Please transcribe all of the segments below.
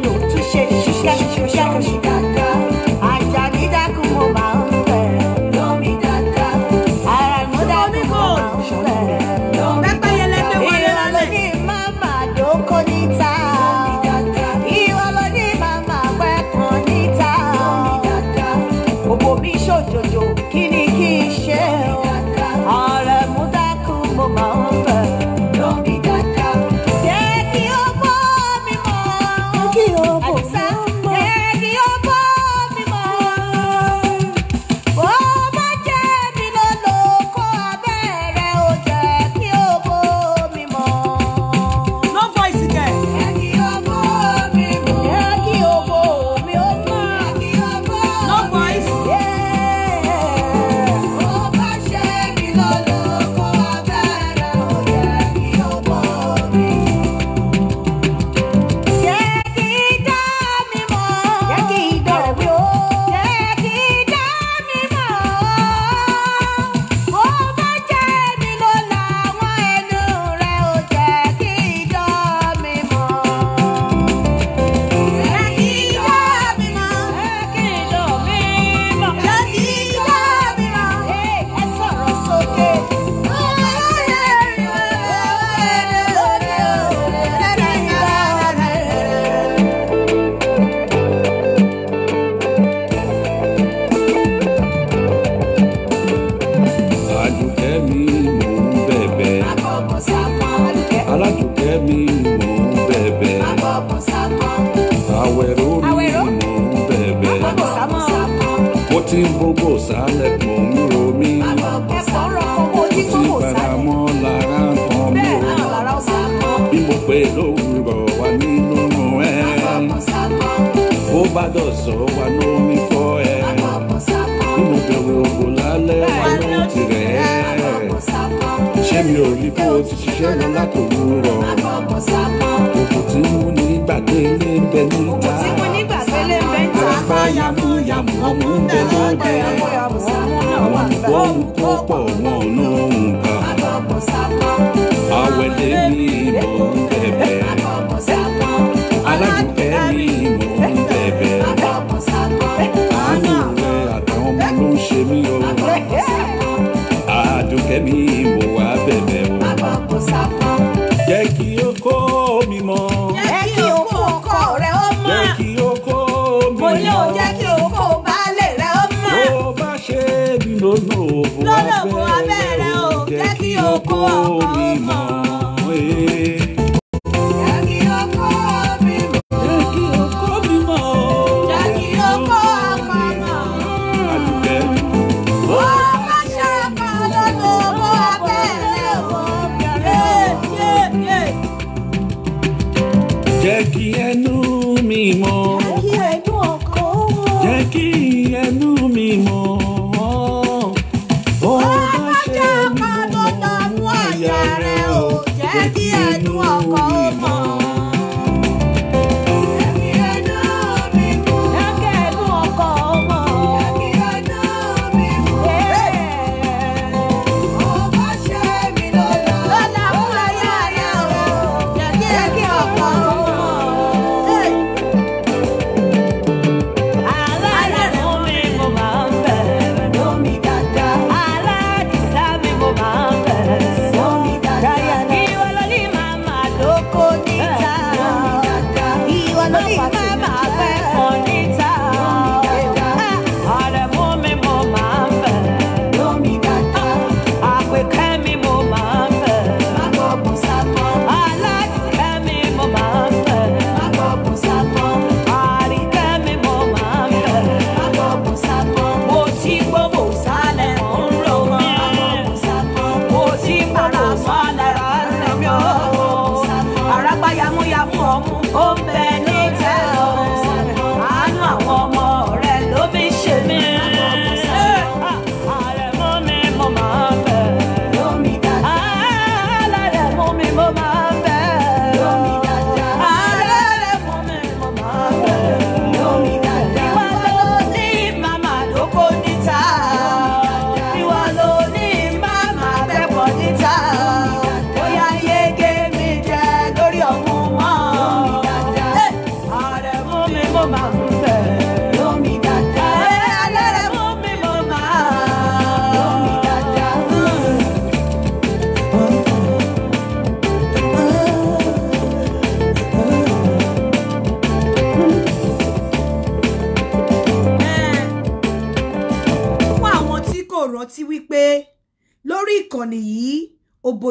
有志向，向向向。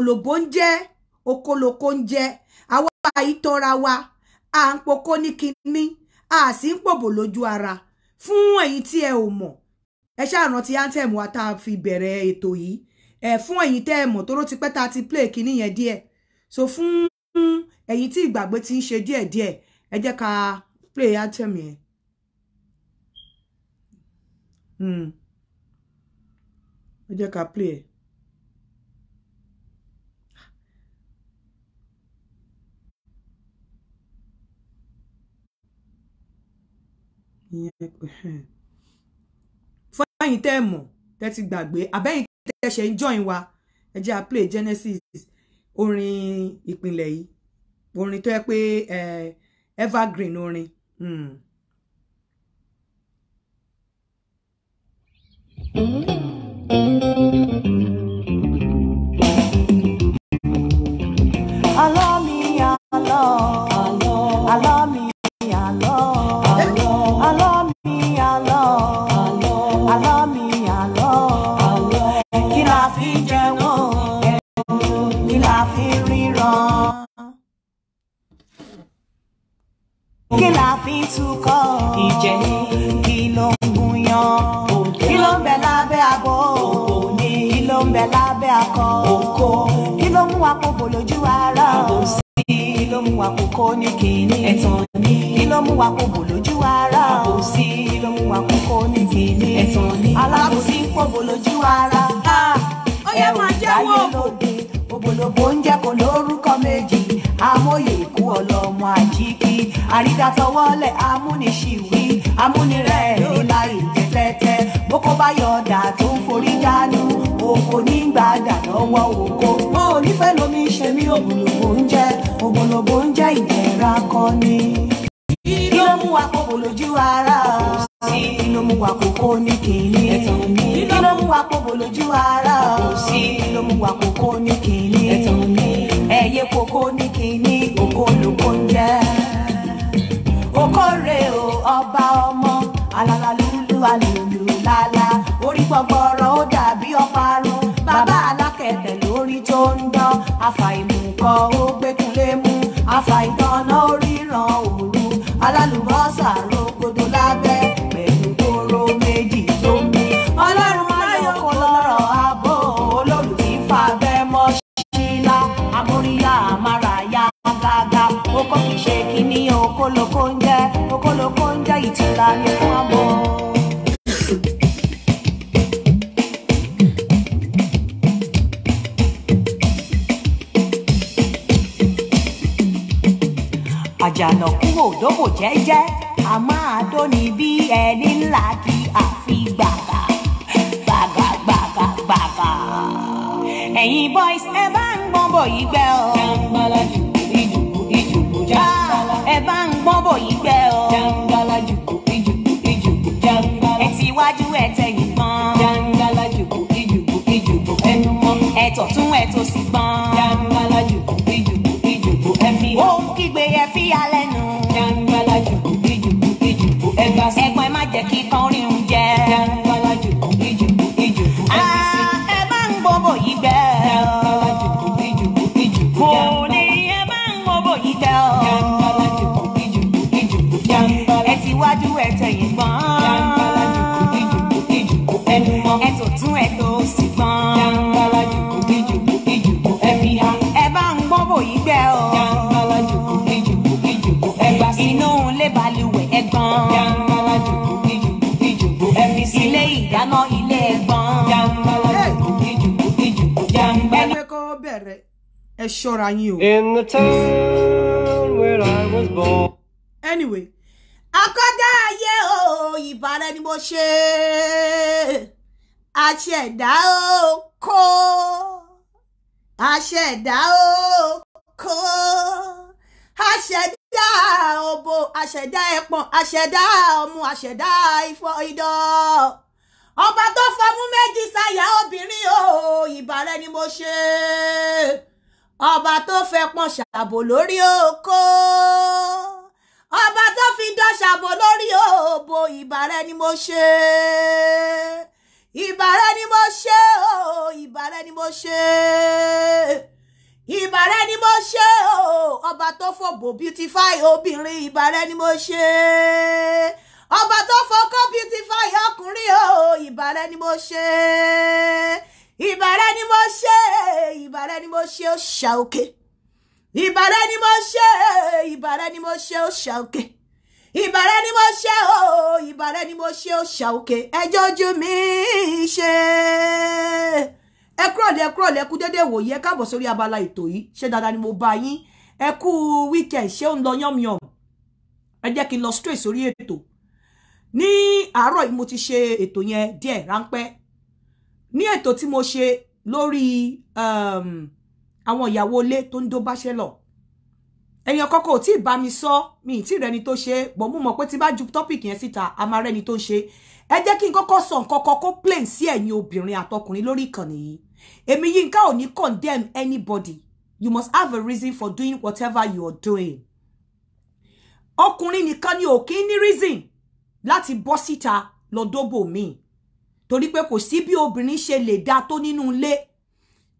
òkòlòbó ń jẹ́ òkòlòkó ń jẹ́ àwa ìtọ́ra wa à ń pokó ní kinní a sì ń pòbò lójú ara fún ẹ̀yin tí ẹ ò mọ̀ ẹ ṣáà rántí anthem wa tá a fi bẹ̀rẹ̀ ètò yìí ẹ fún ẹ̀yin tẹ́ ẹ mọ̀ tóró ti pẹ́ tá ti play kinní yẹn díẹ̀ so fún ẹ̀yin tí ìgbàgbé ti ń ṣe díẹ̀díẹ̀ ẹ jẹ́ ká play anthem yẹn. Mm. Ẹ jẹ́ ká play ẹ̀. ìyẹn fún ẹ̀yin tẹ́ ẹ mọ̀ tẹ́ ti gbàgbé àbẹ́yìn tẹ́ ẹ ṣe ń join wa ẹ jẹ́ a play Genesis orin ìpìlẹ̀ yìí orin tó yẹ pé evergreen orin. Mm. Alọ́ mi, alọ́. kí la fi túkọ̀ ìjẹ́ kí ló ń gúnyán kí ló ń bẹ lábẹ́ abọ́ kí ló ń bẹ lábẹ́ akọ kí ló mú wa kókò lójú ara kí ló mú wa kókó ní kìíní ẹ̀tàn ní kí ló mú wa kókò lójú ara kí ló mú wa kókó ní kìíní ẹ̀tàn ní alábòsí kókò lójú ara ẹ ò lóde òbòlòbò ń jẹ́ kó lórúkọ méjì amóye kò lọ́wọ́ lọ́mọ àjíkí àrídàtọwọ́lẹ̀ amúniṣìwí amúnirẹ̀ ẹ̀rí láì jẹ́ tẹ́tẹ́ bókó bá yọ̀ọ̀dà tó ń forí jánu òkò nígbà dànà wọ òkò wọn ò nífẹ̀ẹ́ lomi ṣe mí ògbólógbò ń jẹ́ ògbólógbò ń jẹ́ ìdẹ̀ra kan kí ló mú wa kókò lójú ara kí ló mú wa kókó ní kìíní kí ló mú wa kókò lójú ara kí ló mú wa kókó ní kìíní. olúwa lùlù lálá orí gbọgbọrọ ó dàbí ọparun bàbá alákẹ̀tẹ̀ lórí tó ń dán àfàìmùkọ ó gbẹ́kúnlé mú àfàìdáná ó ríran òru alálùbọ́sà rògbòdo lábẹ́ pẹ̀lú kóró méjì tó ń mú ọlọ́run máyọ̀ kó lọ́rọ̀ ààbò olólùfí fàbẹ́ mọ́ ṣílá amóríyá amárayá gágá ó kọ́ kìí ṣe kíní okòlókó ń jẹ́ okòlókó ń jẹ́ ìtura ní fún àbò. jẹ́jẹ́ a máa tó ní bí ẹni ńlá kí a fi gbàgà gbàgà gbàgà gbàgà. ẹ̀yin boys ẹ bá ń gbọ́n bò yí gbẹ́ o. jàǹgbàlà jùkú ìjùkú ìjùkú jàǹgbàlà. ẹ bá ń gbọ́n bò yí gbẹ́ o. ṣọ́ra yín o. in the town where I was born. anyway akọ́dá ayé o ìbàrẹ̀ ni mo ṣe àṣẹ̀dá o kó àṣẹ̀dá o kó àṣẹ̀dá òbò àṣẹ̀dá ẹpọ̀n àṣẹ̀dá ọmú àṣẹ̀dá ifọ̀ idán ọba tó fọmú méjì sáyà obìnrin o ìbàrẹ̀ ni mo ṣe ọba tó fẹ́ pọn ṣàbò lórí oko ọba tó fi dán ṣàbò lórí òbò ìbàrẹ ni mo ṣe ìbàrẹ ni mo ṣe o ìbàrẹ ni mo ṣe ìbàrẹ ni mo ṣe o ọba tó fògbò beautify obìnrin ìbàrẹ ni mo ṣe ọba tó fọkọ beautify ọkùnrin o ìbàrẹ ni mo ṣe ìbàrà ni mo ṣe ìbàrà ni mo ṣe ó ṣà òkè ìbàrà ni mo ṣe ìbàrà ni mo ṣe ó ṣà òkè ìbàrà ni mo ṣe ó ìbàrà ni mo ṣe ó ṣà òkè ẹjọ́ ojú mi ṣe ẹ kúrò lẹ kúrò lẹ kú déédéé wòye káàbọ̀ sórí abala ètò yìí ṣé dáadáa ni mo bá yín ẹ kú weekend ṣé ó ń lọ yánmiyàn ẹ jẹ́ kí n lọ straight sórí ètò ní àárọ̀ yìí mo ti ṣe ètò yẹn díẹ̀ ráńpẹ́ ní ètò tí mo ṣe lórí um, àwọn ìyàwó ilé tó ń dó bachelor ẹ̀yàn kọ́kọ́ ò tí ì bá mi sọ mi ì tí ì rẹni tó ṣe bọ̀ mo mọ̀ pé tí bá ju tọ́pìkì yẹn síta a máa rẹni tó ṣe ẹ jẹ́ kí n kọ́kọ́ sọ nǹkan kan kó plain sí ẹ̀yin obìnrin àtọkùnrin lórí ìkànnì yìí èmi Yínká ò ní condemn anybody you must have a reason for doing whatever you are doing ọkùnrin nìkan ni ò kí ní reason láti bọ́ síta lọ́dọ́bò míì torí pé kò sí bí obìnrin ṣe lè da tó nínú ilé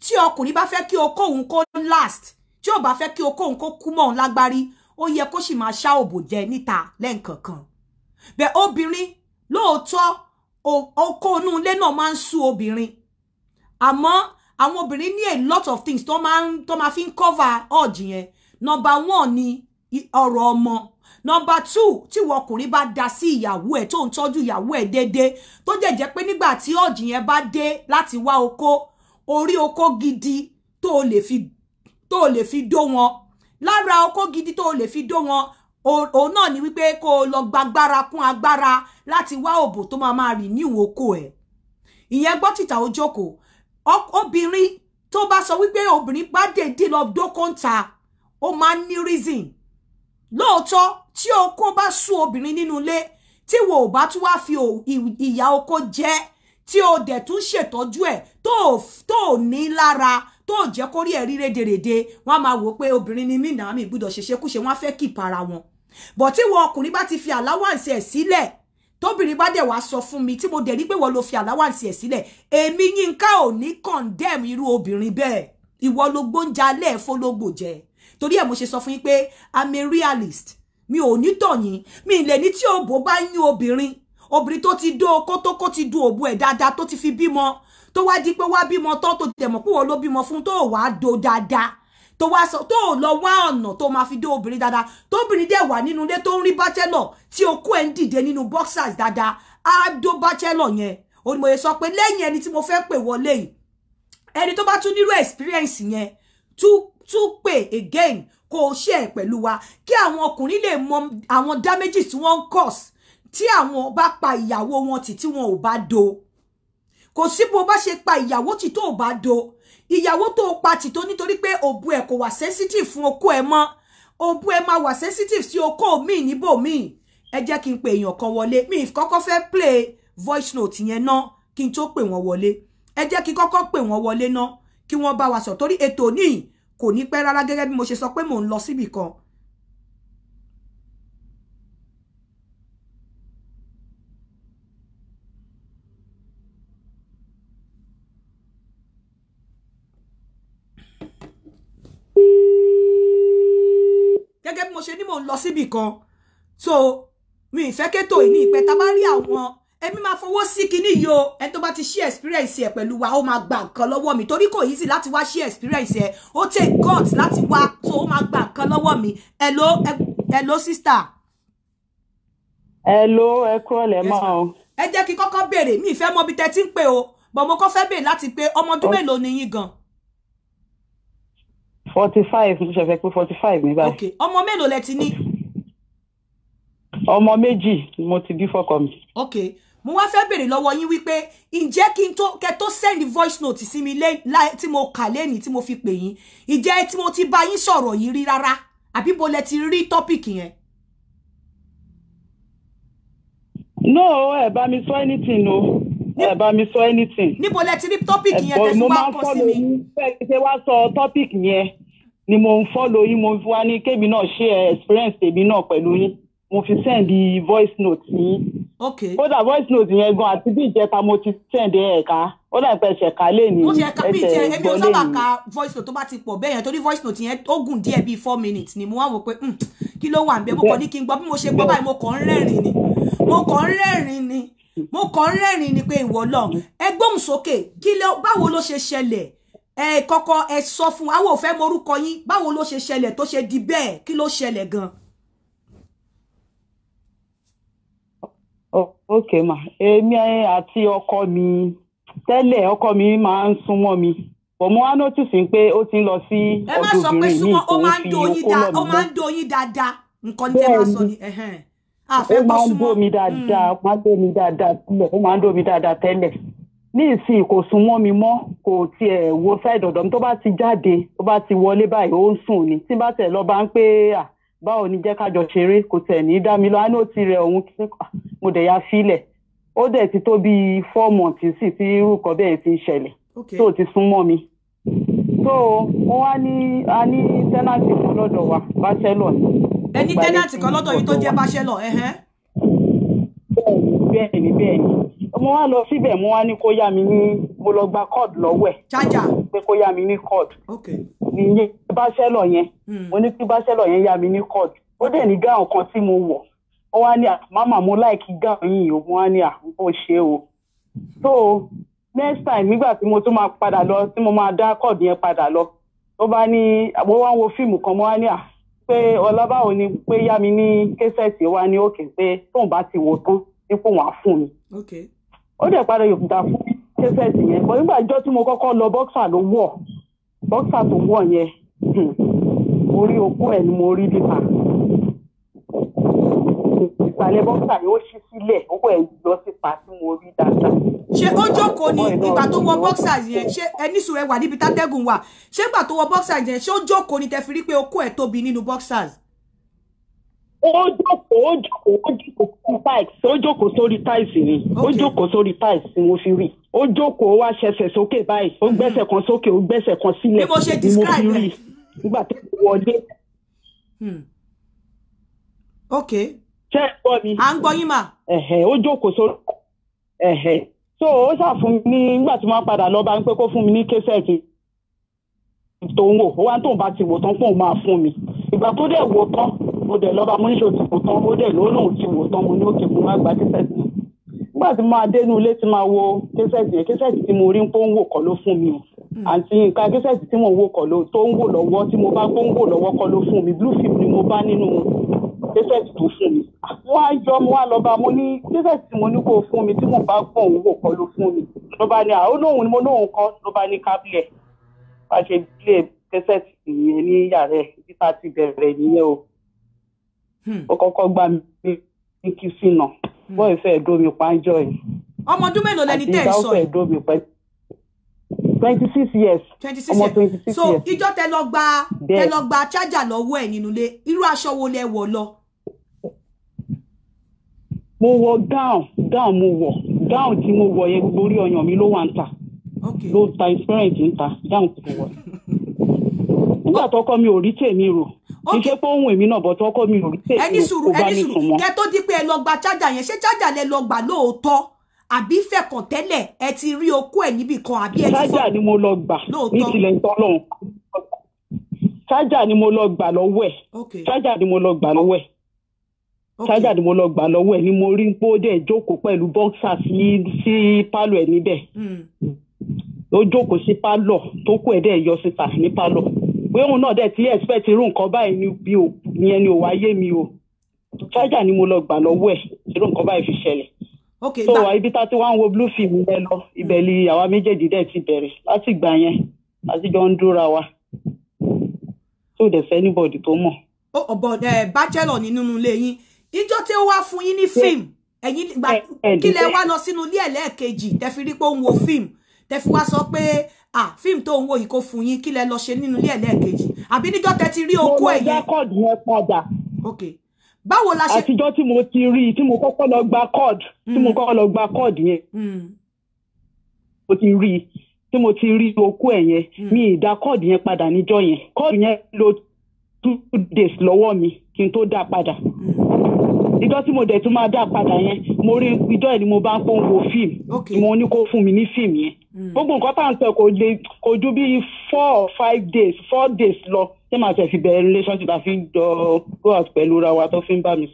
tí ọkùnrin bá fẹ́ kí okó òun kó last tí ò bá fẹ́ kí okó òun kó kú mọ́ òun lágbárí ó yẹ kó sì máa ṣá òbò jẹ níta lẹ́ǹkankan bẹ obìnrin lóòótọ́ okó inú ilé náà máa ń sú obìnrin àmọ́ àwọn obìnrin ní a lot of things tó máa fi ń cover ọ̀jì yẹn number one ni ọ̀rọ̀ ọmọ Number two tí ìwọ ọkùnrin bá da sí ìyàwó ẹ̀ tó ń tọ́jú ìyàwó ẹ̀ déédéé tó jẹ́ jẹ́ pé nígbà tí ọ̀jì yẹn bá dé láti wá oko orí oko gidi tó o lè fi tó o lè fi dó wọn lára oko gidi tó o lè fi dó wọn òun náà ni wípé kó o lọ gbagbára kún agbára láti wá òbò tó máa máa rìn ní ìwò oko ẹ̀ ìyẹn gbọ́ tìta ó obìnrin tó bá sọ wípé obìnrin bá dèdè lọ dókòǹta ó máa ń ní reason lóòótọ́ tí okó bá sú obìnrin nínú ilé tí wo ò bá tún wá fi ìyà okó jẹ tí o dẹ̀ tún ṣètọ́jú ẹ̀ tó ò ní lára tó ò jẹ́ kórí ẹ̀ rí rédèrèdè wọ́n á máa wò ni mí náà mi gbúdọ̀ ṣeṣekúṣe wọ́n á fẹ́ kí para wọn bọ̀ tí wọn ọkùnrin bá ti fi àláwàǹsì ẹ̀ sílẹ̀ tóbìnrin bá dẹ̀ wá sọ fún mi tí mo dẹ̀ rí pé wọ́n lo fi àláwàǹsì ẹ̀ sílẹ̀ èmi Yínká ò ní condemn irú obìnrin bẹ́ẹ̀ ìwọ ló gbóúnjẹ alẹ́ ẹ̀fọ́ ló gbòjẹ́ torí mo ṣe sọ fún yín pé i'm a realist mi o ní tọ̀yìn mi lè ti o òbò bá yín obìnrin obìnrin tó ti dó okó tó kó ti du òbò ẹ̀ dáadáa tó ti fi bímọ tó wá di pé wa bímọ tán tó dẹ̀ mọ̀ pé wọ́n ló bímọ fún tó do dáadáa tó wá sọ tó lọ wá ọ̀nà tó máa fi do obìnrin dáadáa tóbìnrin dẹ̀ wà nínú ilé tó ń rí bachelor tí okó ẹ̀ ń dìde nínú boxers dáadáa á dó bachelor yẹn onímọ̀ye sọ pé lẹ́yìn ẹni tí mo fẹ́ pè wọlé yìí ẹni to bá tún nírú experience tu tu pè again kó o ṣe ẹ̀ pẹ̀lú wa kí àwọn ọkùnrin lè mọ àwọn damages tí wọ́n ń cause tí àwọn bá pa ìyàwó wọn tì tí wọn ò bá do kò sí bó bá ṣe pa ìyàwó tì tó bá do ìyàwó tó pa tì tó nítorí pé òbu ẹ̀ kò wà sensitive fún okó ẹ̀ mọ́ òbu ẹ̀ máa wà sensitive sí okó mi níbòmíì ẹ jẹ́ kí n pe èèyàn kan wọlé mi kọ́kọ́ fẹ́ play voice note yẹn náà kí n tó pè wọ́n wọlé ẹ jẹ́ kí kọ́kọ́ pè wọ́n wọlé náà kí wọ́n bá wa sọ torí ètò níyì kò ní pẹ́ rárá gẹ́gẹ́ bí mo ṣe sọ pé mò ń lọ síbì kan gẹ́gẹ́ bí mo ṣe ní mò ń lọ síbì kan so mi ìfẹ́ kétò ìní ìpẹ́ tá bá rí àwọn èmi máa fọwọ́ sí kinní yìí o ẹni tó ti share experience ẹ pẹ̀lú wa ó máa gba nǹkan lọ́wọ́ mi torí kò easy láti wá share experience ẹ ó take guts láti wá tó ó gba nǹkan lọ́wọ́ mi hello hello sister. hello ẹ kúrò lẹ́ mọ́ o. ẹ jẹ́ kí kọ́kọ́ béèrè mi ìfẹ́ mọ ibi tẹ́ ti ń pè o bọ̀ mo kọ́ fẹ́ béèrè láti pé ọmọ ọdún mélòó ni yín gan. forty five mo ṣẹ̀fẹ̀ pé forty five ní báyìí. ok ọmọ mélòó lẹ ti ní. ọmọ méjì mo ti bí fọ́kọ mi. okay mo wá fẹ́ bèrè lọ́wọ́ yín wípé ǹjẹ́ kí n tó kẹ send voice note sí mi tí mo kà lẹ́nìí tí mo fi pè yín ǹjẹ́ tí mo ti bá yín sọ̀rọ̀ yìí rí rárá àbí bo lẹ ti rí tọ́pìkì yẹn. no ẹ bá mi sọ anything o ẹ bá mi sọ anything. níbo lẹ ti rí tọ́pìkì yẹn tẹ̀sùn wá kọ sí mi. ṣé wàá sọ tọ́pìkì yẹn ni mo ń follow yín mo wá ní kémi náà share experience tèmi náà pẹ̀lú yín mo fi send voice note yín okay. kódà voice note yẹn gan àti bí ìjẹta mo ti send ẹ̀ka ó dà pé ẹsẹ̀ ká lè ní ẹsẹ̀ gbọ́ lè ní. ẹbí o sábà ka voice note tó bá ti pọ̀ bẹ́ẹ̀ yẹn torí voice note yẹn ó gùn díẹ̀ bíi four minutes ni mo wá wò pé hmm, kí ló wà níbẹ̀ mo kàn ní kí n gbọ́ bí mo ṣe gbọ́ báyìí mo kàn ń rẹ́rìn ni mo kàn ń rẹ́rìn ni mo kàn ń rẹ́rìn ni pé ìwọ lọ ẹ gbóhùn sókè kí ló báwo ló ṣe ṣẹlẹ̀ ẹ kọ́kọ́ ẹ sọ fún àwọn òfẹ́ morúkọ yín báwo ló ṣe ṣẹlẹ̀ tó ṣe di bẹ́ẹ̀ kí ló ṣẹlẹ̀ gan-an. ok ma èmi eh, àti ọkọ mi tẹ́lẹ̀ ọkọ mi máa ń súnmọ́ mi bọ̀ mo mpe o ti ń lọ sí ọdún obìnrin mi ń fi okó lọ mi ó máa ń doyin dáadáa nǹkan tẹ́ máa sọ ni ó máa ń bó mi dáadáa mm. ó máa ń bó mi dáadáa tẹ́lẹ̀ wo tó bá ti jáde tó bá ti wọlé báyìí ni tí n bá tẹ̀ báwo ni jẹ́ kájọ ṣeré kò tẹ̀ ní dá ti rẹ̀ òun mo dẹ̀ ya filẹ̀ ó dẹ̀ ti tó bíi four months sí bẹ́ẹ̀ ti ń ṣẹlẹ̀ ti súnmọ́ mi so mo wá ní a ní tẹ́nàtì kan lọ́dọ̀ wa bachelor ni. ẹni tẹ́nàtì kan lọ́dọ̀ yìí tó jẹ́ ni ni. mo wá lọ síbẹ̀ mo wá ní kó yá mi ní mo lọ gba cord lọ́wọ́ ẹ̀ pé kó yá mi ní cord nìyẹn báṣẹ́lọ̀ yẹn hmm. mo ní kí báṣẹ́lọ̀ yẹn yá mi ní cord ó dẹ̀ ní gáwọn kan tí mo wọ̀ ó wá ní màmá mo láìkí gáwọn yìí o mo wá ní àkókò ṣe o so next time nígbà tí mo tún máa padà lọ tí mo máa dá cord yẹn padà lọ ó bá ní mo wá ń wo fíìmù kan mo wá ní à pé ọlábàwò ni pé yá mi ní késẹ̀tì wa ní òkè pé tóun bá ti wò tán dípò wọn á fún mi ó dẹ̀ padà yòkùtà fún kẹsẹ̀t yẹn bọ́ nígbà ìjọ tí mo kọ́kọ́ lọ bọ́ksà ló wọ̀ bọ́ksà tó wọ̀ yẹn hmm, orí okú ẹ̀ ni mo rí nípa ìsàlẹ̀ bọ́ksà yóò ṣí sílẹ̀ owó ẹ̀ lọ sí pa tí mo rí dáadáa. ṣé ó jókòó ní ìgbà tó wọ bọ́ksà yẹn ṣé ẹni sùn ẹ wà níbi tátẹ́gùn wà ṣé ìgbà tó wọ bọ́ksà yẹn ṣé ó jókòó ní tẹ fi rí pé okú ẹ̀ tóbi nínú bọ́ksàs ó jókòó ó jókòó ó jókòó sórí táìsì ó jókòó sórí táìsì ni ó jókòó sórí táìsì ni mo fi rí ó jókòó wá ṣẹṣẹ sókè báyìí ó gbẹ́sẹ̀ kan sókè ó gbẹ́sẹ̀ kan sílẹ̀ ni mo fi rí nígbà tó wọlé. Hmm. ok. ṣé ẹ gbọ́ mi. à ń gbọ́ yín mà. ẹ̀hẹ̀ ó jókòó sórí ẹ̀hẹ̀ so ó ṣàfún mi nígbà tí wọ́n padà lọ bá ń pé kó fún mi ní késẹ̀tì tó ń wò ó wá tóun bá ti wò tán pé òun máa fún mi ìgbà tó dẹ̀ wò tán mo dẹ̀ lọ́ba mo ní ṣe òtún tán ó dẹ̀ lónìí ti wò tán mo ní òkè mo má gba kẹsẹ̀tì nígbà tí máa dénú ilé tí máa wo kẹsẹ̀tì yẹn kẹsẹ̀tì tí mo rí ń pò ń wò kọ́ ló fún mi o hmm. àǹtí nǹkan kẹsẹ̀tì tí mo wò kọ́ ló tó ń wò lọ́wọ́ tí mo bá gbó wò lọ́wọ́ kọ́ ló fún mi blue film ni mo bá nínú kẹsẹ̀tì tó fún mi wọ́n yọ mo wá lọ́ba mo ní kẹsẹ̀tì tí mo ní kó fún mi tí mo bá gbó wò kọ́ ló fún mi ló bá ní àwọn olóhùn ni mo lóhùn kan ló bá ní kábílẹ̀ bá ṣe gbé kẹsẹ̀tì nìyẹn ní yàrá ẹ̀ Hmm. ó kọ́kọ́ gbà mí kí sí nà hmm. bọ́ọ̀ ìfẹ́ ẹ̀dómi pàǹjọ́ yìí. ọmọ ọdún mélòó lẹni tẹ́ ẹ sọ yìí. àti ìgbà ó twenty six years ọmọ twenty six years so ìjọ tẹ lọ gba tẹ lọ gba chájà lọ́wọ́ ẹ̀ nínú ilé irú aṣọ wo lẹ wọ̀ lọ. mo wọ gown gown mo wọ gown tí mo wọ yẹn gbogbo orí ọyàn mi ló wà ń ta ló ta experience ń ta gown tí mo wọ nígbà tọkọ mi ò rí tèmi rò iṣẹ́ pé ohun èmi náà bọ̀ tó ọkọ mi ò rí tẹ̀ ẹni sùúrù ẹni sùúrù kẹ tó di pé ẹ lọ gba chájà yẹn ṣé chájà lẹ lọ gbà lóòótọ́ àbí fẹ̀kàn tẹ́lẹ̀ ẹ ti rí okó ẹ̀ níbì kan àbí ẹ ti fọ́ chájà ni mo lọ gbà ní tilẹ̀ ìtọ́lọ́hún chájà ni mo lọ gbà lọ́wọ́ ẹ̀ chájà ni mo lọ gbà lọ́wọ́ ẹ̀ chájà ni mo lọ gbà lọ́wọ́ ẹ̀ ni mo rí pé ó dẹ̀ jókòó pẹ̀lú bọ́ksà sí pálọ̀ ẹ̀ níbẹ̀ hmm. ó jókòó sí pálọ̀ tó kù ẹ̀ dẹ̀ yọ síta ní pálọ̀ pé òun náà dẹ̀ ti expect irú nǹkan báyìí ni bí o ìyẹn ni ò wá yé mi o charger ni mo lọ gbà lọ́wọ́ ẹ̀ irú nǹkan báyìí fi ṣẹlẹ̀ so ibi tá a ti wá ń wo blue film yẹn lọ ibẹ̀ ni àwa méjèèjì dẹ̀ ti bẹ̀rẹ̀ láti ìgbà yẹn láti jọ ń dúra wa tó dẹ̀ fẹ́ anybody tó mọ̀. ó ọ̀bọ̀ eh, bachelor nínú ilé yín ìjọ tí ó wá fún yín ní fíìmù ẹ̀yin kí lẹ wá lọ sínú ilé ẹ̀ lẹ́ẹ̀kejì tẹ fi rí pé ó ń wo fíìmù tẹ fi wá sọ pé ah fíìmù tó ń wo yìí kó fún yín kí lẹ lọ ṣe nínú ilé ẹlẹ́ẹ̀kejì àbí níjọ́ tẹ ti rí okó ẹ̀ yẹn. mo lọ dákọ̀dù yẹn padà. ok báwo la ṣe. àtijọ́ tí mo ti rí tí mo kọ́kọ́ lọ gba kọ́ọ̀dù tí mo hmm. kọ́kọ́ lọ gba kọ́ọ̀dù yẹn. Hmm. mo ti rí tí mo ti rí okó ẹ̀ yẹn hmm. mi ì dá kọ́ọ̀dù yẹn padà níjọ́ yẹn kọ́ọ̀dù yẹn ló two days lọ́wọ́ mi kí n tó dá padà. ìjọ tí mo dẹ̀ tún máa dá padà yẹn mo rí ìjọ yẹn ni mo bá ń pọ́n wo fíìmù mo ní kó fún mi ní fíìmù yẹn. Mm. gbogbo nǹkan tá à ń sọ kò lè kò ju bíi four or five days four days lọ ṣé màá tẹ̀ fi bẹ̀rẹ̀ relationship àfi jọ go out pẹ̀lú ra wa tó fi ń bá mi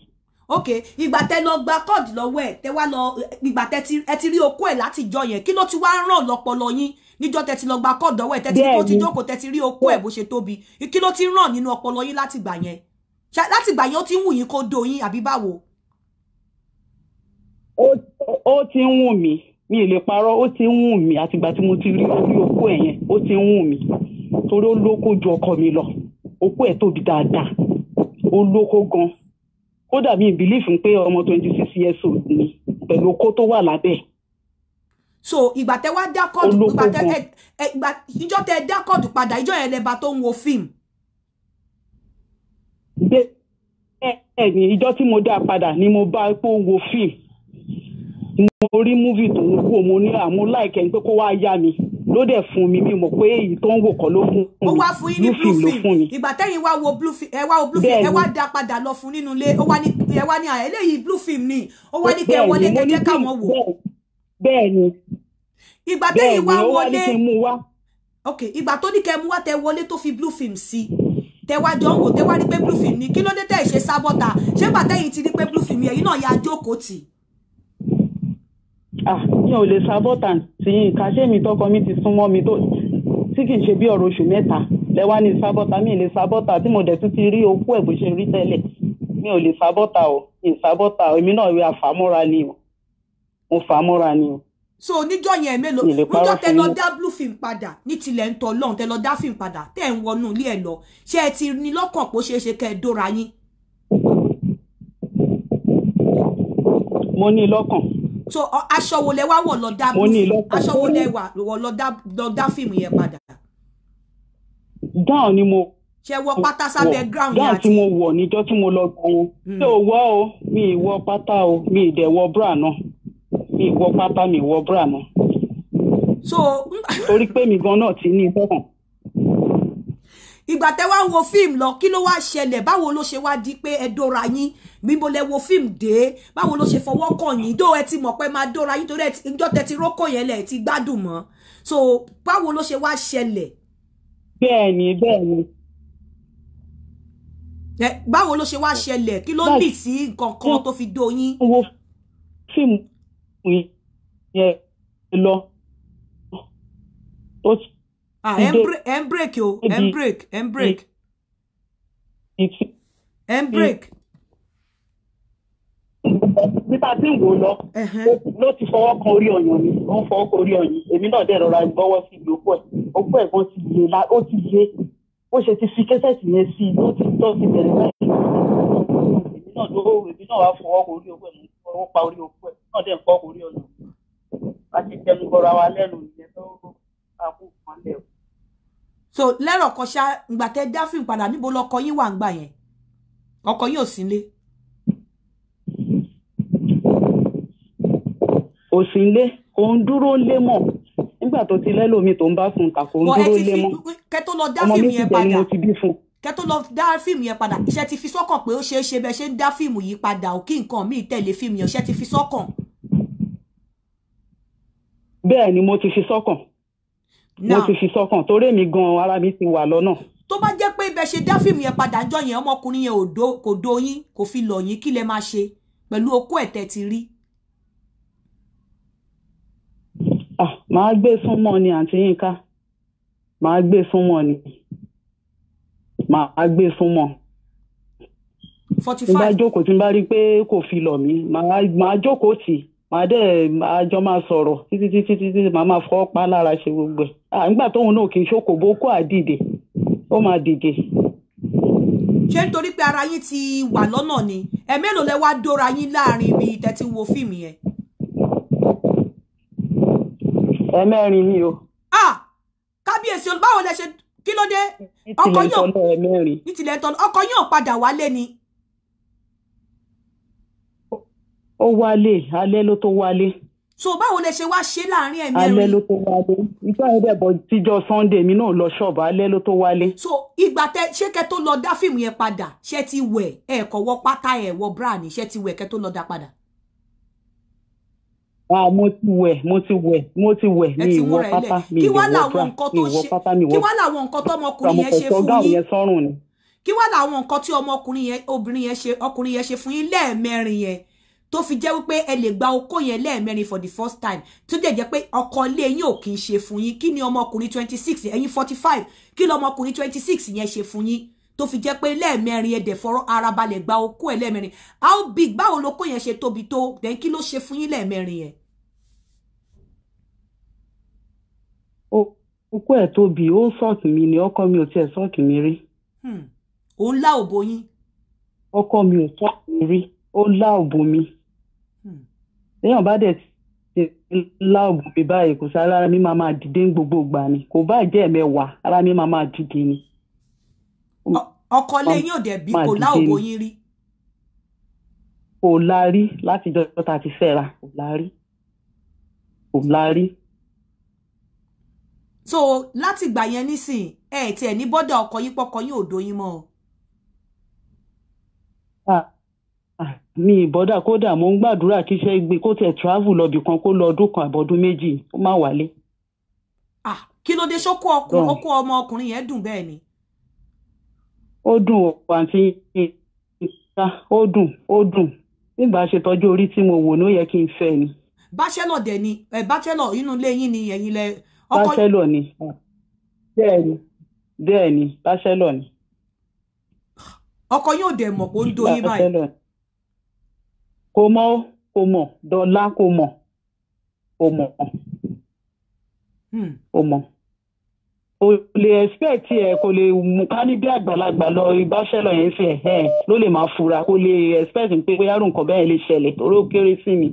ok ìgbà tẹ lọ gba kọ́ọ̀dù lọ́wọ́ ẹ̀ tẹ wá lọ ìgbà tẹ ẹ ti rí okó ẹ̀ láti jọ yẹn kí ló ti wá ràn lọ́pọlọ yín níjọ́ tẹ ti lọ gba kọ́ọ̀dù lọ́wọ́ ẹ̀ tẹ ti tó ti jókòó tẹ ti rí okó ẹ̀ bó ṣe tóbi kí ló ti ràn nínú ọpọlọ yín láti gbà yẹn láti gbà yẹn ó ti ń wù yín kó do yín àbí báwo. ó ti ń wù mí mi lè parọ́ ó ti ń wù mí àtìgbà tí mo ti rí orí okó ẹ̀ yẹn ó ti ń wù mí torí ó lóko ju ọkọ mi lọ okó ẹ̀ tóbi dáadáa ó lóko gan kódà mi ì bìlífù pé ọmọ twenty six years old ni pẹ̀lú okó tó wà lábẹ́ so ìgbà tẹ wá dá kọ́ọ̀dù ìgbà tẹ ìgbà ìjọ tẹ dá kọ́ọ̀dù padà ìjọ yẹn lẹba tó ń wo fíìmù. bẹ́ẹ̀ ni ìjọ tí mo dá padà ni mo bá pé ó wo fíìmù mo múvì tó ń wò ní àmú láìkẹ́ ń pé kó wáá yá mi ló dẹ̀ fún mi mi mọ̀ pé èyí tó ń wò kọ́ ló fún mi ó wá fún yín ní blue film ìgbà tẹ́yìn wá wo blue film ẹ wá wo blue film ẹ wá dá padà lọ fún nínú ilé ó wá ní ẹ wá ní ah, eléyìí blue film ni ó wá ní kẹ́ wọlé kẹ́ jẹ́ káwọn wò. bẹ́ẹ̀ ni ìgbà tẹ́yìn wá wọlé ok ìgbà tó ní kẹ́ mú wá tẹ wọlé tó fi blue film sí tẹwájọ wò tẹwá rí pé blue film ni kí ló dé tẹ ṣe sábọta ṣé gbàtẹyìn ti rí pé blue film yẹn mi ò lè sábọ́tà tí nǹka ṣé mi tọkọ mi ti súnmọ́ mi tó tí kì í ṣe bí ọ̀rọ̀ oṣù mẹ́ta lẹ́wà ní sábọ́tà mi ì lè sábọ́tà tí mo dẹ̀ tún ti rí okú ẹ̀ bó ṣe rí tẹ́lẹ̀ mi ò lè sábọ́tà o mi ì o èmi náà rí àfàmọ́ra ni o mo fàmọ́ra ni o. so níjọ́ yẹn mélòó níjọ́ tẹ lọ dá blue film padà ní tilẹ̀ ń tọ́ lọ́hùn tẹ lọ dá film padà tẹ̀ ń wọnú ilé ẹ̀ lọ ṣé ẹ ti ní lọ́kàn pé ó ṣeé ṣe kẹ́ ẹ dóra yín. mo ní lọ́kàn so aṣọ wo lẹ wá wọ̀ lọ dá aṣọ wo lẹ wà wọ̀ lọ dá fíìmù yẹn padà. gown ni mo. ṣe wọ pátá sábẹ́ ground yẹn àti. gown tí mo wọ̀ níjọ́ tí mo lọ gbọ́ wọn. mi ò wọ̀ o mi ì wọ̀ pátá o mi ì dẹ̀ wọ̀ bra náà mi ì wọ̀ pátá mi ì wọ̀ bra náà. so. torí pé mi gan náà ti ní ìfọkàn ìgbà tẹ wá wo fíìmù lọ kí ló wá ṣẹlẹ̀ báwo ló ṣe wá di pé ẹ dóra yín bíbo lẹ wo fíìmù dé báwo ló ṣe fọwọ́ kàn yín dó ẹ ti mọ̀ pé máa dóra yín torí ìjọ tẹ ti rókò yẹn lẹ̀ ti gbádùn mọ́ so báwo ló ṣe wá ṣẹlẹ̀. bẹ́ẹ̀ni bẹ́ẹ̀ni. ẹ báwo ló ṣe wá ṣẹlẹ̀ kí ló lì sí nǹkan kan tó fi dó yín. wo fíìmù yẹn lọ ah ẹ̀ ń break o ẹ̀ ń break ẹ̀ break ẹ̀ break. nípa tí ìwò lọ ló ti fọwọ́ kan orí ọyàn mi ó ń fọwọ́ kan orí ọyàn èmi náà dẹ̀ rọra gbọ́wọ́ sí ìlú òpó ẹ̀ òpó ẹ̀ gan ti lè ó ti lè ó ṣe ti fi kẹ́sẹ̀tì yẹn sí i ló ti tọ́ ti bẹ̀rẹ̀ láti èmi náà ló èmi náà wá fọwọ́ kan orí òpó ẹ̀ mi fọwọ́ pa orí òpó ẹ̀ náà dẹ̀ ń fọwọ́ kan orí ọyàn mi a ti tẹnu bọra wa lẹ́nu ìyẹn tó àbúrò kan lẹ̀ o. so lẹ́rọ̀ kan ṣá ngbà tẹ dá fíìmù padà níbo lọkọ yín wà ń gbà yẹn ọkọ yín ò sí ilé. ò sí ilé òun dúró lé mọ́ nígbà tó ti lẹ́lòmíì tó ń bá sùn kà kó ń dúró lé mọ́ ọmọ mi ti jẹ́ ni mo ti bí fún un kẹ lọ dá fíìmù yẹn padà ṣe ti fi sọ́kàn pé ó ṣeé ṣe bẹ ṣe ń dá fíìmù yìí padà ò kí nǹkan míì tẹ̀lé fíìmù yẹn ṣe ti fi sọ́kàn. bẹ́ẹ̀ ni mo ti fi sọ́kàn mo ti fi sọkàn torí mi gan ara mi ti wà lọ́nà. tó bá jẹ́ pé ibẹ̀ ṣe dá yẹn padà jọ yẹn ọmọkùnrin yẹn kò do yín kò fi lọ̀ yín kí lẹ máa ṣe pẹ̀lú okó ẹ̀tẹ̀ ti rí. Ah, màá gbé e súnmọ́ ni àǹtí Yínká màá gbé e súnmọ́ ni màá gbé e súnmọ́ forty five. n jókòó tí n bá rí i pé kò fi lọ̀ mí màá jókòó tì í màá dẹ̀ àjọ máa sọ̀rọ̀ títí títí títí màá máa fọ́ pa lára ṣe gbogbo ẹ̀ nígbà tóun náà kì í ṣokòbó kó àdìde ó máa dìde. ṣé nítorí pé ara yín ti wà lọ́nà ni ẹ mélòó lẹ wá dóra yín láàrin ibi tẹ́tí wo fíìmù yẹn. ẹ mẹ́rin ni o. ah kábíyèsí báwo lẹ ṣe kí ló dé ọkọ yóò ní tilẹ̀ tọ́nà ọkọ yóò padà wálé ni ó wálé alẹ́ ló tó wálé. so báwo lẹ ṣe wá ṣe láàrin ẹ̀mí rẹ. alẹ́ ló tó wálé ìgbà yẹn dẹ̀bọ̀ tíjọ́ sunday mi náà lọ ṣọ́ọ̀bù alẹ́ ló tó wálé. so ìgbà tẹ ṣé kẹ tó lọ dá fíìmù yẹn padà ṣé ti wẹ̀ ẹ kò wọ pátá ẹ wọ bra ni ṣé ti wẹ̀ kẹ tó lọ dá padà. Ah, mo ti wẹ̀ mo ti wẹ̀ mo ti wẹ̀ mi ìwọ pátá mi ìwọ pátá mi ìwọ pátá mi ìwọ kí wá làwọn nǹkan tó ọmọkùnrin yẹn ṣe fún yín kí wá làwọn nǹkan tí ọmọkùnrin yẹn obìnrin yẹn ṣe ọkùnrin yẹn ṣe fún yín lẹ́ẹ̀mẹrin yẹn tó fi jẹ́ wípé ẹ lè gba okó yẹn lẹ́ẹ̀mẹrin for the first time tó dẹ̀ jẹ́ pé ọkọ ilé yín ò kì í ṣe fún yín kí ni ọmọkùnrin twenty six ẹ̀yin forty five kí ni ọmọkùnrin twenty six yẹn ṣe fún yín tó fi jẹ́ pé ara balẹ̀ gba okó ẹ̀ lẹ́ẹ̀mẹrin how big báwo lóko yẹn ṣe tóbi tó then kí ló ṣe fún yín lẹ́ẹ̀mẹrin yẹn. okó ẹ̀ tóbi ó ń sọ́ọ̀kì mi ni ọkọ mi ò tiẹ̀ sọ́ọ̀kì mi rí. òun hmm. lá òbò yín. ọkọ mi ò sọ́ọ̀kì mi rí ó lá òbò mi téèyàn bá dẹ̀ ṣe láògùn bí báyìí kò sáré ara mi máa máa dìde ní gbogbo ìgbà ni kò bá jẹ́ ẹ̀mẹ́wàá ara mi máa máa dìde ni. ọkọ lẹ́yìn òde bí kò láògùn yín rí. kò la rí láti jọ ta ti fẹ́ra kò la rí kò la rí. so láti gbà yẹn nísìn ẹ tiẹ̀ ní bọ́dà ọkọ yín pọ́kọ yín ò doyin mọ́ o. Ah, mi ìbọ́dà kódà mo ń gbàdúrà kí iṣẹ́ gbé kó tẹ̀ travel lọ́bì kan kó lọ ọdún kan àbọ̀dún méjì ó má wálé. ah kí ló dé ṣókó ọkùnrin ọkọ ọmọ ọkùnrin yẹn dùn bẹ́ẹ̀ ni. ó dùn àǹtí ìta ó dùn ó dùn nígbà ṣe tọ́jú orí tí mo wò ló yẹ kí n fẹ́ ni. bachelor dẹ̀ ni ẹ bachelor inú ilé yín ni ẹ̀yin lẹ. bachelor ni bẹ́ẹ̀ ni bẹ́ẹ̀ ni ọkọ yóò dẹ̀ mọ̀ pé ó ń doyin báyìí kò mọ̀ ó kò mọ̀ dọ̀la kò mọ̀ kò mọ̀ hmm. kò mọ̀ o lè expect ẹ kò lè mú ká ní bí àgbàlagbà lọ ìbáṣẹlọ yẹn fi ẹ ló lè máa fura kò lè expect pé bóyá àrùn kan bẹ́ẹ̀ lè ṣẹlẹ̀ torí ó kéré sí mi.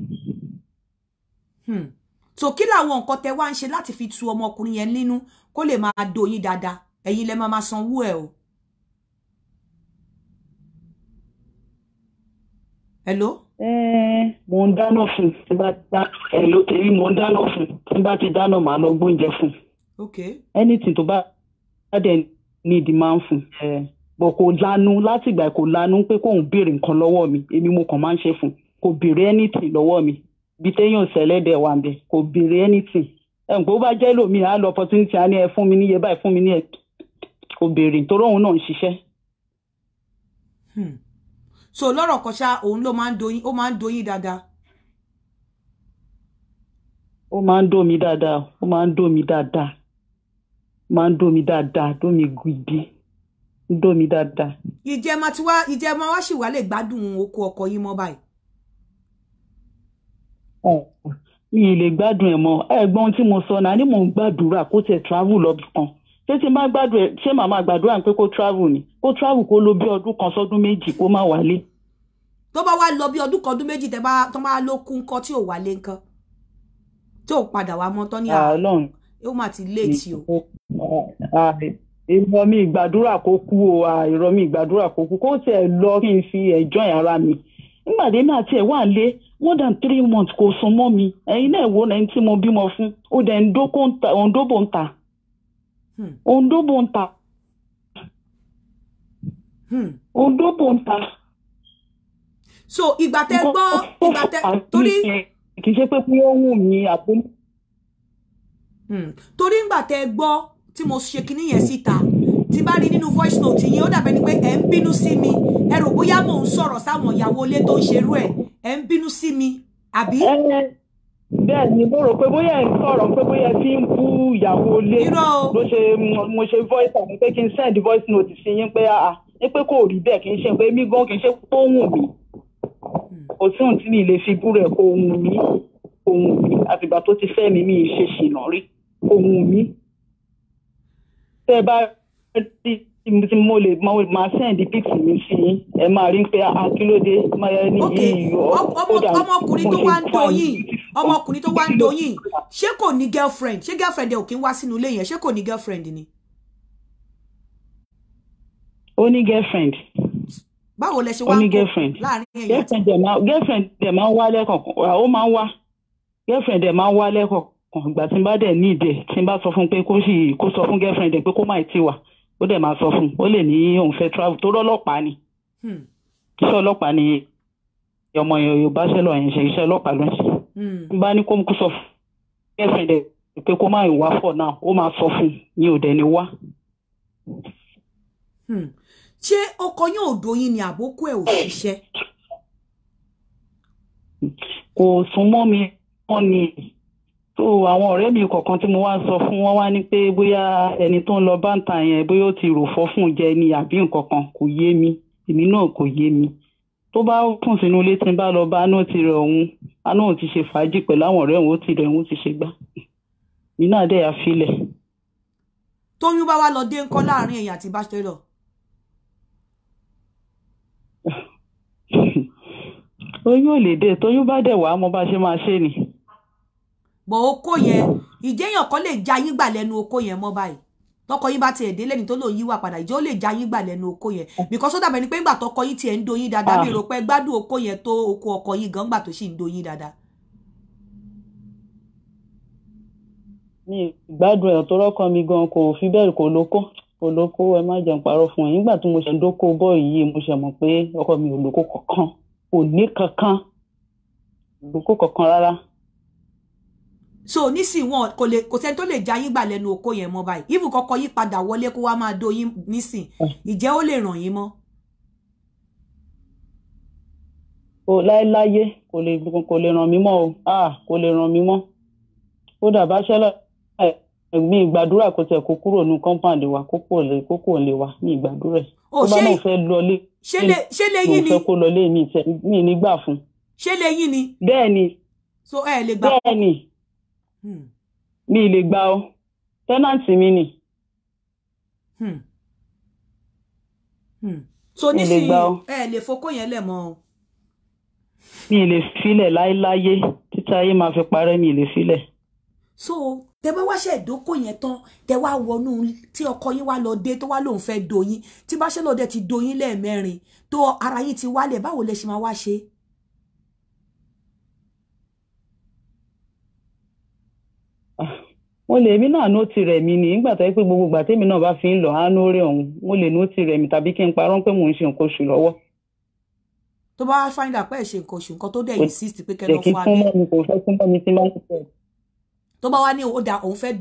tó hmm. kí làwọn nǹkan tẹ wá ń ṣe láti fi tu ọmọkùnrin yẹn nínú kó lè máa dòyìn dáadáa ẹ̀yin lẹ máa máa sanwó ẹ̀ o. hello mo ń dáná fún tí bá dá ẹ ló ti rí mo ń dáná fún tí bá ti dáná màá lọ gbóúnjẹ fún. anything tó bá dẹ̀ ní ìdí máa ń fún bọ̀ kò lanu láti ìgbà kò lanu pé kóun béèrè nǹkan lọ́wọ́ mi èmi mo kàn máa ń ṣe fún kò béèrè anything lọ́wọ́ mi bí téèyàn ṣẹlẹ́dẹ̀ wà ń kò béèrè anything ẹ̀ ń pé ó bá jẹ́ lómi àá lọ opportunity á ní ẹ fún mi níye báyìí fún mi ní ẹ kò béèrè torí òun náà ń ṣiṣẹ́. Hmm so lọ́rọ̀ kan ṣá òun ló máa ń doyin ó máa ń doyin dáadáa. ó máa ń dùn mí dáadáa ó máa ń dùn mí dáadáa máa ń dùn mí dáadáa dùn mí gidi ń dùn mí dáadáa. ìjẹ́ máa ti wá ìjẹ́ máa wá sì wá lè gbádùn oko ọkọ yín mọ́ báyìí. mi ì lè gbádùn ẹ̀ mọ́ ẹ̀gbọ́n tí mo sọ náà ni mò ń gbàdúrà kó tẹ̀ travel lọ́bì kan ṣé tí n gbàdúrà ṣé màmá gbàdúrà pé kó travel ni kó travel kó lọ bí ọdún kan sọdún méjì kó má wálé. tó bá wá lọ bí ọdún kan ọdún méjì tó máa ló kú nǹkan tí ò wálé nǹkan tí padà wá mọ tán ní àwọn ó mà ti léètì o. ìrọ̀ ah, mi ìgbàdúrà kó kú o ìrọ̀ ah, mi ìgbàdúrà kó kú kó tiẹ̀ lọ kí n fi ẹ̀jọ́ ẹ̀ ara mi nígbàdé náà tiẹ̀ wà lé more than three months kò sún mọ́ mi ẹ̀yin náà wo náà tí mo bímọ fún ó dẹ̀ ń dóbò ń Hmm. Ondo Bonta. Hmm. Ondo Bonta. So ìgbà tẹ gbọ́ ìgbà tẹ torí. Kì í ṣe pé kí ó wù mí àbó. Hmm. Torí ìgbà tẹ gbọ́ tí mo ṣe kinní yẹn síta tí bá rí nínú voice note yín da dàbẹ́ ni pé ẹ̀ ń bínú sí mi ẹ rò bóyá mò ń sọ̀rọ̀ sáwọn ìyàwó ilé tó ń ṣerú ẹ̀ ẹ̀ ń bínú sí mi àbí bẹ́ẹ̀ ni mo rò pé bóyá ń sọ̀rọ̀ pé bóyá fi ń bú ìyàwó ilé ló ṣe mo ṣe voice àmì pé kí n send voice note sí yín pé ah ní pé kò rí bẹ́ẹ̀ kì í ṣe pé mí gan kì í ṣe pé ó wùn mí hmm. kò sí ohun tí mi lè fi bú rẹ̀ kò wùn mí kò wùn mí àtìgbà tó ti fẹ́ mi mi ṣe ṣìnà rí kò wùn mí tẹ́ bá rí tí mo lè mo máa sẹ́ǹdì píìtì mi sí i ẹ máa rí pé akílódé ah, máa ní yìí ọmọkùnrin tó wá ń doyìn ọmọkùnrin tó wá ń doyìn ṣé kò ní girlfriend ṣé girlfriend ẹ ò kí ń wá sínú ilé yẹn ṣé kò ní girlfriend ni. ó ní girlfriend. báwo lẹ ṣe wá kó láàrin èèyàn. girlfriend dẹ̀ máa girlfriend dẹ̀ máa ń wá lẹ́kọ̀ọ̀kan ó máa ń wá girlfriend dẹ̀ máa ń wá lẹ́kọ̀ọ̀kan ìgbà tí n bá dẹ̀ ní ìdẹ̀ tí n bá sọ fún pé kó sọ fún girlfriend dẹ̀ pé kó má ti wà ó dẹ̀ máa sọ fún un ó lè ní òun fẹ́ travel tó rọ́lọ́pàá ni hmm. iṣẹ́ ọlọ́pàá ni ọmọ yorùbá ṣẹlẹ̀ ọ̀yìn ṣe iṣẹ́ ọlọ́pàá ló ń ṣe hmm. n bá ní kó kó sọ fún kẹfìn dẹ pé kó má ìwà fọ náà ó máa sọ fún ní òde ni wá. Hmm. ṣé ọkọ yóò doyin ni àbókù ẹ ò ṣiṣẹ́. kò sún mọ́ mi wọ́n ni so àwọn ọ̀rẹ́ mi kọ̀ọ̀kan tí mo wá ń sọ fún wọn wá ní pé bóyá ẹni tó ń lọ báńtà yẹn bóyá ó ti rò fọ́ fún jẹ ni àbí nǹkan kan kò yé mi èmi náà kò yé mi tó bá kùn sínú ilé tí n bá lọ bá aná ti rẹ̀ òun aná òun ti ṣe fàájì pẹ̀lú àwọn ọ̀rẹ́ òun ó ti rẹ̀ òun ti ṣe gbá mi náà dẹ̀ àfilẹ̀. tóyún bá wá lọ dé ńkọ́ láàrin èèyàn àti bachelor. oyún ò lè dé tóyún bá dẹ̀ wá mo bá ṣe máa ṣe ni bọ̀ oko yẹn ìjẹ́yàn kan lè já yín gbà lẹ́nu oko yẹn mọ́ báyìí tọkọ yín bá tiẹ̀ dé lẹ́ni tó lò yí wà padà ìjọ lè já yín gbà lẹ́nu oko yẹn because ó dàbẹ̀ ni pé ńgbà tọkọ yín tiẹ̀ ń do yín dáadáa bí èrò pé gbádùn oko yẹn tó oko ọkọ yín gan gbà tó sì ń do yín dáadáa. mi gbádùn ẹ̀ tó rọ́kàn mi gan kò fi bẹ́ẹ̀ kò lóko kò lóko ẹ má jẹun parọ́ fún ẹ nígbà tí mo ṣe ń dóko bọ́ọ̀ yìí mo ṣe mọ̀ pé ọkọ mi ò lóko kankan kò ní kankan lóko kankan rárá so nísìnyí wọn kò lè kò sẹ́ni tó lè já yín gbà lẹ́nu oko yẹn mọ́ báyìí even kọ́kọ́ yín padà wọlé kó wá máa do yín nísìn ìjẹ́ ah. ó lè ràn yín mọ́. kò láéláyé kò lè kò lè ràn mí mọ́ o ah kò lè ràn mí mọ́ kódà báṣẹ́lá eh, mi ìgbàdúrà kò tẹ̀ kó kúrò ní compound wa kó kúrò lè kó kúrò lè wa mi ìgbàdúrà oh, ó bá náà fẹ́ lọlé ṣé lè ni mo fẹ́ kó lọlé mi ìtẹ̀ mi nígbà fún. ṣé lè yín ni. bẹ́ẹ̀ ni. so ẹ lè gbà. bẹ́ẹ̀ ni. Hmm. mi ì lè gbà ọ tẹ́nàǹtì mi nì. Hmm. Hmm. so nísìnyí ẹ lè fokó yẹn lẹ̀ mọ́ mi ì lè filẹ̀ láéláyé títa ayé máa fi parẹ́ mi ì lè filẹ̀. so tẹ bá wá ṣe ìdókò yẹn tán tẹ wá wọnú tí ọkọ yín wá lọ dé tó wá lòun fẹ́ doyin tí bá ṣe lọdẹ ti doyin lẹ́ẹ̀mẹrin tó ara yín ti wálẹ̀ báwo lẹ ṣe máa wá ṣe. mo lè èmi náà nó tirẹ̀ mi ni nígbà tó yẹ pé gbogbo ìgbà tèmi náà bá fi ń lọ àánú rẹ̀ ọ̀hún mo lè nó tàbí kí n parọ́ pé mò ń ṣe nǹkan oṣù lọ́wọ́. tó bá wá find pé ṣe tó dẹ̀ pé kẹ́ fún abẹ́. kò fẹ́ mọ́ mi ní ó da òun fẹ́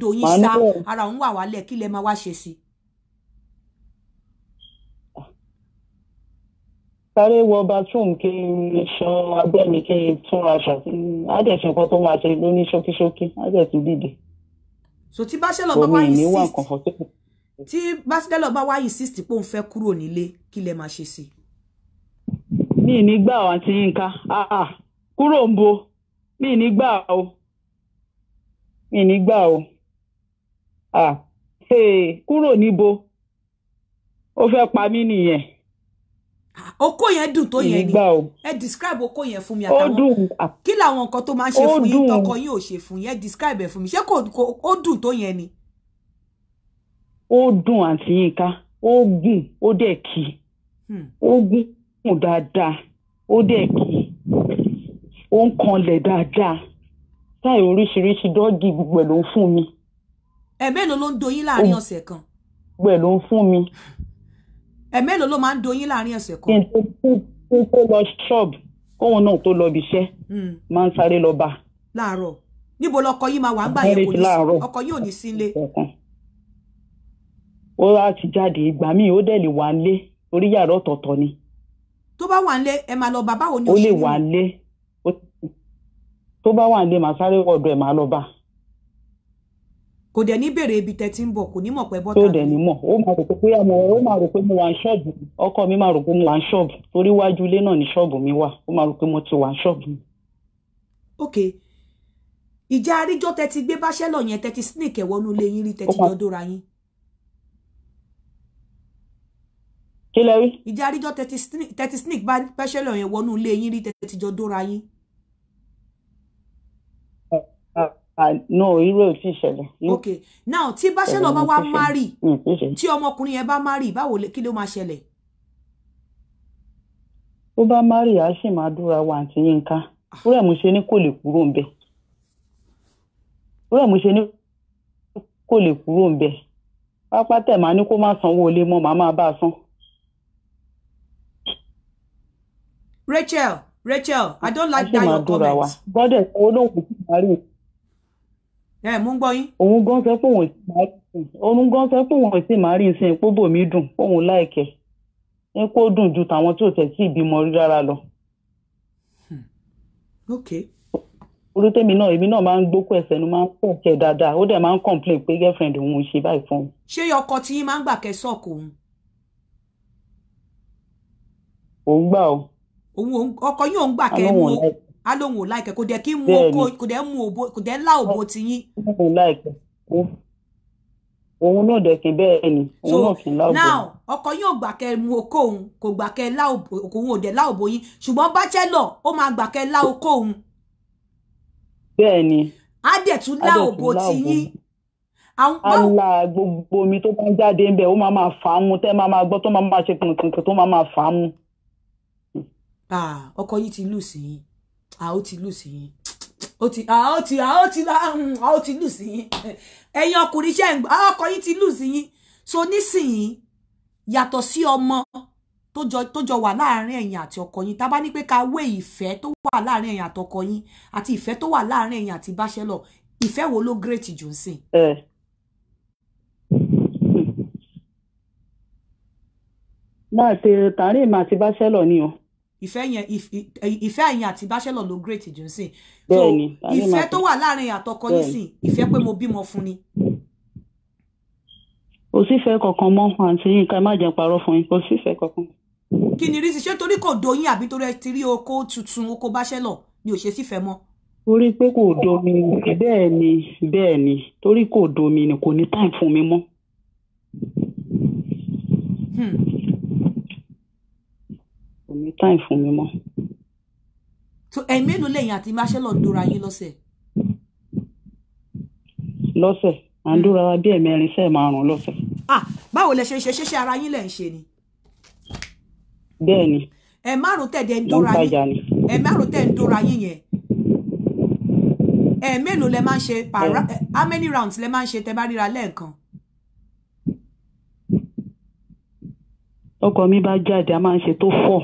kí wọ bathroom kí n ṣan abẹ́ mi kí n á dẹ̀ ṣe nǹkan tó so tí bachelor bá wá insist tí bachelor bá wá insist pé òun fẹ́ kúrò nílé kí lẹ máa ṣe sí. mi ní gbà ọ àti Yínká Ah, ah. ń bo mi ní gbà o mi ní gbà o ah. kúrò níbo ó fẹ́ pa mí nìyẹn oko yẹn dùn tó yẹn ni ẹ describe oko yẹn fún mi àtàwọn kí làwọn nǹkan tó máa ń ṣe fún yín tọkọ yín ò ṣe fún yín ẹ describe ẹ fún mi ṣé kò ó dùn tó yẹn ni. ó dùn àǹtí Yínká ó gùn ó dẹ̀ kì í hmm. ó gùn dáadáa ó dẹ̀ kì í ó ń kanlẹ̀ dáadáa táì oríṣiríṣi dọ́ọ̀gì gbogbo ẹ̀ ló ń fún mi. ẹ̀ mélòó ló ń doyin láàrin ọ̀sẹ̀ kan. gbogbo ẹ̀ ló ń fún mi ẹ̀ mélòó ló máa ń doyin láàrin ẹ̀sẹ̀ kan. kí n tó lọ ṣọ́ọ̀bù kóun náà tó lọ ibiṣẹ́ hmm. máa ń sáré lọ bá. láàárọ̀ níbo lọkọ yìí máa wà ń gbà yẹn kò ní sí ọkọ yìí ò ní sí ilé. ó wá ti jáde ìgbà míì ó dẹ̀ lè wà ń lé orí yàrá ọ̀tọ̀ọ̀tọ̀ ni. tó bá wà ń lé ẹ máa lọ bá báwo ni ó lè wà ń lé tó bá wà ń lé màá sáré ọ̀dọ̀ ẹ̀ máa lọ bá kò dẹ̀ ní bèrè ibi tẹ́ ti ń bọ̀ kò ní mọ̀ pé bọ́tà. tó dẹ̀ ní mọ̀ ó máa rò pé pé àmọ́ ó máa rò pé mo wà ní ṣọ́ọ̀bù ọkọ mi máa rò pé mo wà ní ṣọ́ọ̀bù torí wájú ilé náà ní ṣọ́ọ̀bù mi wà ó máa rò pé mo ti wà ní ṣọ́ọ̀bù. ok ìjà àríjọ tẹ́ ti gbé báṣẹ́lọ̀ yẹn tẹ́ ti sneak ẹ̀ wọnú ilé yín rí tẹ́ ti jọ dóra yín. kí lẹ rí. ìjà àríjọ tẹ́ ti sneak báṣẹ́lọ̀ yẹn wọnú ilé yín rí tẹ́ ti jọ dóra yín. Ah, no irú ò tí ì ṣẹlẹ̀. ok now tí bachelor bá wá marry hmm, tí ọmọkùnrin yẹn bá marry báwo kí ló máa ṣẹlẹ̀. tó bá marry a sì máa dúra wa àti Yínká ah. rẹ̀ mo ṣe ní kò lè kúrò ń bẹ̀ rẹ̀ mo ṣe ní kò lè kúrò ń bẹ̀ pápá tẹ̀ máa ní kó má sanwó ilé mọ́ màá máa bá a san. Rachel Rachel I don't like that your comment. a sì máa dúra wa gbọ́dọ̀ ìsanwó lóhùn kò sí ìparí ẹ mú gbọ́ yín. òun gan sọ pé òun òun gan sọ pé òun sì máa rí iṣẹ́ epo bòmí dùn òun láìkẹ́ epo dùn ju tàwọn tí ò tẹ̀ sí ìbímọ rí rárá lọ. Hmm. orí tèmi náà èmi náà máa ń gbókù ẹsẹ̀ ni máa ń pọ̀ kẹ́ dáadáa ó dẹ̀ máa ń complain pé girlfriend òun ṣe báyìí fún un. ṣé ọkọ tí yín máa ń gbà kẹ́ sọ̀kò òun. òun gbà o. òun ọkọ yín òun gbà kẹ́ mú á lóun ò láìkẹ kò dẹ kí mú kò dẹ mú òbò kò dẹ lá òbò ti yín. òun láìkẹ òun náà dẹ kí bẹ́ẹ̀ ni òun náà kì í lá òbò. now ọkọ yín ò gbà kẹ mú okó òun kò gbà kẹ lá òbò òun ò dẹ lá òbò yín ṣùgbọ́n bachelor ó máa gbà kẹ lá okó òun. bẹ́ẹ̀ ni á dẹ̀ tún lá òbò ti yín ala gbogbo omi tó bá ń jáde ń bẹ ó máa máa fà á mu tẹ́ máa máa gbọ́ tó máa máa ṣe kankan tó máa máa fà á mu. Ah, ọkọ yìí ti lù sí yín a ó ti lù sí yín ó ti a ó ti a ó ti la hmm, a ó ti lù sí yín ẹ̀yin ọkùnrin iṣẹ́ ìgbà ọkọ yín ti lù sí yín so nísìnyí yàtọ̀ sí ọmọ tó jọ wà láàrin ẹ̀yin àti ọkọ yín tá a bá ní pé ká wé ìfẹ́ tó wà láàrin ẹ̀yin àti ọkọ yín àti ìfẹ́ tó wà láàrin ẹ̀yin àti báṣẹ́lọ̀ ìfẹ́ wo ló great jù ń sìn. máa ṣe tàárín màá ti báṣẹ́lọ̀ ni o ìfẹ́ yẹn ìfẹ́ àyìn àti bachelor ló great jù sí so ìfẹ́ tó wà láàrin àtọkọ yìí sí ìfẹ́ pé mo bímọ fún ni. kò sífẹ́ kankan mọ́ àǹtí yín ká má jẹ́ parọ́ fún yín kò sífẹ́ kankan. kí ni rísì ṣé torí kò doyin àbí torí ẹ ti rí oko tuntun oko bachelor ni ò ṣe sífẹ́ mọ́. torí pé kò domi bẹ́ẹ̀ ni bẹ́ẹ̀ ni torí kò domi ni kò ní time fún mi mọ́. Hmm ní time fún mi mọ́. so ẹ̀yìn mélòó lẹ́yìn àti máṣẹ́ lọ dóra yín lọ́sẹ̀. lọ́sẹ̀ à ń dóra wa bí ẹ̀mẹrin sẹ́ẹ̀ márùn-ún lọ́sẹ̀. ah báwo lẹ ṣe ṣe ṣeṣe ara yín lẹ̀ ń ṣe ni. bẹ́ẹ̀ ni. ẹ márùn tẹ̀dẹ̀ ń dóra yín ẹ márùn tẹ̀ ń dóra yín yẹn ẹ mélòó lẹ máa ń ṣe para how many rounds lẹ máa ń ṣe tẹ bá ríra lẹ́ẹ̀kan. ọkọ mi bá jáde a máa ń ṣe tó four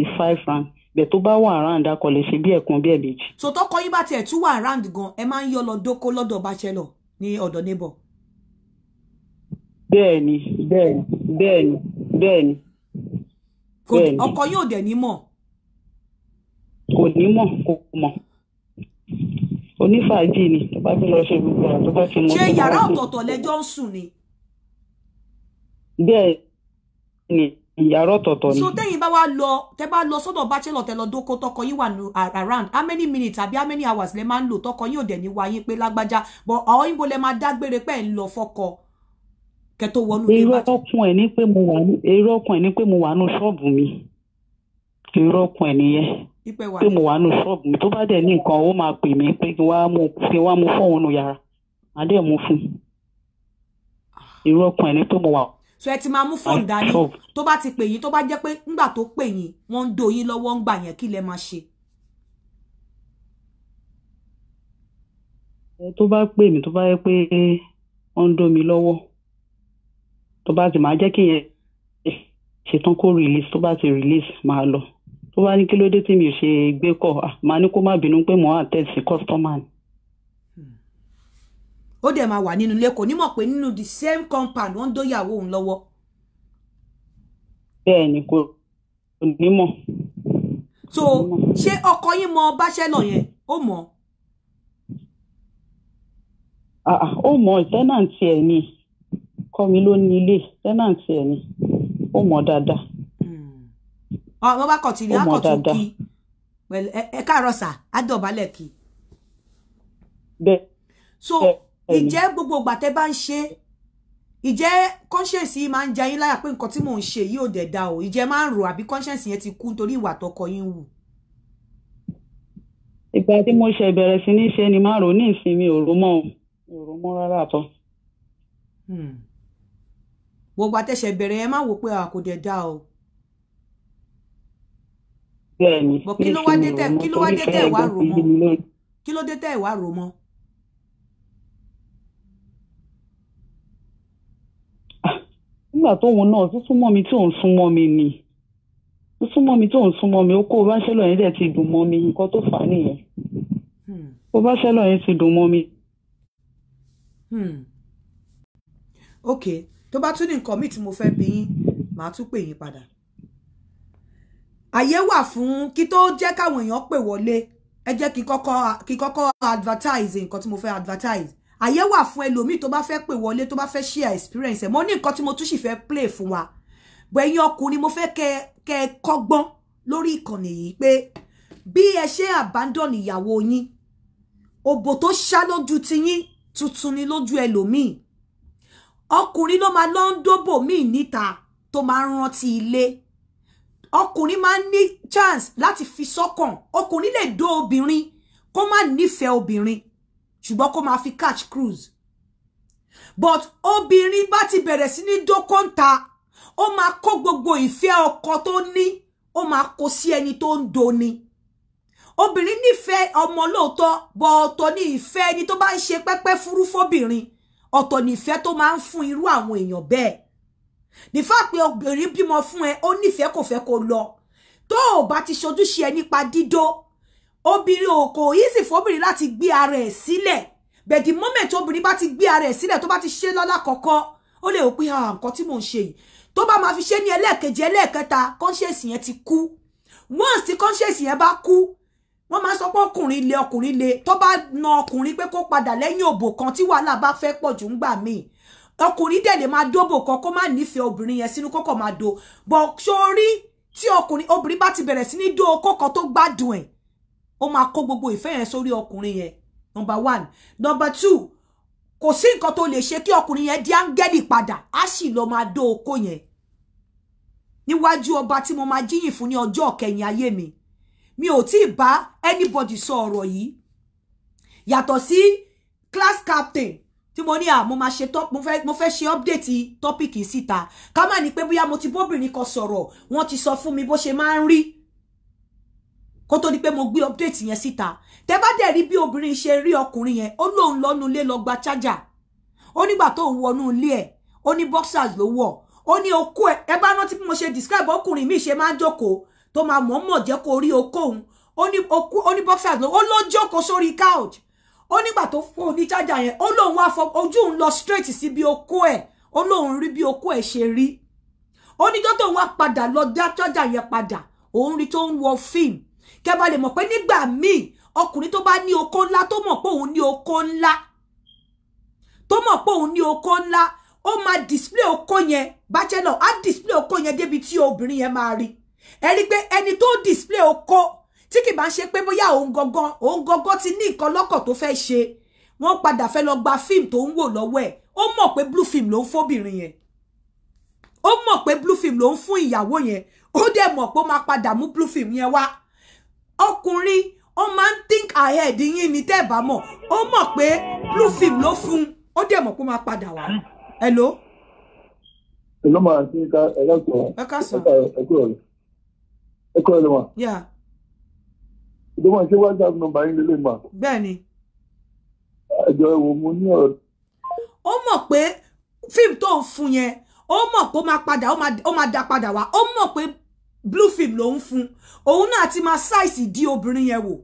ninety five rand bẹ̀ tó bá wà round akọ lè ṣe bí ẹ̀kan bí ẹ̀mejì. so tọkọ yín bá tiẹ̀ tún wà round gan ẹ máa ń yọ lọ dóko lọ́dọ̀ bachelor ní ọ̀dọ̀ neighbor. bẹ́ẹ̀ni bẹ́ẹ̀ni bẹ́ẹ̀ni bẹ́ẹ̀ni. ọkọ yóò dẹ̀ ní mọ̀. kò ní mọ̀ kò mọ̀ onífàájì ni tó bá fi lọ ṣe gbogbo àwọn tó bá fi mọ. ṣé yàrá ọ̀tọ̀ọ̀tọ̀ lẹjọ́ ń sùn ni. bẹ́ẹ̀ ni ìyàrá ọ̀tọ̀ọ̀tọ̀ ni. so tẹ́yìn bá wá lọ tẹ́ bá lọ sọ́dọ̀ bachelor tẹ́ lọ dóko tọkọ yín wà ní around how many minutes àbí how many hours lẹ máa ń lò tọkọ yín ò dẹ̀ ní wá pé lágbájá but àwọn yín bo lẹ máa dágbére pé ẹ̀ ń lọ fọkọ kẹ tó wọnú ilé bàjẹ́. èrò ọkùn ẹ̀ ní pé mo wà ní èrò ọkùn ẹ̀ ní pé mo wà ní ṣọ́ọ̀bù mi èrò ọkùn ẹ̀ nìyẹn pé mo wà ní ṣọ́ọ̀bù mi tó bá dẹ̀ ní nǹkan ó máa pè mí pé kí n wá mú fóònù yàrá màá fún un èrò ọkùn ẹ̀ ní pé mo wà so ẹ ti máa mú fóònù dání tó bá ti pè yín tó bá jẹ́ pé ńgbà tó pè yín wọ́n ń do yín lọ́wọ́ ńgbà yẹn kí lẹ máa ṣe. tó bá pè mí tó bá yẹ pé wọ́n do mi lọ́wọ́ tó bá ti máa jẹ́ kí yẹn ṣetán kó release tó bá ti release máa lọ tó bá ní kí ló dé tí mi ò ṣe gbé kọ máa ní kó má bínú pé mo á tẹ̀sí kọ́sítọ́mà ó dẹ̀ máa wà nínú ilé kò ní mọ̀ pé nínú the same compound wọ́n ń dóyàwó òun lọ́wọ́. bẹ́ẹ̀ ni kò ní mọ̀. so ṣé ọkọ yín mọ bachelor yẹn ó mọ. ó mọ tẹ́nàntì ẹ̀ ni kọ́ mi ló ní ilé tẹ́nàntì ẹ̀ ni ó mọ dáadáa. Hmm. ọ̀rọ̀ bá kọ̀ tì ní àkọ́tún kí ẹ káàárọ̀ sà á dọ̀bálẹ̀ kí. bẹ́ẹ̀ so. Bẹ́ẹ̀. ìjẹ́ gbogbo ìgbà tẹ́ bá ń ṣe ìjẹ́ conscience yìí máa ń jẹ yín láyà pé nǹkan tí mò ń ṣe yìí ò dẹ̀ da o ìjẹ́ máa ń rò àbí conscience yẹn ti kú nítorí ìwà tọkọ yín wù. ìgbà tí mo ṣe ìbẹ̀rẹ̀ sí ní ṣe ni máa rò ní ìsinmi òró mọ́ òró mọ́ rárá tán. Hmm. gbogbo àtẹ̀ṣẹ̀ bẹ̀rẹ̀ ẹ má wò pé a kò dẹ̀ da o. bẹ́ẹ̀ni kí ló wá dé tẹ̀ wá wá rò mọ́. nígbà tóun náà súnmọ́ mi tí òun súnmọ́ mi ni súnmọ́ mi tí òun súnmọ́ mi ó kó báṣẹ́lọ̀ yẹn dẹ̀ ti dùn mọ́ mi nǹkan tó fà á nìyẹn kó hmm. báṣẹ́lọ̀ yẹn ti dùn mọ́ mi. Hmm. ok tó bá tún ní nǹkan míì tí mo fẹ́ bí yín màá tún pè yín padà àyè wà fún kí tó jẹ́ káwọn èèyàn pè wọlé ẹ jẹ́ kí kọ́kọ́ advertise nǹkan tí mo fẹ́ advertise àyè wà fún ẹlòmíì tó bá fẹ́ pè wọlé tó bá fẹ́ share experience ẹ̀ mo ní nǹkan tí mo tún sì fẹ́ play fún wa gbẹ̀yìn ọkùnrin mo fẹ́ kẹ́ kẹ́ kọ́gbọ́n lórí ìkànnì yìí pé bí ẹ ṣe abandon ìyàwó yín òbò tó ṣá lójú tiyín tuntun ni lójú ẹlòmíì ọkùnrin ló máa lọ ń dóbò míì níta tó máa ń rántí ilé ọkùnrin máa ń ní chance láti fi sọ́kàn ọkùnrin lè dó obìnrin kó má nífẹ̀ẹ́ obìnrin ṣùgbọ́n kó máa fi catch cruise but obìnrin bá ti bẹ̀rẹ̀ sí ní dókòǹta ó máa kó gbogbo ìfẹ́ ọkọ tó ní ó máa kó sí ẹni tó ń do ni obìnrin nífẹ̀ẹ́ ọmọ lóòótọ́ bọ̀ ọ̀tọ̀ ní ìfẹ́ ẹni tó bá ń ṣe pẹ́pẹ́ fúrú fóbìnrin ọ̀tọ̀ ní ìfẹ́ tó máa ń fún irú àwọn èèyàn bẹ́ẹ̀ ní fà pé obìnrin bímọ fún ẹ ó nífẹ̀ẹ́ kò fẹ́ kó lọ tó o bá ti ṣojúṣe ẹ nípa dídó obìnrin ò kò easy fóbìnrin láti gbé ara ẹ̀ sílẹ̀ but the moment obìnrin bá ti gbé ara ẹ̀ sílẹ̀ tó bá ti ṣe lọ́la kọ̀ọ̀kan ó lè wò pé ah, nǹkan tí mò ń ṣe yìí tó bá máa fi ṣe ní ẹlẹ́ẹ̀kejì ẹlẹ́ẹ̀kẹta conscience yẹn ti kú once tí conscience yẹn bá kú wọ́n máa sọ pé ọkùnrin le ọkùnrin le tó bá na ọkùnrin pé kó padà lẹ́yìn òbò kan tí wàhálà bá fẹ́ pọ̀ jù ń gbà míì ọkùnrin dẹ̀ lè máa dóbò kan kó má nífẹ̀ẹ́ obìnrin yẹn sínú kókò máa do But sórí tí ọkùnrin obìnrin bá ti bẹ̀rẹ̀ sí ní dó okó kan tó gbádùn ẹ̀ ó máa kó gbogbo ìfẹ́ yẹn sórí ọkùnrin yẹn number one number two kò sí nǹkan tó lè ṣe kí ọkùnrin yẹn di áńgẹ́lì padà á sì lọ máa dó oko ni níwájú ọba tí mo máa jíyìn fún ní ọjọ́ kẹyìn ayé mi mi ò tí ì anybody sọ ọ̀rọ̀ yìí yàtọ̀ sí class captain tí mo ní à mo máa ṣe top mo fẹ́ mo fẹ́ ṣe update topic síta ká má ní pé bóyá mo ti bóbìnrin kan sọ̀rọ̀ wọ́n ti sọ fún mi bo ṣe máa ń kó tó di pé mo gbé update yẹn síta tẹ bá dẹ̀ rí bí obìnrin ṣe rí ọkùnrin yẹn ó lóun lọ́nu ilé lọ gba chájà ó nígbà tó ń wọnú ilé ẹ̀ ó ní boxers ló wọ̀ ó ní okó ẹ̀ ẹ bá rántí mo ṣe describe ọkùnrin mi ṣe máa ń jókòó tó máa mọ̀ọ́mọ̀ jẹ́ kó rí oni òun ó ní okó ó ní boxers ló ó lọ jókòó sórí couch oni nígbà tó fún un ní chájà o ó lóun wá fọ ojú òun lọ straight sí bí okó ẹ̀ ó lóun rí bí okó ẹ̀ ṣe rí oníjọ́ tó wá padà lọ dá chájà yẹn padà òun rí tó ń wọ fíìmù kẹ́ bá lè mọ̀ pé nígbà míì ọkùnrin tó bá ní oko ńlá tó mọ̀ pé òun ní oko ńlá tó mọ̀ pé òun ní oko ńlá ó máa display oko yẹn bachelor á display oko yẹn débi tí obìnrin yẹn máa rí ẹ rí pé ẹni tó display oko tí kì bá ń ṣe pé bóyá òun gangan òun gangan ti ní nǹkan lọ́kàn tó fẹ́ ṣe wọ́n padà fẹ́ lọ gba fíìmù tó ń wò lọ́wọ́ ẹ̀ ó mọ̀ pé blue film ló ń fóbìnrin yẹn ó mọ̀ pé blue film ló ń fún ìyàwó yẹn ó dẹ̀ mọ̀ pé ó máa padà mú blue film yẹn wá ọkùnrin ó máa ń think ahead yín ní tẹ́ ẹ̀ bá mọ̀ ó mọ̀ pé blue film ló fún un ó dẹ̀ mọ̀ pé ó máa padà wá. hello. hello ma ṣe ká ẹ lọ́sọ̀ ẹ ká sọ ẹ kúrò rẹ ẹ kúrò rẹ ma. ìdánwò ṣé whatsapp number yín lélẹ̀ ma. bẹ́ẹ̀ni. àjọ ẹ̀wọ̀n mo ní ọ̀rọ̀. ó mọ̀ pé fíìmù tó ń fún yẹn ó mọ̀ pé ó máa padà ó máa dá padà wá ó mọ̀ pé blue film lo ń fún òun náà ti máa ṣàìsì dí obìnrin yẹn wò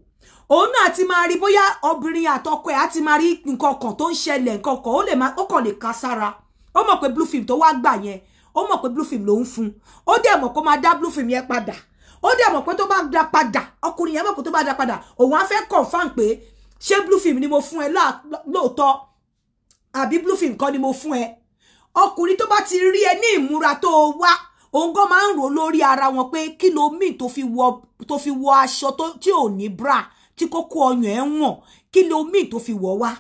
òun náà ti máa rí bóyá obìnrin àtọkọ ẹ̀ á ti máa rí nǹkan kan tó ń ṣẹlẹ̀ nǹkan kan ó lè máa ó kàn lè blue film to wá gbà yẹn ó mọ̀ pé blue film lo ń fún ó dẹ̀ mọ̀ kó máa blue film yẹn padà ó dẹ̀ mọ̀ pé tó bá dá padà ọkùnrin yẹn mọ̀ pé tó bá dá padà òun á fẹ́ confirm pé ṣé blue film ni mo fún ẹ lóòótọ́ abi blue film kọ́ ni mo fún ẹ ọkùnrin tó bá ti rí ẹ ní ìmúra tó wá òun gan máa ń rò lórí ara wọn pé kí ló mìn tó fi wọ tó fi wọ aṣọ tí ò ní bra tí kókó ọyàn ẹ̀ wọ̀n kí ló mìn tó fi wọ̀ wá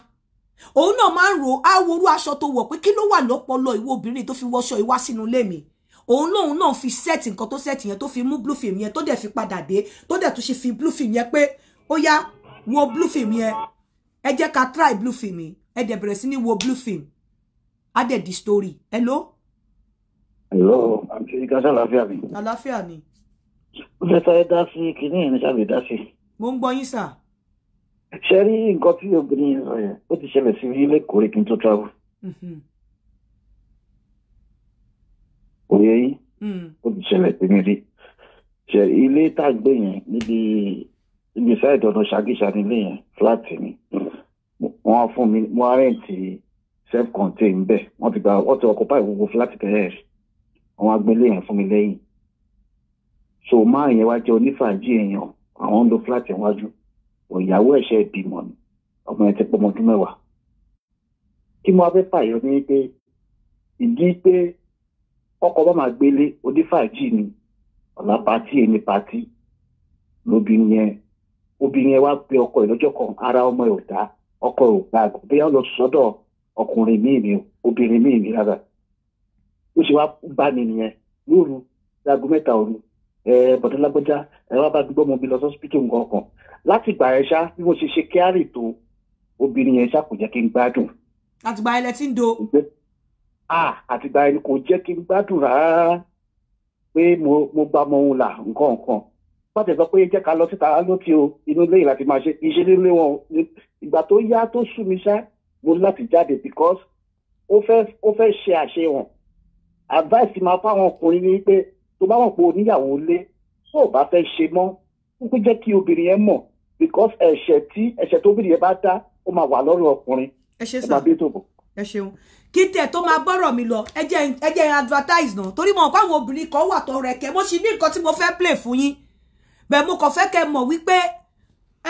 òun náà máa ń rò áworú aṣọ tó wọ̀ pé kí ló wà lọ́pọlọ ìwọ obìnrin tó fi wọṣọ ìwá sínú ilé mi òun lòun náà fi sẹ́ẹ̀tì nǹkan tó sẹ́ẹ̀tì yẹn tó fi mú blue film yẹn tó dẹ̀ fi padà dé tó dẹ̀ tún ṣe fi blue film yẹn pé ó yá wo blue film yẹn ẹ jẹ́ ká try blue film yìí de dẹ̀ bẹ̀rẹ̀ wo blue film a de di story hello. hello ìka sí àlàáfíà ni. àlàáfíà ni. ó fẹ́ dá sí kínní yẹn ní sábà dá sí. mo ń gbọ́ yín sà. ṣe rí nǹkan tí obìnrin yẹn sọ yẹn ó ti ṣẹlẹ̀ sí ilé kórè kí n tó travel. Mm-hmm. òye yìí mm. ó ti ṣẹlẹ̀ sí mi rí ṣe ilé tá a gbé yẹn níbi ibi sáà ìdọ̀dọ̀ ṣàgìṣà nílé yẹn fúláàtì ni wọ́n fún mi wọ́n rẹ̀ǹtì self-contained bẹ́ẹ̀ wọ́n ti gba wọ́n ti occupy gbogbo fúláàtì tẹ́lẹ̀ àwọn agbélé yẹn fún mi lẹ́yìn so máa yẹn wá jẹ onífàájì èèyàn àwọn ń lo fúláàtì wájú òyàwó ẹ̀ṣẹ̀ ìbímọ ni ọmọ yẹn ti pọ ọmọ ọdún mẹ́wàá kí mo fẹ́ fàyọ ní pé ìdí pé ọkọ bá máa gbélé onífàájì ni ọ̀la pàtí èmi pàtí lóbìnrin yẹn obìnrin yẹn wá pe ọkọ ẹ̀ lọ́jọ́ kan ara ọmọ ẹ̀ ò dá ọkọ ẹ̀ ò gbàgbọ́ bí wọ́n lọ sọ́dọ̀ ọkùnrin míì ni obìnrin míì ni rárá ó ṣe wá bá mi nìyẹn lóru aago mẹ́ta òru bọ̀dá lágbọ́já ẹ wá bá gbọ́ mo bí lọ sọ́sìpítù nǹkan kan láti gbà ẹ ṣá bí mo ṣe ṣe kíárì tó obìnrin yẹn ṣá kò jẹ́ kí n gbádùn. àtìgbà ilẹ̀ tí ń do. àtìgbà ẹni kò jẹ́ kí n gbádùn rárá pé mo gba ọmọ òun là nǹkan nǹkan pàtẹ sọ pé jẹ́ ká lọ síta lókè o inú ilé yìí láti máa ṣe iṣẹ́ nílé wọn ìgbà tó yá tó sú mi ṣá mo láti jáde because ó fẹ́ ṣe àṣehàn advice máa fáwọn ọkùnrin ni pé tó bá wọn pé oníyàwó lé tó o bá fẹ́ ṣe mọ́ kó jẹ́ kí obìnrin yẹn mọ̀ because ẹ̀ṣẹ̀ tí ẹ̀ṣẹ̀ tó obìnrin yẹn bá dá ó máa wà lọ́rùn ọkùnrin ó máa bí tó bọ̀. ẹ ṣeun kí tẹ tó máa gbọ́rọ̀ mi lọ ẹ jẹ́ advertise náà torí mo kọ́ àwọn obìnrin kan wà tó rẹ̀kẹ́ mo sì ní nǹkan tí mo fẹ́ play fún yín bẹ́ẹ̀ mo kàn fẹ́ kẹ́ mọ̀ wípé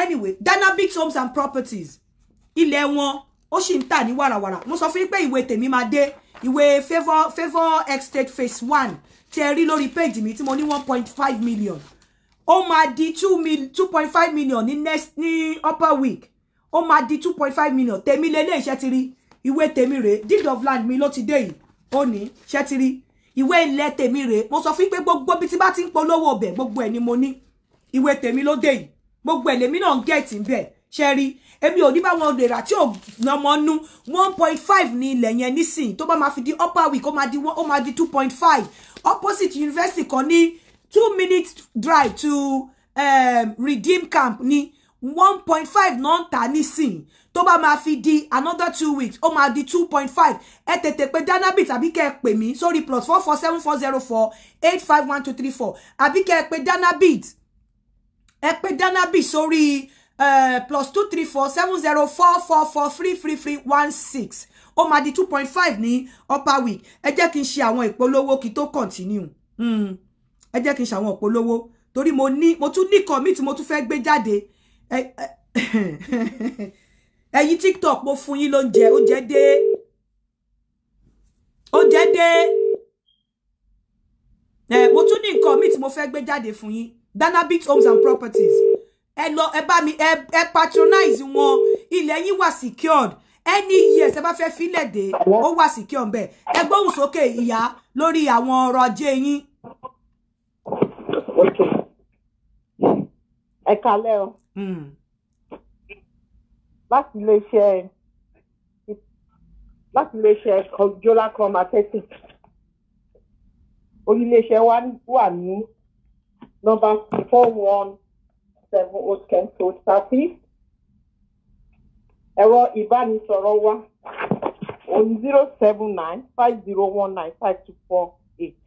anyway dynamic homes and properties ilẹ̀ wọn ó sì ń tà ní wàràwàrà mo sọ fún yín pé ìwé tèmi máa dé ìwé favour favour estate phase one tí ẹ rí lórí page mi tí mo ní one point five million ó máa di two mil two point five million ní next ní upper week ó máa di two point five million tèmi lé iléeṣẹ́ ti rí ìwé tèmi rèé deed of land mi ló ti dé yìí ó ní ṣẹ́ ti rí ìwé ilẹ̀ tèmi rèé mo sọ fún pé gbogbo bí tí bá ti ń polówó ọbẹ̀ gbogbo ẹ̀ ni mo ní ìwé tèmi ló dé yìí gbogbo ẹ̀ lèmi náà ń gẹ̀ẹ́tì ń bẹ̀ èmi ò ní bá wọn lè rà tí ò nọmọ nú one point five ní ilẹ̀ yẹn nísìn tó bá máa fi di upper week ó máa di ó máa di two point five opposite university kan ní two minutes drive to um, redeem camp Ni one point five náà ń tà nísìn tó bá máa fi di another two weeks ó máa di two point five ẹ tètè pé danabit Abi kẹ́ ẹ pè mí plus four four seven four zero four eight five one two three four àbí kẹ́ ẹ pé danabit ẹ pé danabit sórí Eh, plus two three four seven zero four four four three three three one six ó máa di two point five ni upper week ẹ jẹ́ kí n ṣe àwọn ìpolówó kí continue hmm. ẹ jẹ́ kí n ṣe àwọn ìpolówó torí mo ní mo tún ní commit mo tún fẹ́ gbé jáde ẹ̀yin tiktok mo fún yín o oúnjẹ dé oúnjẹ dé eh, mo tún ní nǹkan míì tí mo fẹ́ gbé jáde fún yín Danabit homes and properties ẹ lọ ẹ bá mi ẹ patronize wọn ilẹ̀ yín wà secured any year ṣe bá fẹ́ filẹ̀ dé ó wà secured bẹ́ẹ̀ ẹ gbóhùn sókè ìyá lórí àwọn ọrọ̀ ajé yín. ẹ kalẹ́ o hmm. láti lè ṣe láti lè ṣe Jola Chromathetics oríléeṣẹ́ wa wà ní nọ́mbà four one. seven old kent road thirty ẹ̀rọ ìbánisọ̀rọ̀ wa on zero seven nine five zero one nine five two four eight.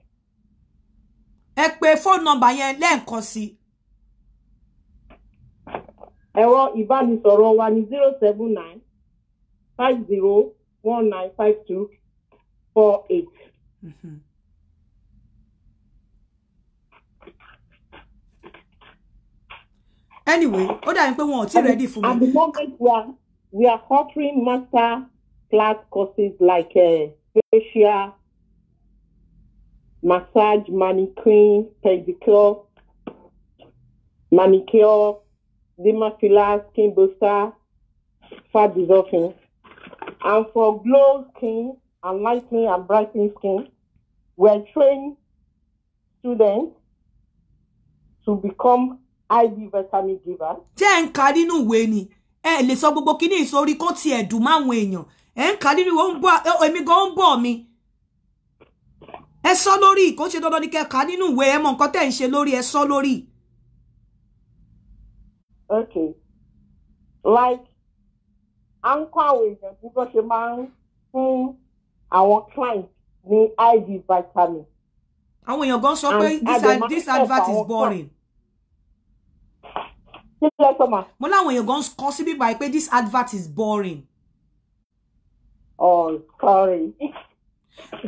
ẹ pè fóònù nọ́mbà yẹn lẹ́ẹ̀kan sí Ẹwọ ẹ̀rọ ìbánisọ̀rọ̀ wa ni zero seven nine five zero one nine five two four eight. Mm-hmm. anyway ó dàbí pé wọn ò tí ready fún mi. at the moment we are we are offering master class courses like uh, facial massage manicure pedicure manicure dermaphila skin booster fat dissolving and for glow skin and lightening and brightening skin we are trained students to become IV vitamin giver. jẹ́ ń ka nínú ìwé ni ẹ lè sọ gbogbo kíní ìsorí kó tiẹ̀ dùn máwọn èèyàn ẹ ń ka nínú ìwé ó ń bọ̀ èmi gan ó ń bọ̀ mi ẹ sọ lórí kò ṣe dandan ní kẹka nínú ìwé ẹ mọ nǹkan tẹ́ ń ṣe lórí ẹ sọ lórí. okay like a ń kọ́ àwọn èèyàn bí wọ́n ṣe máa ń fún àwọn clients ní IV vitamin. àwọn èèyàn gan sọ pé this advert is boring mo láwọn èèyàn gan kọ síbí báyìí pé this advert is boring. oh sorry.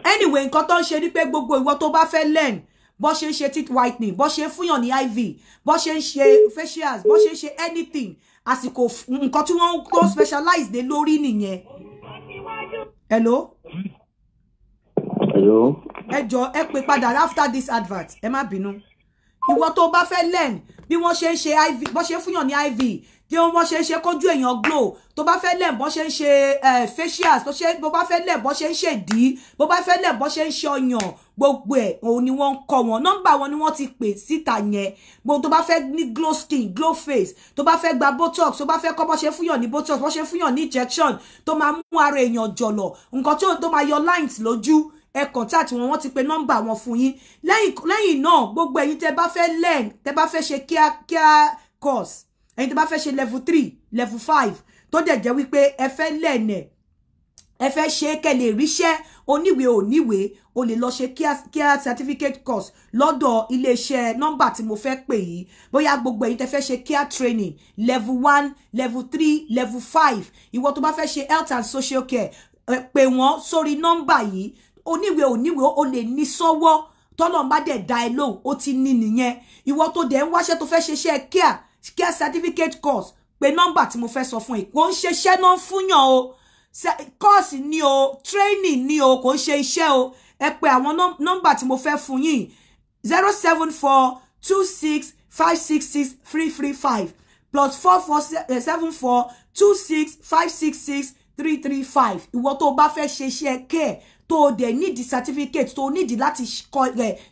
anyway nǹkan tó ń ṣe ni pé gbogbo ìwọ tó bá fẹ́ learn bó ṣe ń ṣe teeth whitening bó ṣe ń fúnyàn ní iv bó ṣe ń ṣe facials bó ṣe ń ṣe anything àsìkò nǹkan tí wọ́n tó specialize dé lórí nìyẹn. hello. hello. ẹ jọ ẹ pè padà after this advert ẹ má bínú ìwọ tó bá fẹ́ learn bí wọ́n ṣe ń ṣe iv bọ́n ṣe fúnyàn ní iv tí wọ́n ṣe ń ṣe kójú èèyàn glow tó bá fẹ́ learn bọ́n ṣe ń ṣe eh, facials tó ṣe bó bá fẹ́ learn bọ́n ṣe ń ṣèdí bó bá fẹ́ learn bọ́n ṣe ń ṣe ọyàn gbogbo ẹ̀ òun ni wọ́n ń kọ́ wọn nọ́mbà wọn ni wọ́n ti pè síta yẹn gbogbo tó bá fẹ́ ní glow skin glow face tó bá fẹ́ gba botox tó bá fẹ́ kọ́ bọ́n ṣe fúnyàn ní botox bọ́n ṣe fúnyàn ní injection tó máa mú ara èèyàn jọ̀lọ̀ nǹkan tó máa yọ lines lójú ẹ contact wọn wọ́n ti pe nọ́mbà wọn fún yín lẹ́yìn lẹ́yìn náà gbogbo ẹ̀yin tẹ́ bá fẹ́ learn tẹ́ bá fẹ́ ṣe kíá kíá course ẹ̀yin tẹ́ bá fẹ́ ṣe level three level five tó dẹ̀ jẹ́ wípé ẹ fẹ́ learn ẹ̀ ẹ fẹ́ ṣe kẹ́ lè ríṣẹ́ oníwèé oníwèé o lè lọ ṣe kíá certificate course lọ́dọ̀ iléeṣẹ́ nọ́mbà tí mo fẹ́ pè yìí bóyá gbogbo ẹ̀yin tẹ́ fẹ́ ṣe kíá training level one level three level five ìwọ tó bá fẹ́ ṣe health and social care pè wọ́n sórí nọ́mbà yìí oníwèé oníwèé o lè ní sọ́wọ́ tọ́lọ́n bá dẹ̀ da ẹ lóhùn ó ti ní nìyẹn ìwọ tó dẹ̀ ń wáṣẹ́ tó fẹ́ ṣeṣẹ́ care care certificate course pé nọ́mbà tí mo fẹ́ sọ fún yìí kò ń ṣeṣẹ́ náà fúnyàn o course ni o training ni o kò ń ṣe o ẹ pè àwọn nọ́mbà tí mo fe fún yìí zero seven four two six five six six three three five plus four four eh, seven four two six five six six three three five ìwọ tó o bá fẹ́ ṣe iṣẹ́ care tó dẹ̀ nídìí certificate tó nídìí láti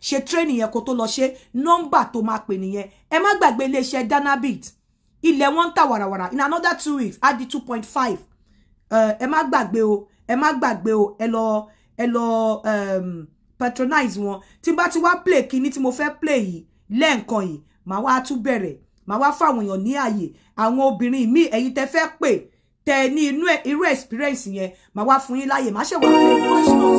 ṣe training yẹn kó tó lọ ṣe nọ́mbà tó máa pè nìyẹn ẹ má gbàgbé iléeṣẹ́ danabit ilẹ̀ wọn ń tà wàràwàrà in another two weeks á di two point five ẹ má gbàgbé o ẹ má gbàgbé o ẹ lọ ẹ lọ um, patronize wọn tí bá ti wá play kíní tí mo fẹ́ play yìí lẹ́ǹkan yìí màá wá tún bẹ̀rẹ̀ màá wá fáwọn èèyàn ní àyè àwọn obìnrin míì ẹ̀yin tẹ́ fẹ́ pè tẹ ní inú irú experience yẹn wá fún yín láyè má ṣe wá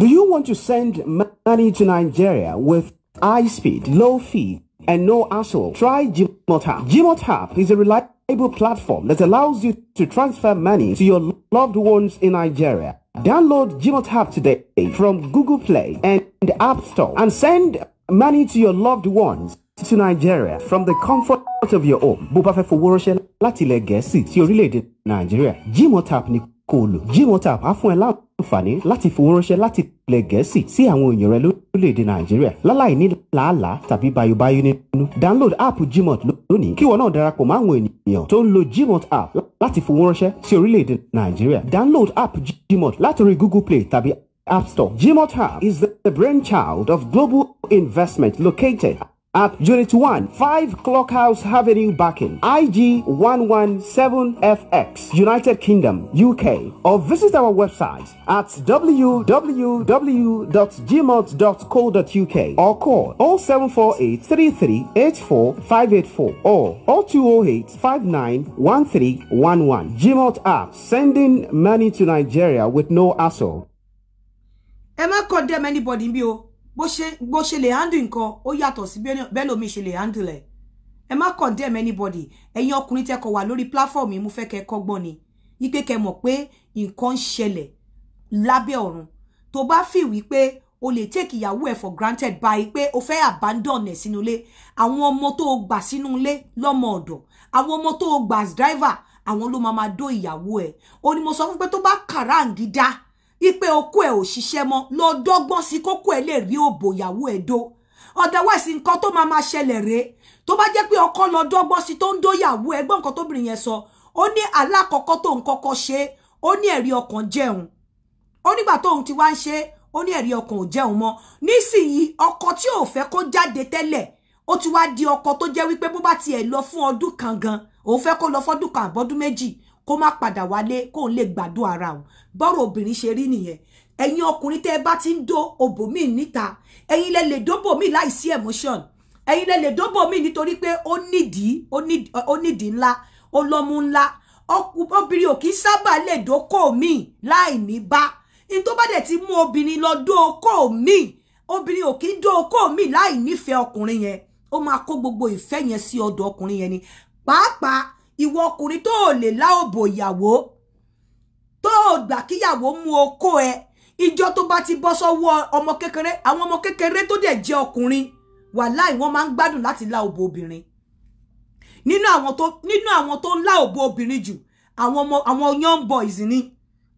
Do you want to send money to Nigeria with high speed, low fee, and no hassle? Try Gmotap. Gmotap is a reliable platform that allows you to transfer money to your loved ones in Nigeria. Download Gmotap today from Google Play and App Store and send money to your loved ones to Nigeria from the comfort of your home bó bá fẹ́ fowó ránṣẹ́ láti ilẹ̀ gẹ̀ẹ́sì sí orílẹ̀-èdè Nàìjíríà Gmotap ni kò lò Gmotap á fún ẹ láǹfààní láti fowó ránṣẹ́ láti ilẹ̀ gẹ̀ẹ́sì sí àwọn èèyàn rẹ lórílẹ̀-èdè Nàìjíríà láláì ní làálàá tàbí bayobayo nínú download app Gmot lónìí kí wọn náà darapọ̀ mọ́ àwọn ènìyàn tó ń lo Gmot app láti fowó ránṣẹ́ sí orílẹ̀-èdè Nàìjíríà download app Gmot látòrí Google Play tàbí App Store. Gmot app is the brainchild of global investment located at Unit 1, 5 Clockhouse Avenue, Backing, IG117FX, United Kingdom, UK, or visit our website at www.gmont.co.uk or call 0748 or 0208 591311. Gmont app, sending money to Nigeria with no hassle. Am I condemn anybody, Bio? bó ṣe bó ṣe lè handle nǹkan ó yàtọ̀ sí bẹ́lòmíì ṣe lè handle ẹ̀ ẹ má condemn anybody ẹ̀yin ọkùnrin tẹ́kọ̀ wà lórí platform yìí mo fẹ́ kẹ́ kọ́gbọ́n ni wípé kẹ́ mọ̀ pé nǹkan ń ṣẹlẹ̀ lábẹ́ ọ̀run tó bá fì wípé o lè take ìyàwó ẹ̀ for granted báyìí pé o fẹ́ abandon ẹ̀ sínú ilé àwọn ọmọ tó o gbà sínú ilé lọ́mọ ọ̀dọ̀ àwọn ọmọ tó o gbà as driver àwọn ló máa máa dó ìyàwó ẹ̀ o ni mo sọ fún pé tó bá kàrá ǹgídá ipe okó ẹ̀ ò ṣiṣẹ́ mọ́ lọ dọ́gbọ́n sí kókó ẹ̀ lè rí òbò ìyàwó ẹ̀ dó otherwise nǹkan tó máa máa ṣẹlẹ̀ rèé tó bá jẹ́ pé ọkọ lọ dọ́gbọ́n sí tó ń dóyàwó ẹ̀ gbọ́n nǹkan tóbìnrin yẹn sọ ó ní alákọ̀ọ́kọ́ tó ń kọ́kọ́ ṣe ó ní ẹ̀rí ọkàn jẹun ó nígbà tóun ti wá ń ṣe ó ní ẹ̀rí ọkàn ò jẹun mọ́ nísìnyí ọkọ tí ò fẹ́ kó jáde tẹ́lẹ̀ ó ti wá di ọkọ tó jẹ́ wípé bó bá tiẹ̀ lọ fún ọdún kan gan òun fẹ́ kó lọ fọ́dún kan àbọ́dún méjì kó má padà wálé kóun lè gbádùn ara o bọ́rọ̀ obìnrin ṣe rí nìyẹn ẹ̀yin ọkùnrin tẹ́ ẹ bá ti ń dó òbòmíì níta ẹ̀yin lẹ lè dóbòmíì láìsí emotion ẹ̀yin lẹ lè dóbòmíì nítorí pé ó nídìí ó nídìí ńlá ó lọ́mú ńlá obìnrin ò kí sábà lè dókò míì láì ní bá ní tó bá dẹ̀ ti mú obìnrin lọ dókò míì obìnrin ò kí dókò míì láì nífẹ̀ẹ́ ọkùnrin yẹn ó máa kó gbogbo ìfẹ́ yẹn sí ọ̀dọ̀ ọkùnrin yẹn ni pàápàá ìwọ ọkùnrin tó lè láòbò ìyàwó tó gbà kíyàwó mú okó ẹ ìjọ tó bá ti bọ́ sọ́wọ́ ọmọ kékeré àwọn ọmọ kékeré tó dẹ̀ jẹ́ ọkùnrin wàláì wọ́n máa ń gbádùn láti láòbò obìnrin nínú àwọn tó nínú àwọn tó ń láòbò obìnrin jù àwọn ọmọ àwọn young boys ni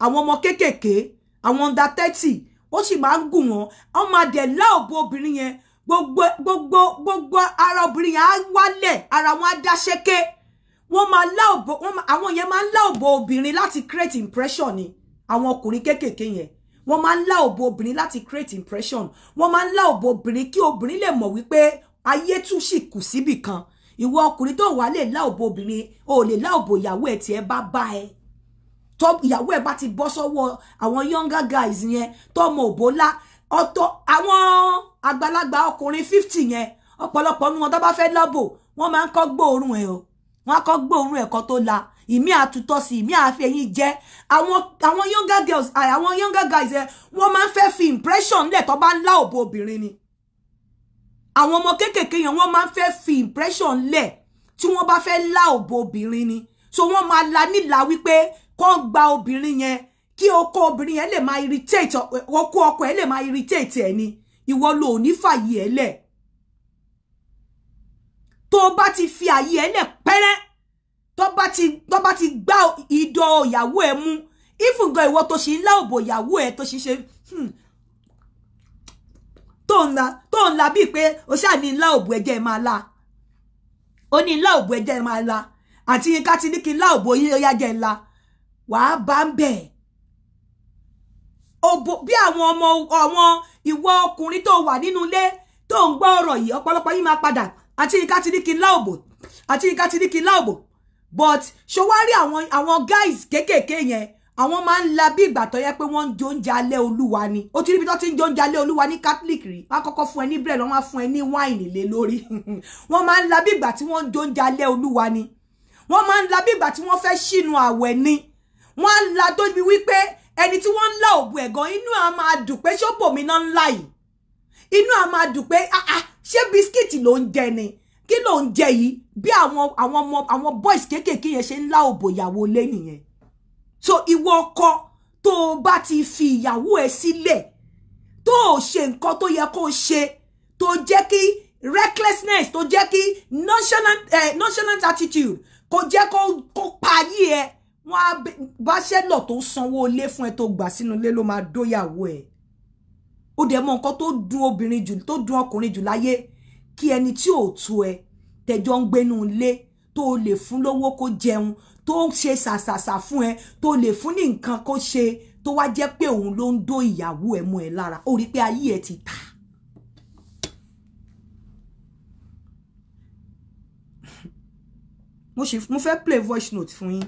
àwọn ọmọ kéékèèké àwọn under thirty ó sì máa ń gùn wọn wọn máa dẹ̀ láòbò obìnrin yẹn gbogbo gbogbo gbogbo ara obìnrin yẹn á wálẹ̀ ara wọn á dá ṣẹ́kẹ́ wọ́n máa lá òbò àwọn yẹn máa ń lá òbò obìnrin láti create impression ni àwọn ọkùnrin kéékèèké yẹn wọ́n máa ń lá òbò obìnrin láti create impression wọ́n máa ń lá òbò obìnrin kí obìnrin lè mọ̀ wípé ayé tún sì kù síbì kan ìwọ ọkùnrin tó wà lè lá òbò obìnrin o lè lá òbò ìyàwó ẹ̀ tí ẹ bá bá ẹ tó ìyàwó ẹ̀ bá ti bọ́ sọ́wọ́ àwọn younger guys yẹn tọmọ òbò lá ọ̀tọ̀ àwọn àgbàlagbà ọkùnrin fifty yẹn ọ̀pọ̀lọpọ̀ nu wọn tó bá fẹ́ lọ́bò wọ́n máa ń kọ́ gbóòórùn ẹ̀ o wọ́n á kọ́ gbóòórùn ẹ̀kọ́ tó la ìmí àtútọ́ sí ìmí àfi ẹ̀yìn jẹ́ àwọn àwọn younger girls ah, àwọn younger guys ẹ eh, wọ́n máa ń fẹ́ fi impression lẹ̀ tó bá ń lá òbò obìnrin ni àwọn ọmọ kéékèèké yẹn wọ́n máa ń fẹ́ fi impression lẹ̀ tí wọ́n bá fẹ́ lá òbò obìnrin ni so wọ́n máa la nílà wípé kó gba obìnrin yẹn kí okó obìnrin yẹn lè máa irritate okó ọkọ ẹ̀ lè máa irritate ẹ̀ ni ìwọ ló ò ní fàyè ẹ̀ lẹ̀ tó bá ti fi àyè ẹ lẹ̀ pẹ́rẹ́ tó bá ti tó bá ti gbá ìdọ̀ ìyàwó ẹ mú ìfùngàn ìwọ tó ṣì ń lá òbò ìyàwó ẹ tó ṣì ṣe hmm. tó ń la tó ń la bíi pé o ṣáà ní ńlá òbò ẹjẹ máa la ó ní ńlá òbò ẹjẹ máa la àti yín ká ti ní kí ńlá òbò yín ó yá jẹ ńlá wàá bá ń bẹ̀ òbò bí àwọn ọmọ àwọn ìwọ ọkùnrin tó wà nínú ilé tó ń gbọ́ ọ̀rọ̀ yìí ọ̀pọ̀lọpọ̀ yín máa padà Achinika Tiniki Laobo Achinika Tiniki Laobo but ṣọwárí àwọn àwọn guys kéékèèké yẹn àwọn máa ń la bí ìgbà tó yẹ pé wọ́n ń jó oúnjẹ alẹ́ olúwa ni ó ti ríbi tó ti ń jó oúnjẹ alẹ́ olúwa ní catholic rí wọ́n á fún ẹ ní bread wọ́n máa fún ẹ ní wine lé lórí wọ́n máa ń la bí ìgbà tí wọ́n ń jó oúnjẹ alẹ́ olúwa ni wọ́n máa ń la bí ìgbà tí wọ́n fẹ́ ṣìnú àwẹ̀ ni wọ́n á la tó bí wípé ẹni tí wọ́n ń la òògùn ẹ̀gàn inú à máa dùn pé ṣó bòmí ńlá yìí inú a máa dùn pé ah ah ṣé bisikíìtì ló ń jẹ ni kí ló ń jẹ yìí bí àwọn àwọn ọmọ àwọn boys kéékèèké yẹn ṣe ń lá òbò ìyàwó lé nìyẹn so ìwọ ọkọ tó o bá ti fi ìyàwó ẹ sílẹ̀ tó o ṣe nǹkan tó yẹ kó o ṣe tó jẹ́ kí recklessness tó jẹ́ kí nonchalant nonchalant attitude kò jẹ́ kó kó payí ẹ wọ́n á bá ṣẹlọ tó sanwó ilé fún ẹ tó gbà sínú ilé ló máa dóyàwó ẹ ó dẹ̀ mọ nǹkan tó dùn obìnrin jù tó dùn ọkùnrin jù láyé kí ẹni tí ò tu ẹ tẹjọ́ ń gbénú ilé tó o lè fún lówó kó jẹun tó ń ṣe ṣàṣàṣà fún ẹ tó o lè fún ní nǹkan kó ṣe tó wá jẹ́ pé òun ló ń dó ìyàwó ẹ̀ mú ẹ lára ó rí pé ayé ẹ ti ta. mo ṣe mo fẹ́ play voice note fún yín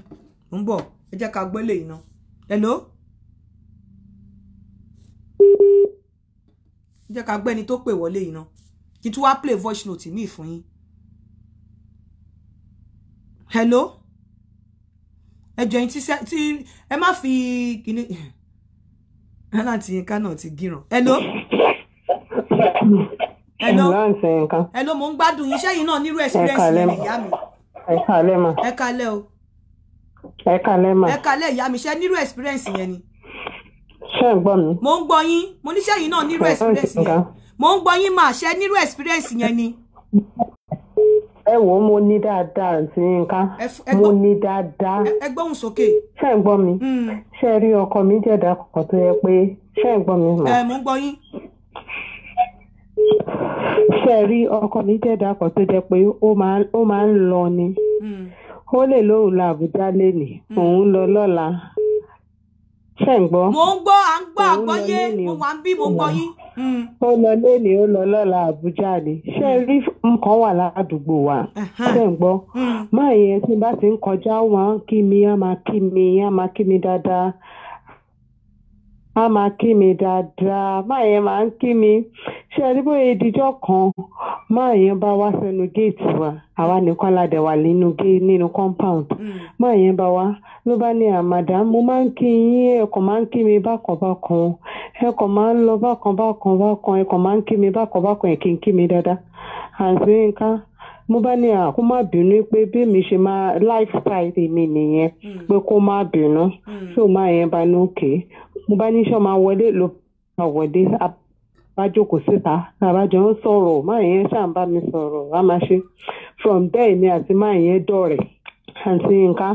mo ń bọ̀ ẹ jẹ́ ká gbọ́ lè iná hello jẹ́ ká gbẹ́ni tó pè wọlé yìí náà kí tún wá play voice note míì fún yín. hello ẹjọ yín tí ẹ má fi kíní láti yín ká náà ti gíràn. hello hello hello mo ń gbádùn yín sẹ́yìn náà nírú experience yẹn ìyá mi. ẹ kálẹ́ ma ẹ kálẹ́ o ẹ kálẹ́ ìyá mi ṣe nírú experience yẹn ni ṣé ń gbọ́ mi. mo ń gbọ́ yín mo níṣẹ́ yìí náà nírú experience yẹn mo ń gbọ́ yín máa ṣe nírú experience yẹn ni. ẹ wo mo ní dáadáa àǹtí Yínká mo ní dáadáa. ẹ gbóhùn sókè. ṣé ń gbọ́ mi ṣé rí ọkọ mi jẹ̀dá kọ̀ọ̀kan tó yẹ pé ṣé ń gbọ́ mi. ẹ mo ń gbọ́ yín ṣe rí ọkọ mi jẹ́dá kan tó jẹ́ pé ó máa ń lọ ni hmm. ó lè lóun la Àbújá lénìí hmm. òun lọ lọ́la ṣe ń gbọ́. mo ń gbọ́ à ń gbọ́ àgbọ́yé mo wà ń bí mo gbọ́ yín. Hmm. ó lọ ó lọ lọ́la àbújá ni ṣé hmm. rí nǹkan wà ládùúgbò wa ṣe ń gbọ́. Hmm. n bá ti ń kọjá wọn kí mi á máa kí mi á máa kí mi dáadáa á máa kí mi dáadáa máa yẹn máa ń kí mi ṣé ẹ rí bóyá ìdíjọ́ kan máa yẹn bá wá sẹ́nu géètì wa àwa nìkan la dẹ̀ wà nínú nínú compound máa mm. yẹn bá wá ló bá ní àmàdá mo máa ń kí yín ẹ̀kọ́ máa ń kí mi bákan bákan ẹ̀kọ́ máa ń lọ bákan bákan bákan ẹ̀kọ́ máa ń kí mi bákan bákan ẹ̀kí ń kí mi dáadáa àǹtí nǹkan mo bá ní àkó má bínú pé bí mi ṣe máa lifestyle mi nìyẹn mm. pé kó má bínú tó mm. má yẹn bá ní òkè mo bá ní sọ máa wọlé ló máa wọlé abájókòó síta àbájọ ń sọ̀rọ̀ máa yẹn ṣáà ń bá mi sọ̀rọ̀ á máa ṣe from there ni àti máa yẹn dọ̀rẹ́ àti nǹkan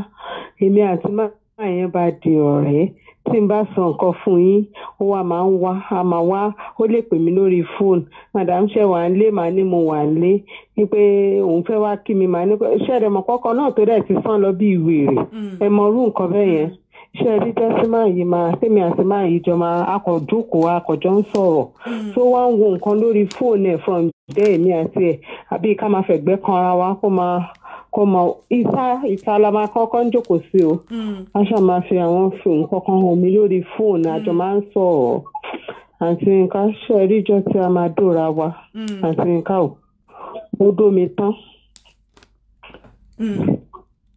èmi àti máa yẹn bá di ọ̀rẹ́ tí n bá sọ nǹkan fún yín ó wà máa ń wá a máa wá ó lè pè mí lórí fóònù madam ṣe wà ń lé màá ní mo wà ń lé ni pé òun fẹ́ wá kí mi màá ní ṣẹ́ẹ̀rẹ̀ mọ̀ kọ́kọ́ náà tó dẹ̀ ti sán lọ bí ìwèrè hmm. ẹ mọ irú nǹkan bẹ́ẹ̀ yẹn ṣé ẹ rí dẹ́símà yìí máa tèmi àti máa yìí jọ máa akọ̀jókòó akọ̀jọ́ ń sọ̀rọ̀ tó mm. wá ń wo nǹkan lórí fóònù ẹ̀ from there èmi àti ẹ̀ àbí ká máa fẹ̀gbẹ́ kan ara wa kó máa kó máa ìta ìta la máa kọ́kọ́ ń jókòó sí o mm. a ṣáà máa fi àwọn fóònù kankan hàn mí lórí fóònù àjọ mm. máa ń sọ̀rọ̀ àǹtí nǹkan ṣe rí jọ tí a máa dóra wa àǹtí nǹkan ò ó dó mi tán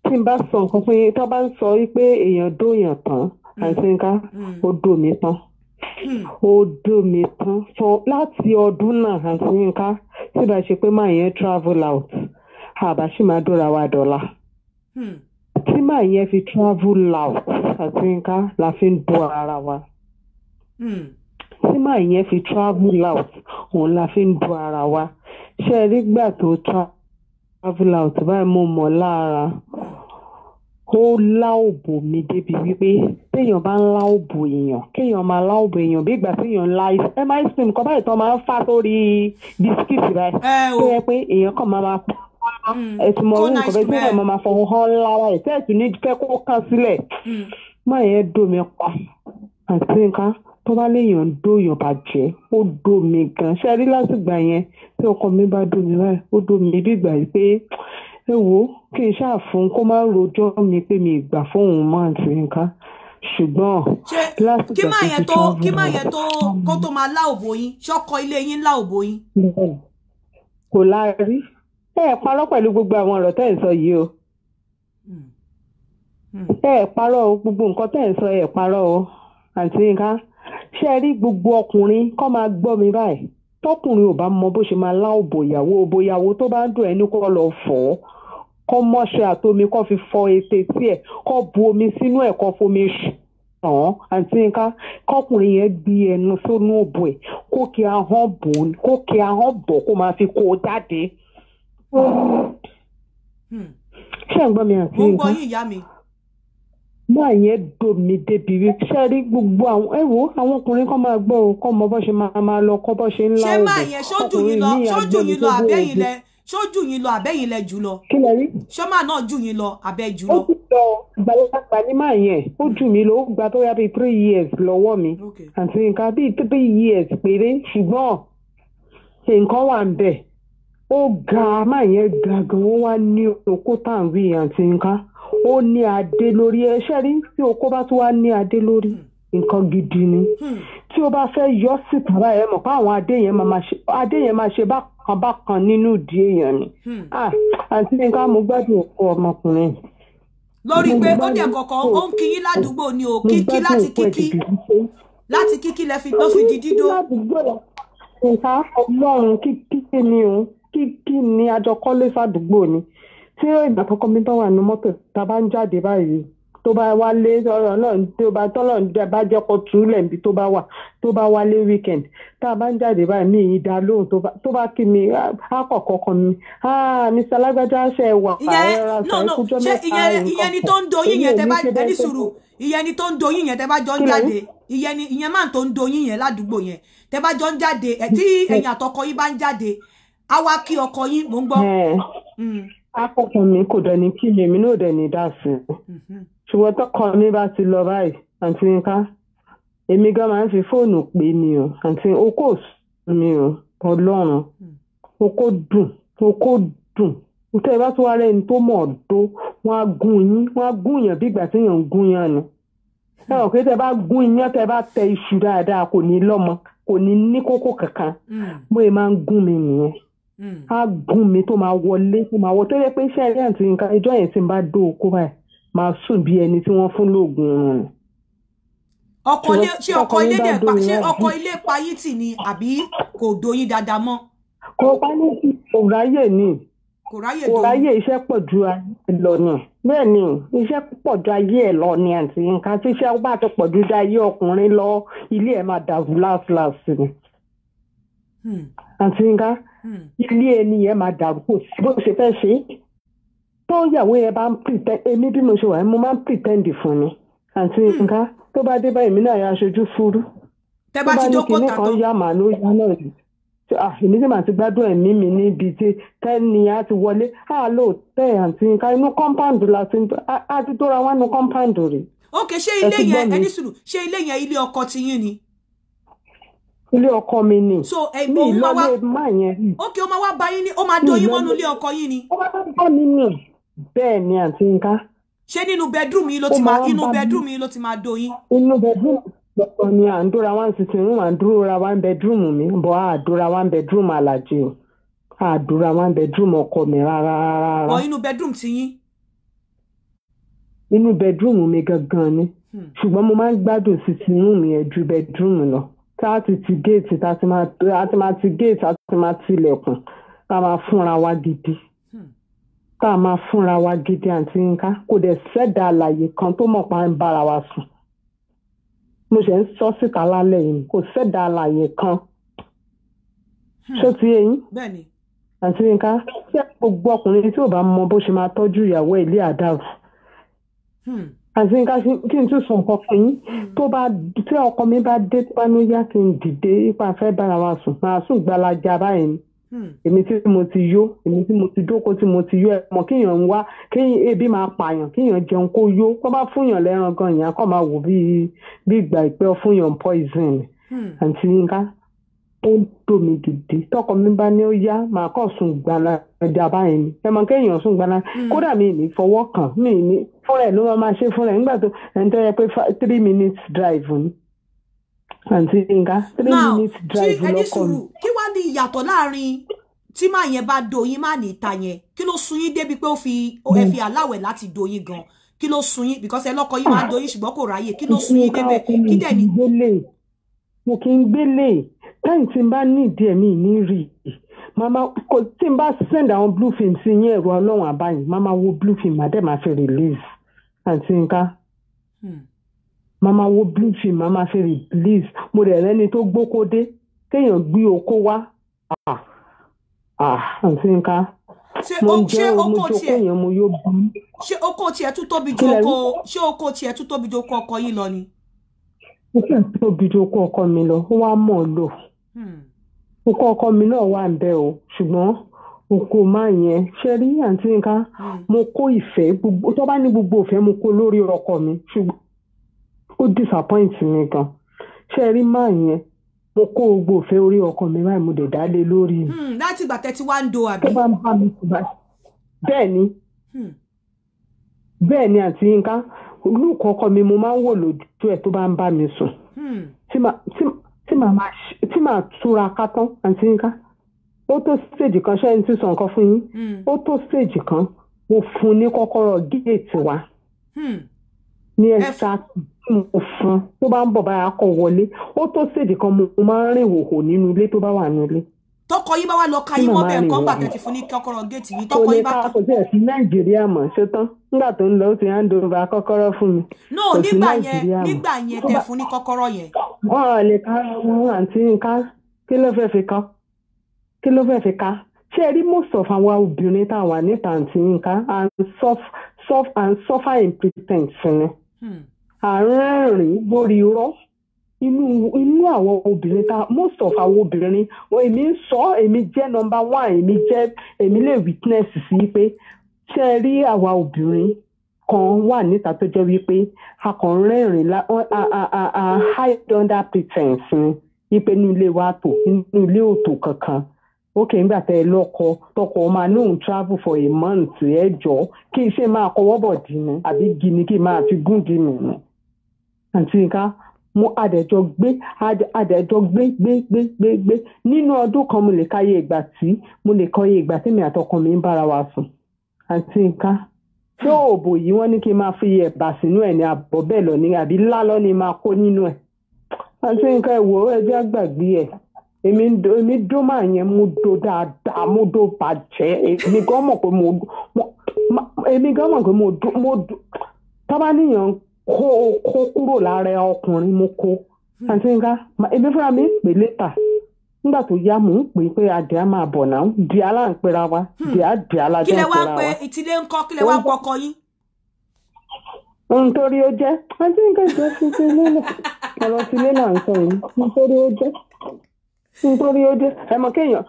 tí n bá sọ nǹkan pé tó bá ń sọ wípé èèyàn dóyàn tán hmm. àìsínká hmm. ó dò mí tán hmm. ó dò mí tán so láti ọdún náà àìsínká tí bá ṣe pé máa yẹn travel out àbá sì máa dóra wa dọ́là tí máa yẹn fi travel out àìsínká la fi ń bọ́ ara wa tí máa yẹn fi travel out òun la fi ń bọ́ ara wa ṣe é rí gbà tó travel out báyìí mo mọ̀ lára ó láòbò mi débi wípé téèyàn bá ń láòbò èèyàn kéèyàn máa láòbò èèyàn bí ìgbà téèyàn ń la ẹ máa ice cream kan báyìí tán máa ń fà sórí bisikíìtì báyìí tó yẹ pé èèyàn kàn máa máa pa hmm. ẹtùmọ̀ orí nǹkan bẹ́ẹ̀ tí èèyàn máa fọwọ́ hàn lára ẹ̀ tẹ́ẹ̀tù ní fẹ́ kó kàn sílẹ̀ hmm. má yẹn dùn mí pa àti nǹkan tó bá léèyàn ń dóyàn bàjẹ́ ó dó mi gan ṣe rí lásìgbà yẹn tí ọkọ mi bá dó mi báyìí ó dó mi bí ìgbà yìí pé ẹ wo kí n ṣáà fún kó má rojọ́ mi pé mi ìgbà fóun mọ́ àǹtí nǹkan ṣùgbọ́n lásìkò kí máa yẹn tó kí máa yẹn tó kó tó máa lá òbò yín ṣọ́kọ ilé yín lá òbò yín. kò láárí ẹ ẹ parọ́ pẹ̀lú gbogbo àwọn ọ̀rọ̀ tẹ́ ẹ̀ sọ yìí o hmm. ẹ ẹ parọ́ o gbogbo nǹkan tẹ́ ẹ̀ sọ ẹ ẹ o àǹtí nǹkan ṣé ẹ rí gbogbo ọkùnrin kó máa gbọ́ mi báyìí tọkùnrin ò bá mọ bó ṣe máa lá òbò ìyàwó òbò ìyàwó tó bá ń dùn ẹni kó lọ fọ̀ ọ́ kọ́ mọ́ṣẹ́ àtomi kọ́ fi fọ ètè sí ẹ̀ kọ́ bu omi sínú ẹ̀ kọ́ fomi ṣàn án àti nǹkan kọkùnrin yẹn gbé ẹnu sínú òbò ẹ̀ kó kí ahọ́n bò kó kí ahọ́n bọ̀ kó máa fi kó o jáde. ṣé ẹ̀ ń gbọ́ mi àti nǹkan. mo ń gbọ́ yín ìyá mi máa yẹn domi débi wípé ṣe rí gbogbo àwọn ẹ wo àwọn ọkùnrin kan máa gbọ́ ọ kọ́ mọ bó ṣe máa máa lọ kọ́ bó ṣe ń la òògùn ọkùnrin ní àgbẹ̀ mi tó bó òògùn ṣó jù yín lọ àbẹ́yìn lẹ jù lọ. kí lẹ rí. ṣọ́mà náà jù yín lọ àbẹ́ jù lọ. ó ti lọ gbàlọ́gbà ní máa yẹn ó jù mí lọ ó gba tó yá bíi three years lọ́wọ́ mi àti nǹkan bíi three years péré ṣùgbọ́n nǹkan wà ń bẹ̀ ó ga máa yẹn ga gan ó wá ní okó tàǹwì àti nǹkan ó ní adé lórí ẹṣẹ́ rí tí okó bá tún wá ní adé lórí hmm. nǹkan gidi ni hmm. tí o bá fẹ́ yọ síta báyẹn mọ̀ pé àwọn adé yẹn máa ṣe bákan kan bá kan nínú ìdí èèyàn ni àǹtí nǹkan hmm. amúgbádùn ah, òkú ọmọkùnrin. lórí pé ó dẹ̀ kọ̀ọ̀kan ó ń kí yín ládùúgbò ni ò kíkí láti kíkí láti kíkí lẹ fi ló fi di dídó. nǹkan ọlọ́run kíkí ni òun kíkí ni àjọkọ́lé sádùúgbò ni tí ìgbà kọ́kọ́ mi bá wà ní mọ́tò tá a bá ń jáde báyìí tó bá wálé ọ̀rọ̀ náà tó bá tọ́lọ̀ bá jẹ́ kó túlẹ̀ níbi tó bá wà tó bá wálé weekend tá a bá ń jáde báyìí mí ì dá lóhùn tó bá kí mi á kọ̀kọ́ kan mi mr lágbájá ṣe wà pààrọ̀ ṣe kújọ́ mẹ́ta nǹkan ìyẹn ni tó ń doyún yẹn tẹ́ bá ẹni sùúrù ìyẹn ni tó ń doyún yẹn tẹ́ bá jọ ń jáde ìyẹn ni ìyẹn máa tó ń doyún yẹn ládùúgbò yẹn tẹ́ bá jọ ń jáde tí ẹ̀yin àtọkọ yín bá ń jáde á wá kí ọkọ yín mò ń gbọ́. akọkùnrin hmm. mi kò dẹni kí mi náà dẹni dá sí i. Mhm ṣùgbọ́n tọkọ mi bá ti lọ báyìí àǹtí Yinka èmi gan máa ń fi fóònù pè ní o àǹtí okó mi o ọlọ́run okó dùn okó dùn tẹ́ ẹ bá tún wá rẹ́ni tó mọ̀ ọ́dọ́ wọ́n á gún yín wọ́n á gún yàn bí ìgbà tí yàn ń gún yàn ni ẹ ò pé tẹ́ bá gún iyán tẹ́ bá tẹ iṣu dáadáa kò ní lọ́mọ kò ní ní kókó kankan mm. bó e máa ń gún mi nìyẹn mm. á gún mi tó máa wọlé tó máa wọ tó yẹ pé iṣẹ́ rẹ̀ àǹtí Yinka ìjọ yẹn ti ń bá dó okó báyìí máa sùn bí ẹni tí wọ́n fún lóògùn oorun ọkọ ilé ṣé ọkọ ilé dẹ̀ pa ṣé ọkọ ilé payí tì ni àbí kò doyin dáadáa mọ́. kò pálí sí kò ráyè ni kò ráyè dòun kò ráyè iṣẹ́ pọ̀ ju ayé lọ ni bẹ́ẹ̀ ni iṣẹ́ pọ̀ ju ayé ẹ̀ lọ ni àti nǹkan tí iṣẹ́ bá ti pọ̀ ju ayé ọkùnrin lọ ilé ẹ̀ máa dàrú láàfíàsì ni. Hmm. àti nǹkan hmm. ilé ẹni yẹn máa dàrú kò sí bó ṣe fẹ́ ṣe é tó yàwó yẹn bá ń pretend èmi bí mo ṣe wà mo máa ń pretend fún ni àti hmm. nǹkan tó bá dé báyìí èmi náà yà aṣojú fúrú tó bá ní kinní kan yá màá ló yá náà rí ah, èmi sì máa ti gbádùn ẹ̀mí mi níbi tí tẹ́ni á ti wọlé á ah, lò tẹ́ àǹtí nǹkan inú compound la ti ń á ti tóra wọn nu compound rè. ok ṣé ilé yẹn ẹni sùúrù ṣé ilé yẹn ilé ọkọ ti yín ni. ilé ọkọ mi ni mi ìlọlé má yẹn. ok ó máa wá bá yín ní ó máa dóyin mọ́nú ilé ọkọ yín ni. ó máa bá mi ní bẹ́ẹ̀ ni àǹtí nká. ṣé nínú bedroom yìí ló ti máa inú bedroom yìí ló ti máa doyin. inú bedroom lọ́kọ̀ ni à ń dúra one sitting room à ń dúra one bedroom mi bọ́ à dúra one bedroom alájì o à dúra one bedroom ọkọ mi rárá rárá. bọ́ inú bedroom ti yín. inú bedroom mi gangan ni hmm. ṣùgbọ́n mo máa ń gbádùn sitting room yẹn ju bedroom lọ tá a ti ti géètì tá a ti máa ti géètì tá a ti máa tilẹ̀kùn tá a máa fúnra wa gidi tá a máa fúnra wa gidi àǹtí Yínká kò dẹ̀ sẹ́dà àlàyé kan tó mọ̀ pa ń bára wa sùn mo ṣe ń sọ síta lálẹ́ yìí kò sẹ́dà àlàyé kan hmm. ṣó ti yé yín àǹtí Yínká ṣé gbogbo ọkùnrin tí ò bá mọ bó ṣe máa tọ́jú ìyàwó ilé àdáàbò hmm. àǹtí Yínká kí n tún sọ nǹkan fún yín hmm. tó bá tí ọkọ mi bá dé tó bá ní yá kí n dìde ipa fẹ́ bára wa sùn máa sùn gbalaja báyìí Hmm. èmi tí mo ti yó èmi tí mo ti dóko tí mo ti yó ẹ mọ kéèyàn ń wá kéèyàn ebi máa pààyàn kéèyàn jẹun kó yó kó bá fúnyàn lẹ́ran gan yẹn kó máa wò bí bí ìgbà ìpẹ́ fúnyàn poison hmm. àǹtí Yínká ó ń dò mí gidi tọkọ mi bá ní ó yá màá kọ́ sùn gbala ẹja báyìí ni ẹ mọ kéèyàn sùn gbala hmm. kódà mi ní fọwọ́ kàn mí ní fúnra ẹ̀ ló máa ṣe fúnra ẹ̀ nígbà tó ẹ̀ ń tẹ́ ẹ pé three minutes drive ni àǹtí Yinka three now, minutes drive lọkọ mi. kí wàá ní ìyàtọ̀ láàrin tí màá yẹn bá doyin má ní ìta yẹn kí ló sun yín débi pé ó fi ó ẹ fi aláwẹ̀ láti doyin gan kí ló sun yín because ẹ lọ́kọ yín máa doyin ṣùgbọ́n kò ráyè kí ló sun yín débẹ̀ kí dẹ̀ ní. mo kì í gbélé táyì tí n bá ní ìdí ẹ̀mí ní rí i màmá kò tí n bá send àwọn blue film sí yín ẹ̀rọ ọlọ́run àbáyìn màmá wo blue film má dẹ̀ máa fi release àǹtí Yinka. Hmm màmá wo blue film màmá ṣe release mo dẹ̀ rẹ́ni tó gbóko dé kéèyàn gbé oko wá ah ah àǹtí nǹkan mo ń jẹ́ omi tó kéèyàn mo yóò bí. ṣé oko tiẹ̀ tún tóbi ju oko ṣé oko tiẹ̀ tún tóbi ju oko ọkọ yín lọ ni. ó fẹ́ tóbi ju oko ọkọ mi lọ ó wá mọ̀ ọ́ lò hmm. oko ọkọ mi náà wà ń bẹ o ṣùgbọ́n oko máa yẹn ṣe rí àǹtí nǹkan hmm. mo kó ìfẹ́ tó bá ní gbogbo ìfẹ́ mo kó lórí ọkọ mi ṣùgbọ́n ó disappoint mi gan ṣé ẹ rí máa yẹn mo kó gbogbo òfé orí ọkọ mi báyìí mo dẹ̀ dá lé lórí. Hmm, láti ìgbà tẹ́tí wá ń do àbí. tó bá ń bá mi sùn báyìí bẹ́ẹ̀ ni hmm. bẹ́ẹ̀ ni àti Yínká olùkọ́ ọkọ mi mo máa ń wò lójú ẹ̀ tó bá ń bá mi sùn hmm. tí màá túra ká àti Yínká ó tó stage kan ṣẹ́yìn tí sọ nǹkan fún yín ó tó stage kan mo fún un ní kọ́kọ́rọ́ géètì wa. Hmm ní extra tí mo fún tó bá ń bọ̀ báyà kọ̀ wọlé ó tó ṣèdè kan mo máa ń rìn hòhò nínú ilé tó bá wà nínú ilé. tọkọ yìí bá wà lọ ka yín mọ bẹ́ẹ̀ kọ gbàgbé ti fún ní kọ́kọ́rọ́ géètì yìí tọkọ yìí bá kọ. kò ní ká ẹ̀sìn nàìjíríà mọ̀ ṣe tán nígbà tó ń lọ ó ti hand over kọ́kọ́rọ́ fún mi. no nígbà yẹn nígbà yẹn tẹ fún ní kọ́kọ́rọ́ yẹn. wọn ò lè ká wọn àǹtí nǹkan kí ló fẹ́ fi ká kí ló ṣé ẹ rí most of àwọn obìnrin tá a wà níta àǹtí nǹkan and soft soft and suffer in pretense ni. Hmm. àárín ẹ̀rìn lórí irọ́ inú inú àwọn obìnrin ta most of àwọn obìnrin èmi ń sọ èmi jẹ́ number one èmi jẹ́ èmi lè witness sí pé ṣé ẹ rí àwa obìnrin kan wà níta tó jẹ́ wípé a kàn rẹ́rìn la hide under pretense ni wípé inú ilé wa tò inú ilé òtò kankan ókè ńgbà tẹ lọkọ tọkọ máa lóun travel for a month ẹ jọ kí ma máa kọwọ́ dì gini kí n máa fi gún dì mí mo gbé àdẹ̀jọ gbé gbé gbé gbé nínú ọdún kan mo lè kaye igba tí mo lè kọyé igba tí mi àtọkọ mi ń bára wa sùn àǹtí nǹkan obo yi ní máa fi sínú ní lọ àbí ni máa kó nínú èmi èmi dó máa yẹn mo dó dáadáa mo dó bàjẹ́ èmi gan mọ̀ pé mo dó mo tọ́ba níyàn kó ọkùnrin mo kó hmm. àti nǹkan èmi fúnra mi pè létà nígbà tó yá mò ń pè pé adìẹ máa bọ̀ náà di aláǹpẹ̀ra wa hmm. di adìẹ aládé wa. wá pé ń kọ́ wá yín. nítorí ó jẹ́ àti nǹkan jẹ́ ọ̀rọ̀ nítorí ó dé ẹ kéèyàn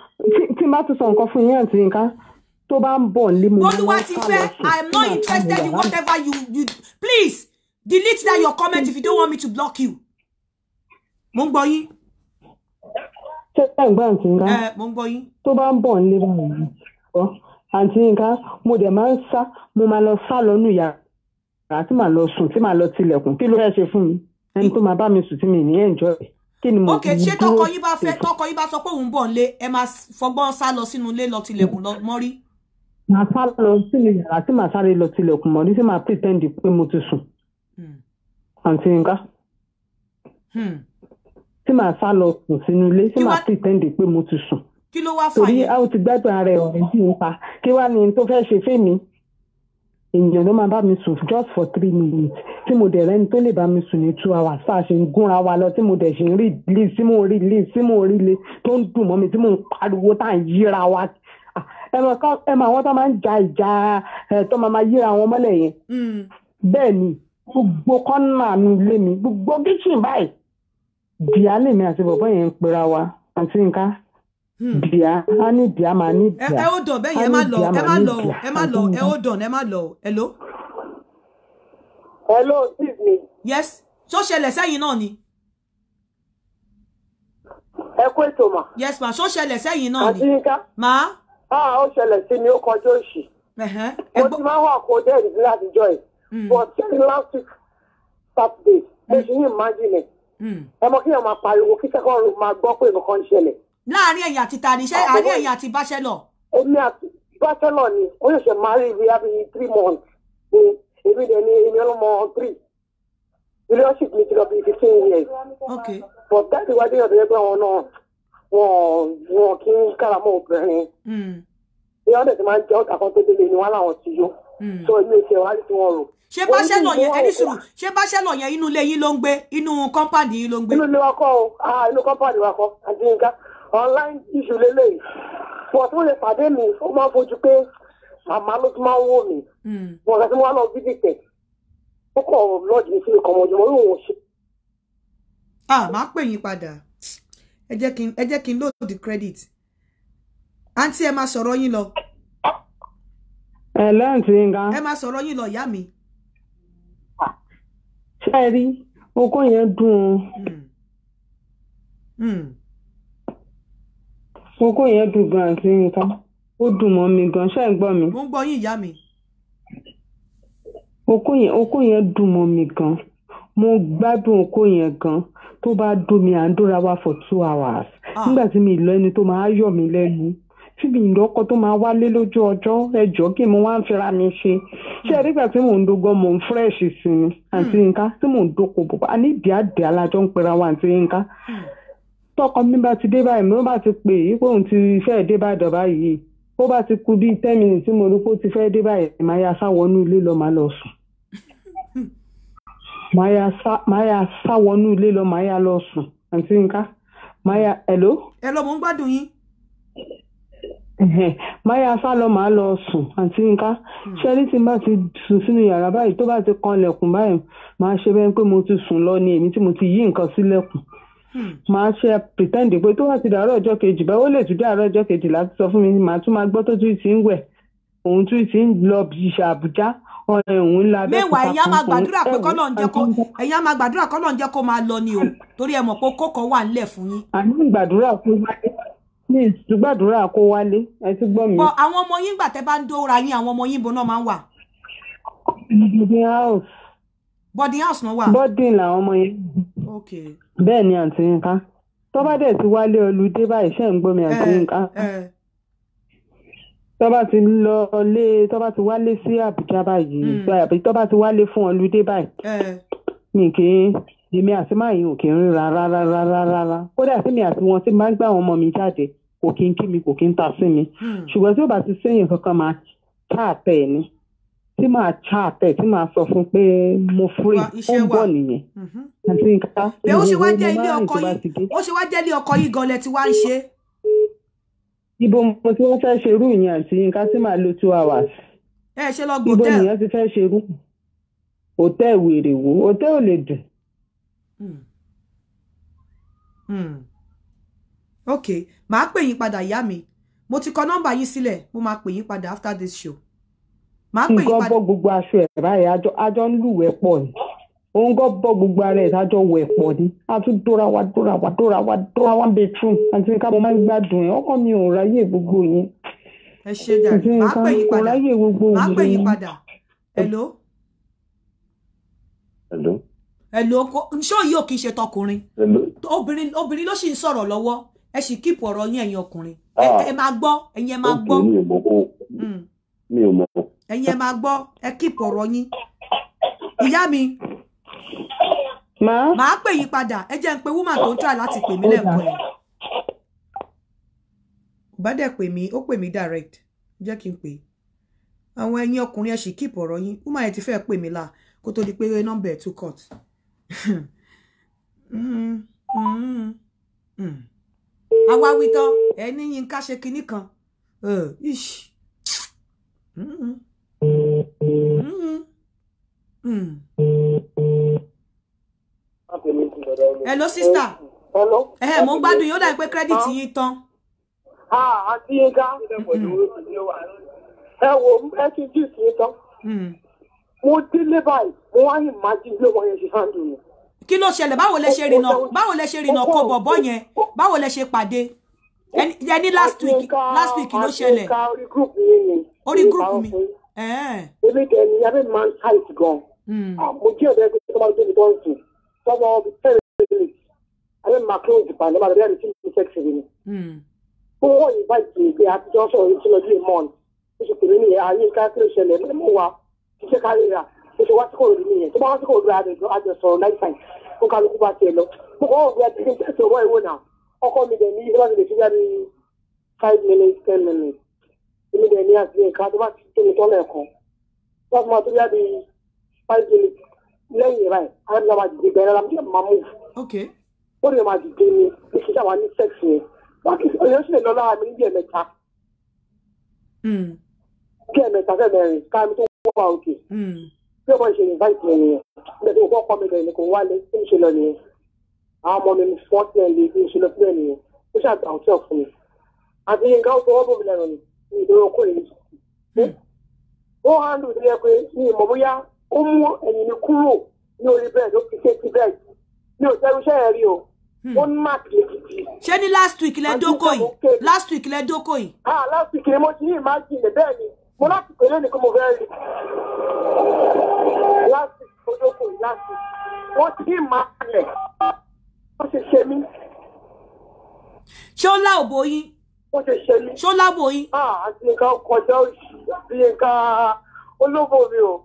tí má ti sọ nǹkan fún yín àti nǹkan tó bá ń bọ̀ ní mo. olúwatifẹ́ i'm not interested in whatever you you please delete that your comment if you don't want me to block you. mo ń gbọ́ yín. ṣé ẹ̀ ń gbà àǹtí nǹkan. ẹ mo ń gbọ́ yín. tó bá ń bọ̀ ní mo àǹtí nǹkan mo dẹ̀ máa ń sá mo máa lọ sá lọ́nù yàrá tí màá lọ sùn tí màá lọ tilẹ̀kùn kí ló fẹ́ ṣe fún mi ẹni tó máa bá mi sùn tí mi ní enjoy kí ni mo ok ṣé tọkọ yín bá fẹ́ tọkọ yín bá sọ pé òun bọ̀ ń lé ẹ máa fọgbọ́n sá lọ sínú ilé lọ tilẹ̀kùn lọ mọ́rí. màá sá lọ sínú yàrá tí màá sáré lọ tilẹ̀kùn mọ́rí tí màá pretend pé mo ti sùn hmm. àǹtí nǹkan hmm. tí màá sá lọ sùn sínú ilé tí màá pretend pé mo ti sùn kí ló wá fà yín torí a ó ti gbádùn ara ẹ̀ ọ̀rẹ́ sí i pa kí wàá ní tó fẹ́ ṣe fẹ́mi èèyàn ló máa bá mi sùn just for three minutes tí mo dẹ̀ rẹ́ni tó lè bá mi sùn ní two hours tá a ṣe ń gúnra wa lọ tí mo dẹ̀ ṣe ń rí ilé tí mò ń rí ilé tí mò ń rí ilé tó ń dùn mọ́ mi tí mò ń pariwo tá à ń yíra wa ẹ mọ àwọn tó máa ń ja ìjà tó máa yíra wọn mọ́lẹ̀ yẹn hmm. bẹ́ẹ̀ ni gbogbo kọ́nà nu ilé mi gbogbo kíchìn báyìí dìálè mi àti bọ̀bọ́ yẹn ń pera wa àti nǹkan Hmm. bia a ní bia máa ní bia ẹ ó dàn bẹ́ẹ̀ yẹn ẹ má lọ ẹ má lọ ẹ má lọ ẹ ó dàn ẹ má lọ ẹ ló. hello excuse me. yes tó ṣẹlẹ̀ sẹ́yìn náà ni. ẹ kú ètò mà. yes ma tó ṣẹlẹ̀ sẹ́yìn náà ni. àti yínká. ma. a ó ṣẹlẹ̀ sí mi ó kọjá òṣì. mo ti máa wà kó dẹ́rì sí látijọ́ yìí hmm. but ten last week saturday mo hmm. ṣe ní imagine ẹ mọ kí ẹ máa pariwo kí sẹ́kọ̀ọ́ máa gbọ́ pé nǹkan ṣẹlẹ̀ láàrin ẹ̀yìn àti tani ṣé ah, àárín ẹ̀yìn àti bachelor. èmi àti bachelor ni ó ṣẹ̀ṣẹ̀ máa rí ibi àbí three months ni èmi dẹ̀ ni èmi ọlọ́mọ three relationship mi ti lọ bí fifteen years. okay. but dáàbì wá dé ọ̀dọ̀ ẹgbẹ́ wọn náà wọn wọn kì í kára mọ́ obìnrin. ìyá hmm. ọ̀dẹ̀ ti máa ń jẹ́ ọ̀tà kan tó délé ni wọ́n láwọn ti yó. sọ ilé iṣẹ́ wa ti wọn rò. ṣé bachelor yẹn ẹni sùúrù ṣé bachelor yẹn inú ilé yín ló ń gbé inú compound yín ló ń gbé. inú ilé wa kọ́ o ah, inú compound wa kọ́ àdínkà. online issue lele but tún lè pàdé mi ó máa fojú pé màmá ló tún máa ń wò mí wọ́n kẹ́sí wọn lọ bíbí tẹ̀ ó kọ̀ mi yóò ṣe. a ah, máa pè yín padà ẹ jẹ́ kí n di credit àǹtí ẹ máa sọ̀rọ̀ yín lọ. ẹ lẹ́yìn tí n kan. ẹ máa sọ̀rọ̀ yín lọ ìyá mi. ṣé ẹ rí yẹn dùn ún. Hmm. Hmm. kókó yẹn dùn gan àti nǹkan ó dùn mọ́ mi gan ṣé ẹ̀ ń gbọ́ mi. mo ń gbọ́ yín ìyá mi. okó yẹn okó yẹn dùn mọ́ mi gan mo gbádùn okó yẹn gan tó bá dùn mí à ń dúra wa for two hours ah. nígbà tí mi lọ ẹni tó máa yọ̀ mí lẹ́nu síbi ìlọ́kọ tó máa wálé lójú ọjọ́ ẹjọ́ kí mo wá ń fira mi ṣe ṣé ẹ nígbà tí mò ń dogan mò ń fresh sí ni àǹtí hmm. Yinka tí mò ń dóko bò bá a ní ìdí àdé alájọ ń pera wa àǹtí Yinka tọkọ mi bá ti dé báyìí mo bá ti pè é pé òun ti fẹ́ dé bàdàn báyìí ó bá ti ku bíi ten minutes tí mo rí pé ó ti fẹ́ dé báyìí màá ya sá wọnú ilé lọ màá lọ sùn màá ya sá wọnú ilé lọ màá ya lọ sùn àǹtí nǹka màá ya hello. hello mo ń gbádùn yín. màá sá lọ màá lọ sùn àǹtí nǹka hmm. ṣẹ́rí tí bá ti sùn sínú yàrá báyìí tó bá ti kan ilẹ̀kùn báyìí màá ṣe bẹ́ẹ̀ pé mo ti sùn lọ ni èmi tí mo ti yí nǹkan sílẹ̀kùn máa ṣe pretende pé tó wà ti dàárọ̀ ọjọ́ kejì bá ó lè tún dàárọ̀ ọjọ́ kejì láti sọ fún mi màá tún máa gbọ́ tó tún ti ń wẹ̀ òun tún ti ń lọ ìṣe àbújá òun ńlá bẹ́ẹ̀ kúta fún òun. ẹ̀yà máa gbàdúrà pé kọ́lọ̀ ń jẹ́ kó ẹ̀yà máa gbàdúrà kọ́lọ̀ ń jẹ́ kó máa lọ ni o torí ẹ mọ̀ pé kókò wà ńlẹ̀ fún yín. àní gbàdúrà kó wálé ní ìgbàdúrà kó wálé ẹ ti gbọ́ mi. àwọn ọmọ yín gbà tẹ bá ń dóra yín àwọn ọmọ yín bo náà máa ń wà. boarding house. boarding house náà wà. boarding làwọn ọmọ yẹn. okay bẹ́ẹ̀ ni àǹtí Yínká tó bá dẹ̀ ti wálé olùdé báyìí ṣe ń gbọ́ mi àǹtí eh, Yínká eh. tó bá ti lọ lé tó bá ti wálé sí Àbújá báyìí hmm. àbí tó bá ti wálé fún olùdé báyìí eh. mi kì í èmi àti máyì ò kì í ríra rárá rárá rárá kódà sí mi àti wọn tí máa ń gbà àwọn ọmọ mi jáde kò kí n kí mi kò kí n ta sí mi hmm. ṣùgbọ́n tí ó bá ti sẹ́yìn kankan máa tá àpẹ́ ẹ̀ ni tí màá chat ẹ tí màá sọ fún pé mo free mhm. ó ń bọ̀ nìyẹn àti nǹkan bẹ ó ṣe wá jẹ́ ilé ọkọ yìí ó ṣe wá jẹ́ ilé ọkọ yìí gan lẹ ti wá ń ṣe. ibo mo ti wọ́n fẹ́ ṣe irú ìyẹn àti nǹkan tí màá lo two hours. ẹ ṣe lọ gbòtẹ́ẹ̀lì ibo nìyẹn ti fẹ́ ṣe irú òtẹ́ wèrè wo òtẹ́ ò lè dùn. Hmm. Hmm. ok màá pè yín padà ìyá mi mo ti kọ nọ́mbà yín sílẹ̀ mo máa pè yín padà after this show nǹkan bọ́ gbogbo aṣọ ẹ̀ báyìí àjọ ń lùwẹ̀ pọ̀ ni òun kọ́ bọ́ gbogbo ara ẹ̀ sájọ wẹ̀ pọ̀ ni a tún dóra wa dóra wa dóra wa dóra wa bẹ̀tún àti nǹkan mo máa ń gbádùn ẹ̀ ọkọ mi ò ráyè gbogbo yẹn. ẹ ṣe jàre máa pè yín padà máa pè yín padà hello. hello. hello ṣó yóò kì í ṣe tọkùnrin obìnrin obìnrin ló sì ń sọ̀rọ̀ lọ́wọ́ ẹ sì kíìpù ọ̀rọ̀ yín ẹ̀yin ọkùnrin ah. ẹ máa gbọ́ ẹ̀yin ẹ máa gbọ́ mi ò mọ̀. ẹ̀yin ẹ máa gbọ́ ẹ kíp ọ̀rọ̀ yín ìyá mi màá pè yín padà ẹ jẹ́ ń pe woman tó ń try láti pè mí lẹ́ẹ̀kan yẹn bá dẹ̀ pè mí ó pè mí direct jẹ́ kí n pè àwọn ẹ̀yin ọkùnrin ẹ sì kíp ọ̀rọ̀ yín woman yẹn ti fẹ́ pè mí là kó tó di pé nọ́mbà ẹ̀ tún cut. Mm, mm, mm. àwa wí tán ẹ ní yín ká ṣe kinní kan. ish. Mm-mm. Mm-mm. Mm. Hello, sister. Hello. Ẹ̀hẹ̀, eh, mo ń gbádùn yóò dàbí pé credit ah. yín tán. Àti Yinka mm-hmm. ẹ wo ẹ ti jí sí tán. Mm. Mo délé báyìí, mo wá ní màájí ilé wọn yẹn ṣe handle yẹn. Kí ló le Báwo lẹ ṣe rìnà? Báwo lẹ ṣe rìnà kó bọ̀bọ̀ yẹn? Báwo lẹ ṣe ẹ ní last week last week ló ṣẹlẹ̀ orí gúrùpù mi. ebi kẹ ni abẹ máa ń tight gan hmm. ah, mo jẹ ọdẹ pé tọba ọdún tó ń sùn tọba ọdún tẹ́lẹ̀ tẹ́lẹ̀ abẹ máa close pa ní ọmọdé rẹ tí mo fẹ́ ṣe ni. ó hmm. wọ́n yìí bá jì pé àtijọ́ sọ̀rọ̀ yìí tí lọ sí mọ́ọ̀n ó ṣe pèmí nìyẹn ayé ká kí ló ṣẹlẹ̀ mẹ́rin mọ́ wa ṣiṣẹ́ kárí ra ó ṣe wá sí kòrò nìyẹn tó bá wá sí kòrò rẹ àjọsọ̀rọ̀ láìpẹ́ kó kálukú bá tiẹ̀ lọ. mo kọ́ ọ̀gbẹ́ ti ní tẹ̀sán ọwọ́ ìwọ náà ọkọ mi dẹ̀ ní ìjọba ti lè fi jáde five minutes ten minutes èmi dẹ̀ ní àti ẹ̀ka tó bá ti tó mi tọ́lẹ̀ kan wọ́n fi máa tó jáde five minutes lẹ́yìn rẹ̀ alábìlá máa dìde bẹ̀rẹ̀ alábìlá máa mú. ó lè máa dìde ni ìṣiṣẹ́ àwa ní sex yẹn wọ́n kì í ọ̀yọ́ sì lè lọ lára mi níbi ẹ̀mẹ́ta hmm. kí ẹ̀mẹ́ta fẹ́ mẹ́rin káàmì tó wọ́n wà òkè bí ọmọ ìṣèlú invite mi nìyẹn bẹ́ẹ̀ tó kọ́ kọ́ mi lọ ìnìkan wálé ó ń ṣe àwọn ọmọ mi mi fún ọtí ẹ̀ lè fi ṣe lọ sílẹ̀ nìyẹn ó ṣàgbà ọtí ọ̀ fún mi àti nǹkan ó fọwọ́ bòmí lẹ́nu ni ní ìdúró kó èyí ó hàndù tó yẹ pé ní ìmọ̀ bóyá ó mú ẹ̀yìn mi kúrò ní orí bẹ́ẹ̀ ló fi ṣe ti bẹ́ẹ̀ mi ò tẹ́rù iṣẹ́ ẹ̀ rí o ó ní máàkì lẹ́kìtì. ṣé ní last week lẹ dóko yìí last week lẹ dóko yìí. ah last week ni mo ti ní ìmájìlẹ̀ bẹ́ẹ̀ ni mo láti pè lónìí kó mo fẹ́ rí last week mo dóko yìí last week wọ́n ti ní ìmájìlẹ̀ wọ́n ṣe ṣe mí. ṣé ó lá òbò yín. wọ́n ṣe ṣe mí. ṣé ó lábò yín. Ah, àti nǹkan kọjá òṣì àti nǹkan olóbò mi o.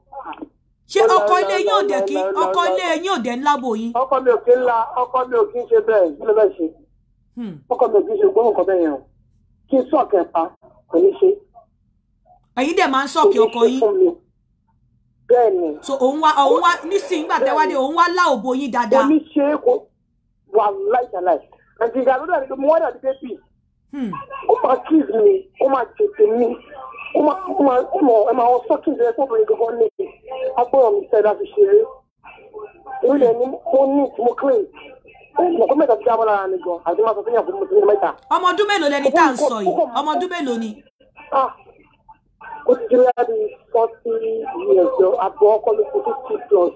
ṣé ọkọ ilé yín òde kí ọkọ ilé yín òde ńlábò yín. ọkọ mi ò kí ń la ọkọ mi ò kí ń ṣe bẹ́ẹ̀ kí ló bẹ́ẹ̀ ṣe. Hmm. ọkọ mi ò kí ń ṣe gbóhùn kan bẹ́ẹ̀ yẹn o kí n sọ̀kẹ́ pa kò ní ṣe. ẹ̀yin dẹ̀ máa ń sọ̀kẹ́ ọkọ yín bẹ́ẹ̀ni. so òun wá òun wá nísìnyí gbàtẹ́wádé òun wá lá òbò yín dáadáa. oníṣe kò wàláì tàláì nàìjíríà ló dàbí mo wá dàbí bébì ó máa kíz mi ó máa jètè mi ó máa ó máa ó mọ ẹ máa wọ sọ́kì rẹ fún obìnrin gbogbo ní agbọ́rọ̀ mi sẹ́ẹ̀ láti ṣeré orí ẹni mo ní mo clean ọkọ mẹ́ta ti dábọ̀ lára mi gan àti máa sọ fún yàgò mo ti ní mẹ́ta. ọmọ ọdún mélòó lẹni tá à ń sọ yìí ọmọ ọdún mélòó ni. Ah. ó ti jẹ́ láti forty years àbọ̀ ọkọ mi fifty plus.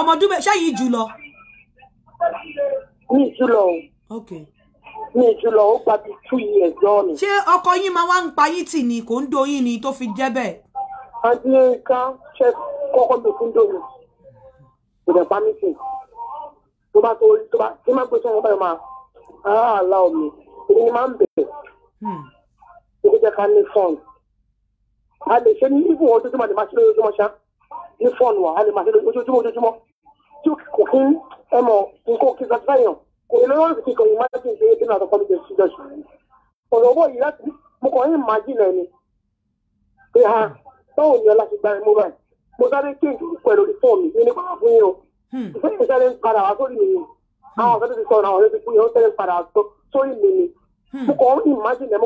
ọmọ ọdún mélòó ṣáà yìí jù lọ mi ìtú lọ mi ìtú lọ ó gba bíi two years lọ́wọ́ mi. ṣé ọkọ yín máa wá ń pa yín tì ní kò ń do yín ni tó fi jẹ́ bẹ́ẹ̀. adéyínká ṣe kọ́kọ́ mi fún dòmí kò dẹ̀ pa mí tì tó bá tó tó bá tí má gbé sọ́wọ́n wọn báyìí máa àhàlà ah, omi èmi ni máa ń bẹ̀rẹ̀ èmi hmm. jẹ́ ká ní fọ́ọ̀n a lè ṣe ní ibùn ojoojúmọ́ ni máa ṣe lójoojúmọ́ ṣá ní fọ́ọ̀n wa a lè máa ṣe lójoojúmọ́ ojoojúmọ́ tí kò kí hemos cinco quizás años kòlẹ́lọ́sì kò ìmọ̀ láti ṣe kí náà tọkọ́lù jẹ́sí jẹ́sí ọ̀rọ̀ owó yìí láti mo kàn ń májì náà ni pé ha táwọn ènìyàn gba báyìí mo sáré kí n mi ní fún yín o ìfẹ́ mi ń padà wá sórí mi ni àwọn ọ̀sẹ̀ ti sọ̀rọ̀ àwọn ọ̀sẹ̀ tó fún yín ó sáré ń padà sórí mi ni mo kàn ń májì mo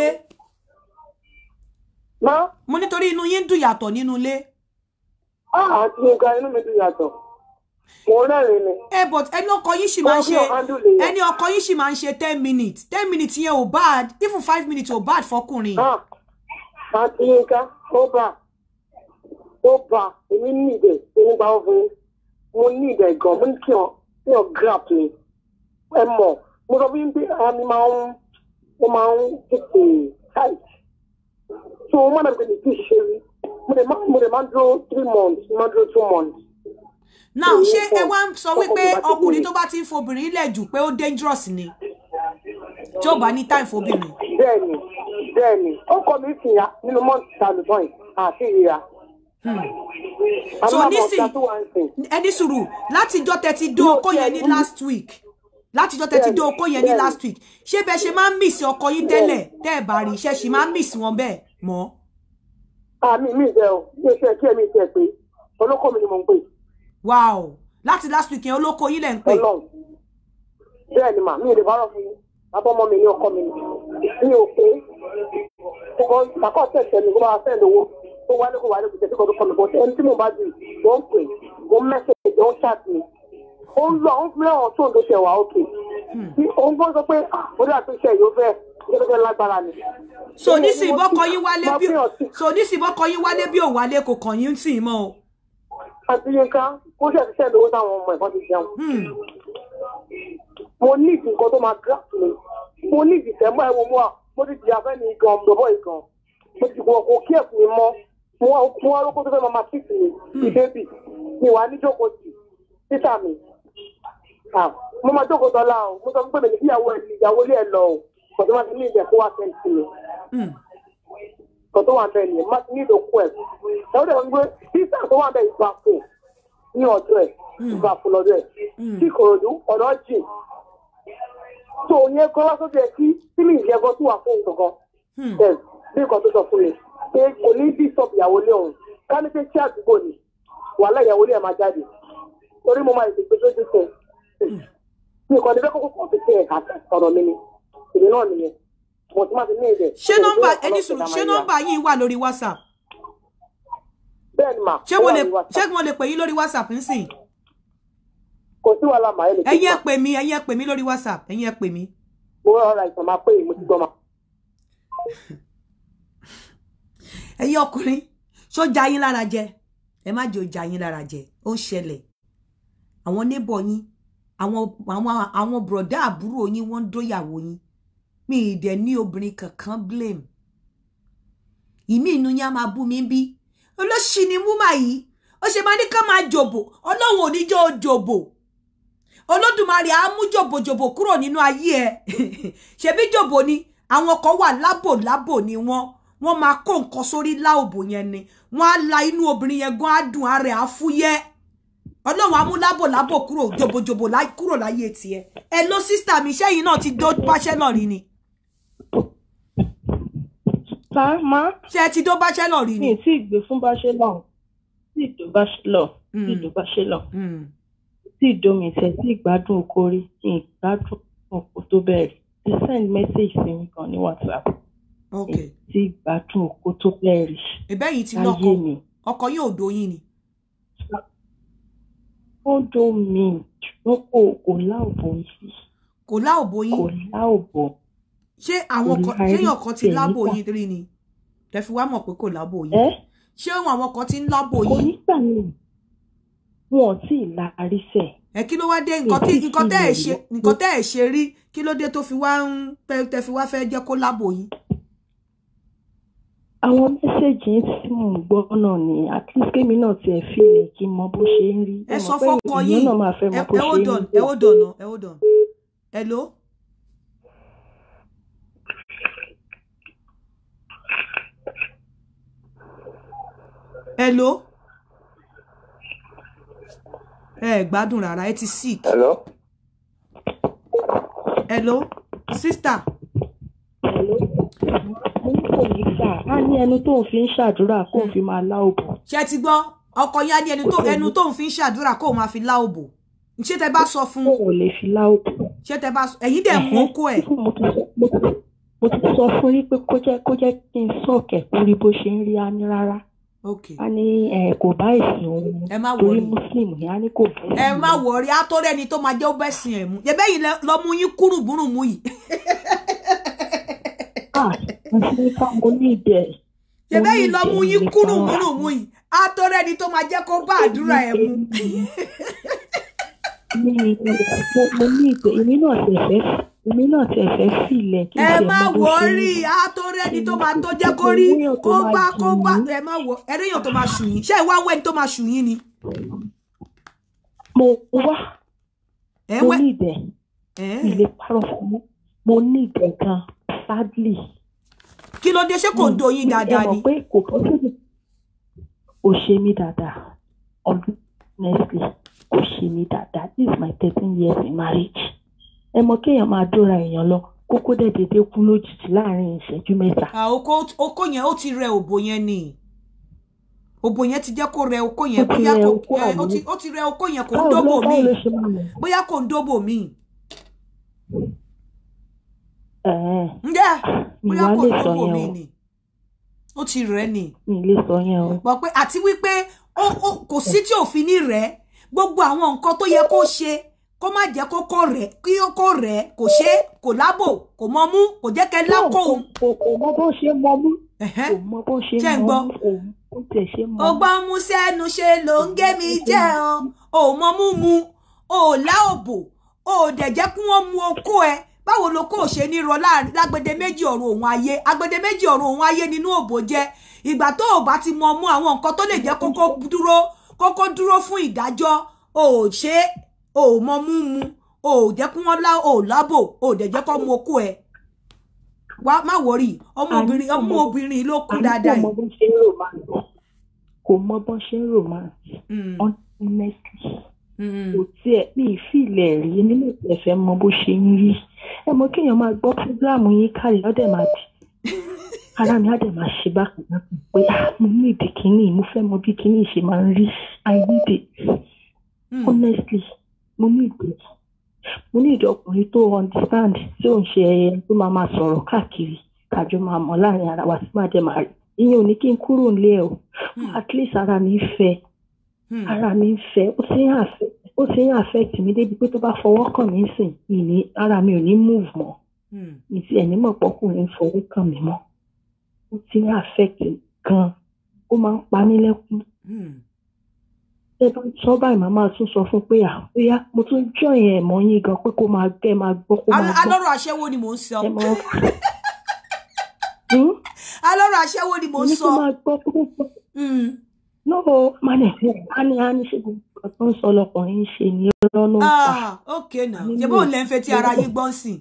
ń wò mo nítorí inú yín dùn yàtọ̀ nínú ilé. àti nǹkan inú mi dùn yàtọ̀ mo rẹ́rìn ni. ẹ but ẹni ọkọ yín sì máa ń ṣe ẹni ọkọ yín sì máa ń ṣe ten minutes ten minutes yẹn ò bad even five minutes ò bad fọkùnrin. àti nǹkan ó bà ó bà èmi ní ìdè èmi gbà ó fún yín mo ní ìdè gan mo ní kí ọ kí ọ grab mi ẹ mọ mo sọ fún yín pé ara mi máa ń ó máa ń tètè tight so wọn máa been tí ṣe rí mo lè máa dúró three months máa dúró two months. now ṣé ẹ wá ń sọ wípé ọkùnrin tó bá ti ń fobìnrin lẹ̀ jù pé ó dangerous ni tí ó bá ní time fobìnrin. bẹ́ẹ̀ni bẹ́ẹ̀ni ó kọ mi fìyà nínú mọ́ọ̀tì tàlùbọ̀n àti ìrira. so nísìnyí ẹni sùúrù látijọ́ tẹ́tí dó okó yẹn ní last week látijọ́ tẹ́tí dó okó yẹn ní last week ṣé bẹ́ẹ̀ ṣe máa ń miss ọkọ yín tẹ́lẹ̀ tẹ́ ẹ̀ bá rí iṣẹ́ ṣe máa ń miss wọn bẹ́ẹ̀ mọ́. àmì ah, mi ìjẹ o iléeṣẹ́ kí ẹ̀mí ìjẹ pé olóko mi ni mò ń pè. wow láti last week yẹn olóko yìí lẹ̀ ń pè. bẹ́ẹ̀ ni màá mi ò lè bá rọ̀ fún yín abọ́mọ mi ní ọkọ mi ní òkè kókó kàkọ́ tẹ̀sẹ̀ mi kó máa fẹ́ lówó tó wálé kó wálé kó tẹ̀sí kó tó kọ́ mi bọ́ ẹni tí mo bá di wọ́n pè wọ́n mẹ́sẹ̀ẹ́ wọ́n ṣáàtì mi ó ń lọ ó ń fi hàn tó ń do ṣẹ̀wá òkè ó ń hmm. bọ́ sọ pé ó ah, dà tó yóò bẹ́ẹ̀ gẹ́gẹ́ lágbára ni. so nísìnyí bọ́kọ yín wálé bí so nísìnyí bọ́kọ yín wálé bí òun wálé kò kàn yín sìn mọ́ o. àti yínká ó ṣe àṣìṣe ìlówó táwọn ọmọ ẹ̀fọ́ ti jẹun. Hmm. mo ní ìsìnkọ tó máa gíra mi mo ní ìdìsẹ́mbà ẹ̀wọ̀n mu à mo ti jìyà fẹ́ mi gan ọ̀dọ̀bọ̀ ìgan mo ti wọ̀ kó kí ẹ̀kún mi mọ́ mo wá lóko tó fẹ́ máa kíkì mi ìbébì mi wà níjókòó tì títà mi. Ah, mo máa jókòó tọ́lá o mo sọ fún pé mi kòtò wà ní ìdẹ kó wà fẹ́ ti mi hmm. kòtò wà bẹ́ẹ̀ ni má ní ìdò kú ẹ̀ ẹ̀rọ dẹ̀ wọ́n gbé sísá tó wà bẹ́ẹ̀ ìgbà fún ní ọ̀dọ̀ ẹ̀ hmm. ìgbà fún lọ́dọ̀ ẹ̀ tí hmm. kòròdú ọ̀dọ̀ jìn tó yẹ kọ́ wá sókè kí sílì ìyẹ́gọ́ tó wà fún nǹkan kan bí nǹkan tó sọ fún mi pé kò ní bí sọ́ọ̀bù ìyàwó lé òun ká ní pé tí àdúgbò ni wàhálà ìyàwó lé ẹ̀ máa jáde torí mo máa ètò ìgbésójú tẹ̀ nǹkan ní bẹ́ẹ̀ kókó kọ̀ọ̀tù tẹ̀ àtẹ̀ ọ̀rọ̀ mi ni èmi náà nìyẹn mo ti máa ti ní ìdẹ. ṣé nọ́mbà ẹni sùn ṣé nọ́mbà yìí wà lórí whatsapp. bẹ́ẹ̀ni mà ṣé mo lè ṣé mo lè pè yín lórí whatsapp nísìnyí. kò sí wàhálà mà ẹ lè. ẹ̀yin ẹ pè mí ẹ̀yin ẹ pè mí lórí whatsapp ẹ̀yin ẹ pè mí. mo rọra ìtàn máa pè é mo ti gbọ́ ma. ẹ̀yin ọkùnrin ṣó ja yín lára jẹ ẹ má jẹ́ ó ja yín lára jẹ ó ń ṣẹlẹ̀ àwọn neighbor yín àwọn àwọn àwọn bùrọ̀dá àbúrò yín wọ́n ń dóyàwó yín mi ì dẹ̀ ní obìnrin kankan blame ìmí inú yẹn á máa bú mi bí olóṣì ni múmà yìí ó ṣe máa ní ká máa jòbò ọlọ́run ò ní jẹ́ ó jòbò olódùmarè á mú jòbòjòbò kúrò nínú ayé ẹ ṣebí jòbò ni àwọn kan wà lábòlábò ni wọ́n wọ́n máa kó nǹkan sórí láòbò yẹn ni wọ́n á la inú obìnrin yẹn gan á dùn ara ẹ̀ á fúyẹ́ ọlọ́run á mú lábòlábò kúrò jòbòjòbò kúrò láyé tiẹ̀ ẹ ló sísítà mi iṣẹ́ yìí náà ti dó báṣẹ́ náà ni. Ma, má. ṣé ẹ ti dó bachelor rí ni. mi ì tí ì gbé fún bachelor tí ì dó bachelor tí ì dó bachelor tí ì mi ìfẹ́ tí gbádùn oko rí kí gbádùn oko tó bẹ̀rẹ̀ ti send message sí mi kan ní whatsapp tí ì gbádùn oko tó bẹ̀rẹ̀ ẹ̀bẹ̀ yìí ti lọ́kọ ọkọ yóò doyin ni. ó dó mi ṣùgbọ́n kò láòbò yìí. kò láòbò yìí. kò láòbò ṣé àwọn kan ṣé èèyàn kan ti lábò yín rí ni tẹ fi wá mọ̀ pé kò lábò yín ṣé àwọn kan ti ń lábò yín. onígbà náà wọn ò tí ì láàárí sẹ. ẹ kí ló wá dé nǹkan tẹ́ ẹ̀ ṣe nǹkan tẹ́ ẹ̀ ṣe rí kí ló dé tó fi wá ń tẹ fi wá fẹ́ jẹ́ kó lábò yín. àwọn mẹ́sẹ̀gì yín tí mò ń gbọ́ náà ni at kémi náà tiẹ̀ fi lè kí mọ bó ṣe ń rí. ẹ sọ fọkọ yín ẹ hold on ẹ hold on ẹ hold on hello. hello ẹ ẹ gbádùn rárá ẹ ti sick. hello. hello sister. mo ní kò ní ní ẹnu tó ń fi ń ṣàdúrà kó o fi máa lá òbò. ṣé ti gbọ́ ọkọ yá ní ẹnu tó ẹnu tó ń fi ń ṣàdúrà kó o máa fi lá òbò ṣé tẹ bá sọ fún. kò lè fi lá òbò. ṣé tẹ bá ẹ̀yin dẹ̀ mú kó ẹ̀. mo ti sọ fún yín pé kó jẹ́ kó jẹ́ kí n sọ̀kẹ̀ kó bó ṣe ń rí rárá. a ní kò bá ìsìn òun torí muslim ni a ní kò bá ìsìn òun. ẹ má wọrí a tó rẹni tó máa jẹ́ ó bẹ́sìn ẹ̀ mú yẹ́bẹ́ yìí lọ mú yín kúrùbùrù ah, mú yìí. a ṣe ká mo ní ìdẹ̀. yẹ́bẹ́ yìí lọ mú yín kúrùbùrù mú yìí a tó rẹni tó máa jẹ́ kó bá àdúrà ẹ̀ mú mi mo ní ìpè èmi náà ṣẹ̀ṣẹ̀ èmi náà ti ẹ̀fẹ́ sí ilẹ̀ kí n tiẹ̀ mọ bó ṣe rí. ẹ má wọrí àtọrẹ ẹni tó máa tó jẹ́ kó rí kó bá kó bá ẹ má wọ ẹríyàn tó máa ṣù yín ṣé ìwà wẹ́ni tó máa ṣù yín ni. mo wá mo ní ìdẹ ilé parọ́ fún mi mo ní ìdẹ gan sadly. kí ló dé ṣé kò do yín dáadáa ni. ẹ mọ̀ pé kò kọ́ sí ò ṣe mí dáadáa honestly kò ṣe mí dáadáa this is my thirteen years in marriage ẹ mọ kéèyàn máa dóra èèyàn lọ kókó dẹ̀ dédé kú lójijì láàrin ìṣẹ́jú mẹ́ta. àókò okó yẹn ó ti rẹ òbò yẹn ni òbò yẹn ti jẹ́ kó rẹ okó yẹn bóyá ó ti rẹ okó yẹn kò ń dóbò mi bóyá kò ń dóbò mi. ǹjẹ́ bóyá kò ń dóbò mi ni ó ti rẹ ni. ilé sọ yẹn o. gbọ́ pé àti wípé kò sí tí òfin ní rẹ̀ gbogbo àwọn nǹkan tó yẹ kó ṣe kó má jẹ́ kó kó rẹ̀ kí ó kó rẹ̀ kò ṣe kò lábò kò mọ́mú kò jẹ́ kẹ́ lákò. kò mọ bó ṣe mọ́mú kò mọ bó ṣe mọ́mú kò tẹ̀ ṣe mọ́mú. ọgbọ́n mú sẹ́nu ṣe ló ń gé mi jẹ́ ọ ò mọ́mú mu ò lá òbò ò dẹ̀ jẹ́ kí wọ́n mu okó ẹ báwo lo kó ṣe ní rọ láàrin lágbede méjì ọ̀run òun ayé agbede méjì ọ̀run òun ayé nínú òbò jẹ ìgbà tó o bá ti mọ mú àwọn nǹkan tó lè jẹ́ kókó dúró kókó dúró fún ìdájọ́ ò ṣe é o ò mọ mú mu o ò jẹ́ kí wọ́n lá o lábò o ò dẹ̀ jẹ́ kó mu okó ẹ̀ wá má wọrí ọmọbìnrin ọmọbìnrin ló kú dáadáa yìí. kò mọ bọ́n ṣe ń romance hmm. honestly hmm. kò tiẹ̀ ní ìfìlẹ̀ rí nínú ìfẹ́ mọ bó ṣe ń rí ẹ mọ kéèyàn máa gbọ́ programu yín kárí lọ́dẹ̀ máa dì ara mi á dẹ̀ máa ṣe bákan náà pé ah, mo ní èdè kínní mo fẹ́ mọ bí kínní ṣe máa ń i need it hmm. honestly. Mm mo ní ìdí mo ní ìdí ọkùnrin tó understand tí ò ń ṣe ẹyẹ tó máa máa sọ̀rọ̀ káàkiri kájọ máa mọ̀ láàrin ara wa tí máa dẹ̀ máa rí ìyẹn ò ní kí n kúrò nílé ẹ̀ o hmm. at least ara mi fẹ́ hmm. ara mi fẹ́ ó ti ń àfẹ́ ó ti ń àfẹ́ tì mí débi pé tó bá fọwọ́ kàn mí sìn ìní ara mi ò ní move mọ́ ìtì hmm. ẹ̀ nímọ̀ pọ́kùnrin fọwọ́ kàn mí mọ́ ó ti ń àfẹ́ gan ó máa ń pa mí lẹ́kún tẹ bá sọ báyìí màmá tún sọ fún pé àbóyá mo tún jọ yẹn mọ yín gan pé kó máa gẹ máa gbọ́ kó máa gbọ́. alọ́rọ̀ aṣẹ́wó ni mò ń sọ. Hmm? alọ́rọ̀ aṣẹ́wó ni mò ń sọ. ní kó máa gbọ́ kó gbọ́. lọ́wọ́ mani ani ani ṣe gbogbo tó ń sọ lọkùnrin ń ṣe ní lọ́nà pa. Ah, ok na ṣe bóun lẹ́ ń fetí ara yín gbọ́n sìn.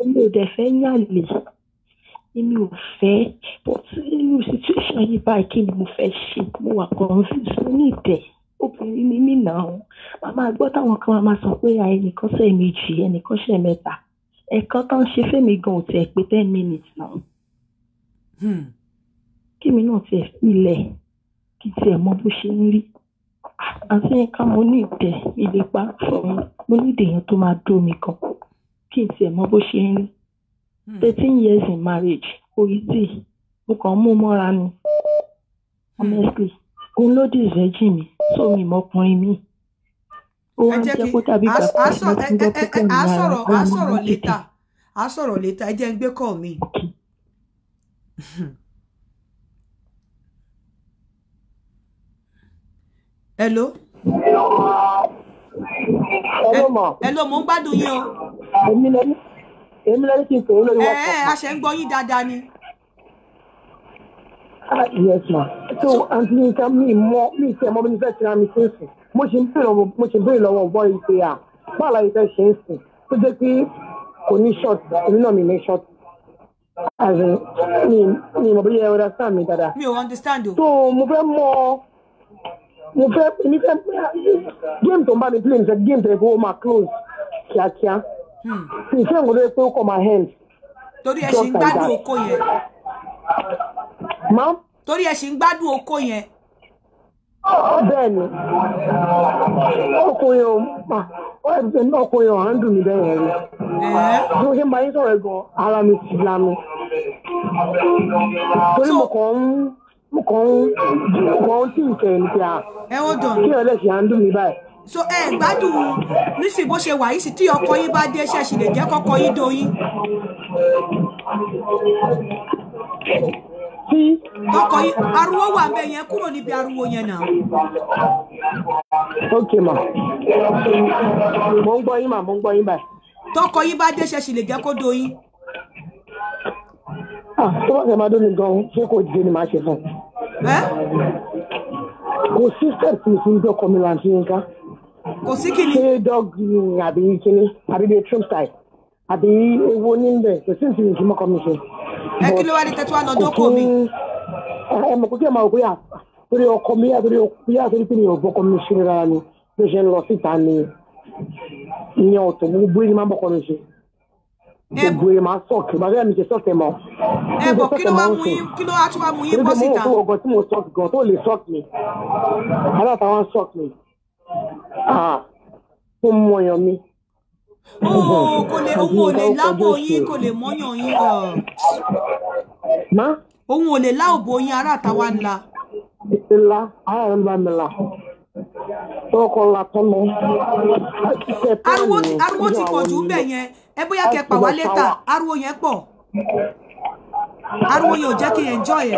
èmi ò dẹ̀ fẹ́ yàn lè èmi ò fẹ́ but nínú situation yìí báyìí kí ni mo fẹ́ ṣe mo wà confused mo ní ìtẹ̀ obìnrin ni mí náà o màmá gbọ́ táwọn kan máa sọ pé ẹnìkan ṣe méjì ẹnìkan ṣe mẹ́ta ẹ̀kan tó ń ṣe fẹ́mi gan ò tiẹ̀ pé ten minutes náà hmm. kémi náà tiẹ̀ filẹ̀ kí tiẹ̀ mọ bó ṣe ń rí àti ẹ̀ka mo ní ìtẹ̀ ìlépa fọ̀rọ̀ mo ní ìdèyàn tó máa dó mi gan kí n tiẹ̀ mọ bó ṣe ń rí thirteen hmm. years in marriage kò ì tí mo kàn mú mọ́ra ni hmm. honestly òun ló dì ìrẹ́jì mi sómi ìmọkùnrin mi ó wá ń jẹ́ kó dàbí bàbá ìmọ̀ tí ń gbọ́ púpọ̀ nínú ara ọmọ mi tètè. a sọ̀rọ̀ létà ẹ jẹ́ ń gbé kọ́ mi. hello. hello mo ń gbádùn yín o èmi lórí ti fòó lórí wọ́pọ̀. ẹ ẹ a ṣe ń gbọ́ dáadáa ni. ah yes ma so àǹtí mi ká mi mọ mi ìfẹ́ mọ́ mi ní fẹ́ ti ra mi sí ìsìn mo ṣe ń bèrè lọ́wọ́ mo ṣe ń bèrè lọ́wọ́ bọ́ ìpè à báwo la ìfẹ́ ṣe ń sìn tó jẹ́ pé kò ní short èmi náà mi ní short as in mi mi mọ̀ bóyá ẹ understand mi dáadáa. mi ò understand o. so mo fẹ́ mọ mo fẹ́ èmi fẹ́ game tó ń bá mi play mi game tó yẹ kó o máa close kíákíá. ìfẹ́ mo lè pé ó kọ̀ torí ẹ ṣì ń gbádùn oko yẹn. ma. torí ẹ ṣì ń gbádùn oko yẹn. bẹ́ẹ̀ ni ọkùnrin ò mà ọkùnrin ò hàn dùn mí bẹ́ẹ̀ yẹn bí ṣe ń bá yín sọ̀rọ̀ gan ara mi ti la torí mo kàn ń mo kàn ń mo kàn ń tí ìfẹ́ ní pé a. ń so ẹ gbádùn nísìnyí bó ṣe wà yìí sí tí ọkọ yín bá dé ṣe ṣì lè jẹ́ kọ́kọ́ yín doyín. ọkọ yín ariwo wà bẹ́ẹ̀ yẹn kúrò níbi ariwo yẹn náà. ok ma mo ń gbọ́ yín ma mo ń gbọ́ yín báyìí. tọkọ yín bá dé ṣe ṣì lè jẹ́ kó doyín. ah tó bá ṣe máa dún mi gan-an ṣé kò dé ni màá ṣe fún un. kò sí step tí mo fi kò sí kìíní. ṣé dọ́ọ̀gì àbí kìíní àbí bíi trump style àbí ewu oníbẹ̀ kò sí ìsinmi ìsinmi ọkọ mi ṣe. ẹ kí ló wá ní tẹ́tí wá lọ dókòó mi. ẹ mọ̀ kó kí ẹ máa wò bóyá torí ọkọ mi yá torí ọkọ yá torí pé mi ò bọ́kọ mi ṣe rárá ni ló ṣe ń lọ síta ni ìyẹn ọ̀tọ̀ mo gbé ní máa bọ́kọ mi ṣe gbogbo ẹ máa sọ̀kì máa fẹ́ràn mi ṣe sọ̀kì mọ́. ẹ bọ̀ kí ló wá mú yín kí ló wá tún wá mú yín bọ́ síta. torí pé mo wò ó ọgọ tí mo sọ̀kì gan tó lè sọ̀kì mi aláàtà wọn ó ń mọyàn mi. kò lè òun ò lè lábò yín kò lè mọyàn yín. má. òun ò ara ń bá la tọmọ. ariwo ti pọ̀ jù ń yẹn ẹ bóyá pa wá létà ariwo yẹn pọ̀ ariwo yẹn ò jẹ́ enjoy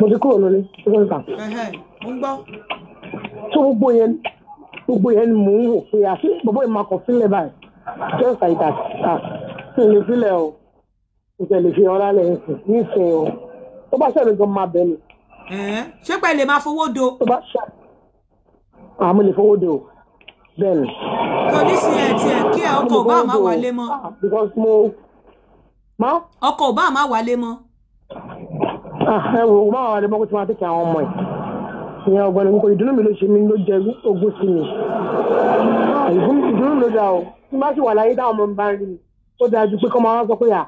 mo ń gbọ́. tó gbogbo yẹn gbogbo yẹn ni mò ń wò pé àti bàbá yìí máa kọ̀ sílẹ̀ báyìí just like that ah kí n lè sílẹ̀ o ìtẹ̀lé fi ọ̀rá lẹ̀ ẹ̀sìn nífẹ̀ẹ́ o tó bá ṣẹ̀lẹ̀ gan máa bẹ̀ ni. ṣé pẹ́ lè máa fowó do. tó bá ṣe àmì lè fowó do bẹ́ẹ̀ ni. torí sí ẹ̀ tiẹ̀ kí ẹ ọkọ̀ ọba àmà wálé mọ́. Ah, because mo ma. ọkọ̀ ọba àmà wálé mọ́. Ah, ẹ wò ó máa wálé mọ́ kó tí wọ́n á tẹ̀kẹ́ àwọn ọmọ yìí ìyẹn ọ̀gbọ́n mi kò ìdùnnú mi ló ṣe mi ló jẹ ogún sí mi ìdùnnú mi ló dà o bí má sì wà láyé táwọn ọmọ mi bá ń rí mi ó dáa ju pé kọ́ máa wá sọ pé à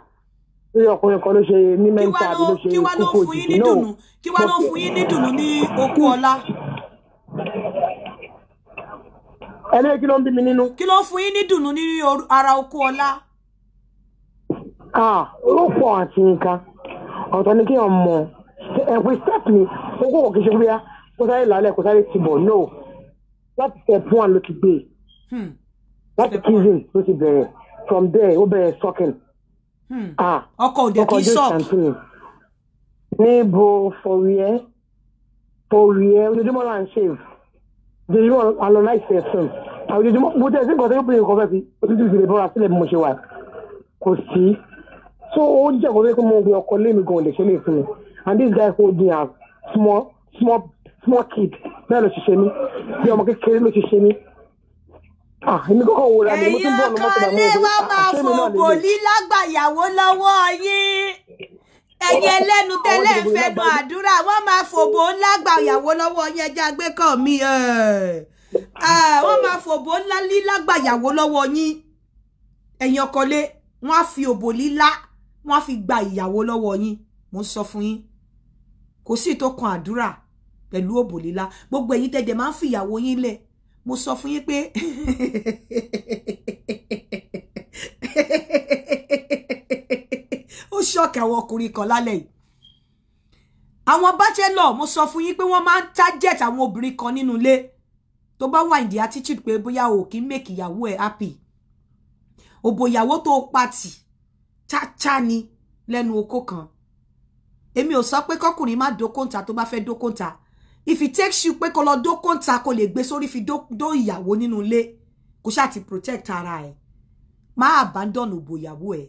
lórí ọkùnrin kan ló ṣe ní mẹ́ńtà àbí ló ṣe kókó òjijì náà kí wá ló fún yín ní dùnnú ní okú ọlá. ẹni kí ló ń bí mi nínú. kí ló fún yín ní dùnnú ní ara okú ọlá. ah ó pọ̀ àti nǹkan ọ̀tọ̀ ni kí wọ́n mọ̀ ẹ̀pẹ́ step ni okú kò kì í ṣe bóyá kó sáré lálẹ́ kó sáré tìbọ̀ no láti step one ló ti gbé hmm. láti prison ló ti bẹ̀rẹ̀ from there ó bẹ̀rẹ̀ sọ́kìn. ọkọ̀ òde kì í sọ́ọ̀kì. níbo fòrìẹ́ fòrìẹ́ ojoojúmọ́ là ń ṣèv ojoojúmọ́ àlọ́ láìsẹ̀ fún àwọn ojoojúmọ́ mo tẹ̀ sí nǹkan tó yẹ kó nǹkan fẹ́ fi ojoojúmọ́ ìṣẹ̀lẹ̀ bọ́ra sílẹ̀ bí mo ṣe wà kò sí so ó jẹ́ kó fẹ́ kó mo gbé ọkọ̀ lémi gan-an lè ṣe lè fún mi and this guy me a small small small kid bẹ́ẹ̀ ló ti ṣe mí bí ọmọ kékeré ló ti ṣe mí. Ah, èmi kọ́kọ́ wo ra mi mo tún bọ̀ ọ́nà mọ́tò bàmí ọdún àṣẹ mi náà lè lè. ẹ̀yin ọkọ lè wá máa fò bòlí lágbàyàwó lọ́wọ́ yín ẹ̀yin ẹlẹ́nu tẹ́lẹ̀ ń àdúrà wọ́n máa fòbò ńlá gbàyàwó lọ́wọ́ yín ẹja gbé kàn wọ́n máa fòbò ńlá lílá gbàyàwó lọ́wọ́ yín ẹ̀yin ọkọlé wọ́n á fi òbò lílá wọ́n á fi gba ìyàwó lọ́wọ́ yín mo sọ fún yín kò sí tó kan àdúrà pẹ̀lú òbò lílá gbogbo ẹ̀yin tẹ́jẹ̀ máa ń fi ìyàwó yín lẹ̀ mo sọ fún yín pé ó ṣọ́ọ̀kì àwọn ọkùnrin kan lálẹ́ yìí àwọn bachelor mo sọ fún yín pé wọ́n máa ń target àwọn obìnrin kan nínú ilé tó bá wà ìdí attitude pé bóyá o kì í make ìyàwó ẹ̀ happy òbò ìyàwó tó pati chacha ni lẹ́nu okó kan èmi ò sọ pé kọkùnrin má dókòǹta tó bá fẹ́ dókòǹta if it takes you pé kó lọ dó kóńtà kó lè gbé sórí fi dó ìyàwó nínú ilé kó ṣáà ti protect ara ẹ̀ má abandon òbò ìyàwó ẹ̀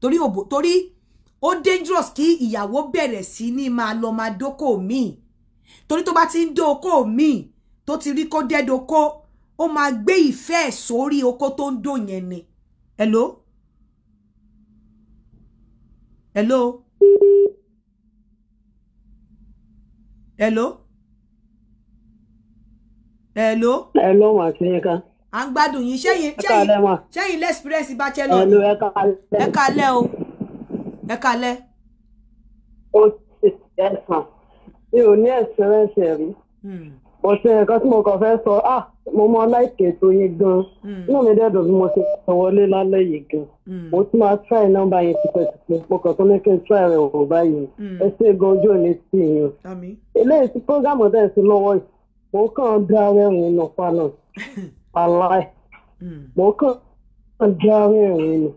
torí òbò torí ó dangerous kí ìyàwó bẹ̀rẹ̀ sí ní máa lọ máa dókò míì torí tó bá ti ń dókò míì tó ti rí kó dẹ́dókò ó máa gbé ìfẹ́ sórí oko tó ń dò yẹn ni hello hello hello hello. hello mà sí yín kan. à ń gbádùn yín sẹ́yìn sẹ́yìn sẹ́yìn lẹ́sìpírẹ́sì bachelor. hello ẹ kalẹ́. ẹ kalẹ́ o ẹ kalẹ́. ó ti ẹ̀sán mi ò ní experience rí hmm. ọ̀sẹ̀ nǹkan tí mo kàn fẹ́ sọ ah mo mọ láìpẹ́ tó yín gan hmm. inú mi dẹ́dùn bí mo ṣe sọ wọlé lálẹ́ yìí gan hmm. mo tún máa try nọ́mbà yẹn tipẹ́tipẹ́ mo kàn tún ní kí n try rẹ̀ wò báyìí ẹ ṣe gan ojú òní sí yín o eléyìí tí program ọ̀dẹ́ sí lọ́wọ́ yìí mo kàn dá rẹ́rìn nù palọ aláì mo kàn dá rẹ́rìn nù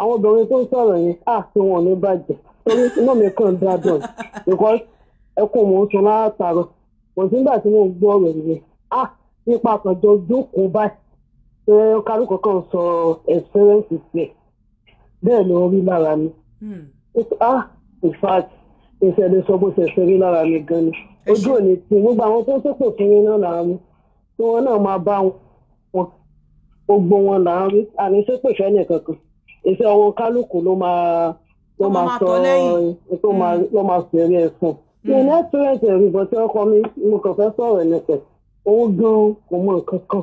àwọn obìnrin tó ń sọ̀rọ̀ yẹn á ah, tí wọn ò ní bàjẹ́ torí inú mi kàn dá dùn because ẹkún mò ń sọ látàrọ kò sígbà tí mo gbọ́ ọ̀rọ̀ yẹn á ah, nípa àkànjọ jókòó báyìí ṣé kálukú kan sọ experience tiẹ̀ bẹ́ẹ̀ ló rí lára mi. Hmm. ah in fact ìṣẹ̀lẹ̀ sọ bó ṣe ṣe rí lára mi gan ni ojú ò ní ti gbogbo àwọn tó tó kò fún yín náà là ń rí tí wọn náà máa bá wọn gbogbo wọn là ń rí àní sépè fẹ́ nìkankan iṣẹ́ ọwọ́ kálukú ló máa ló máa sọ ló máa mm. ló máa fèrè ẹ̀ fún mi ní mm. ẹ́sìrẹ́ǹtì ìrìbọn tí ọkọ mi mo kàn fẹ́ sọ̀rọ̀ ẹ̀nẹ̀kẹ̀ owó gan kò mọ nǹkan kan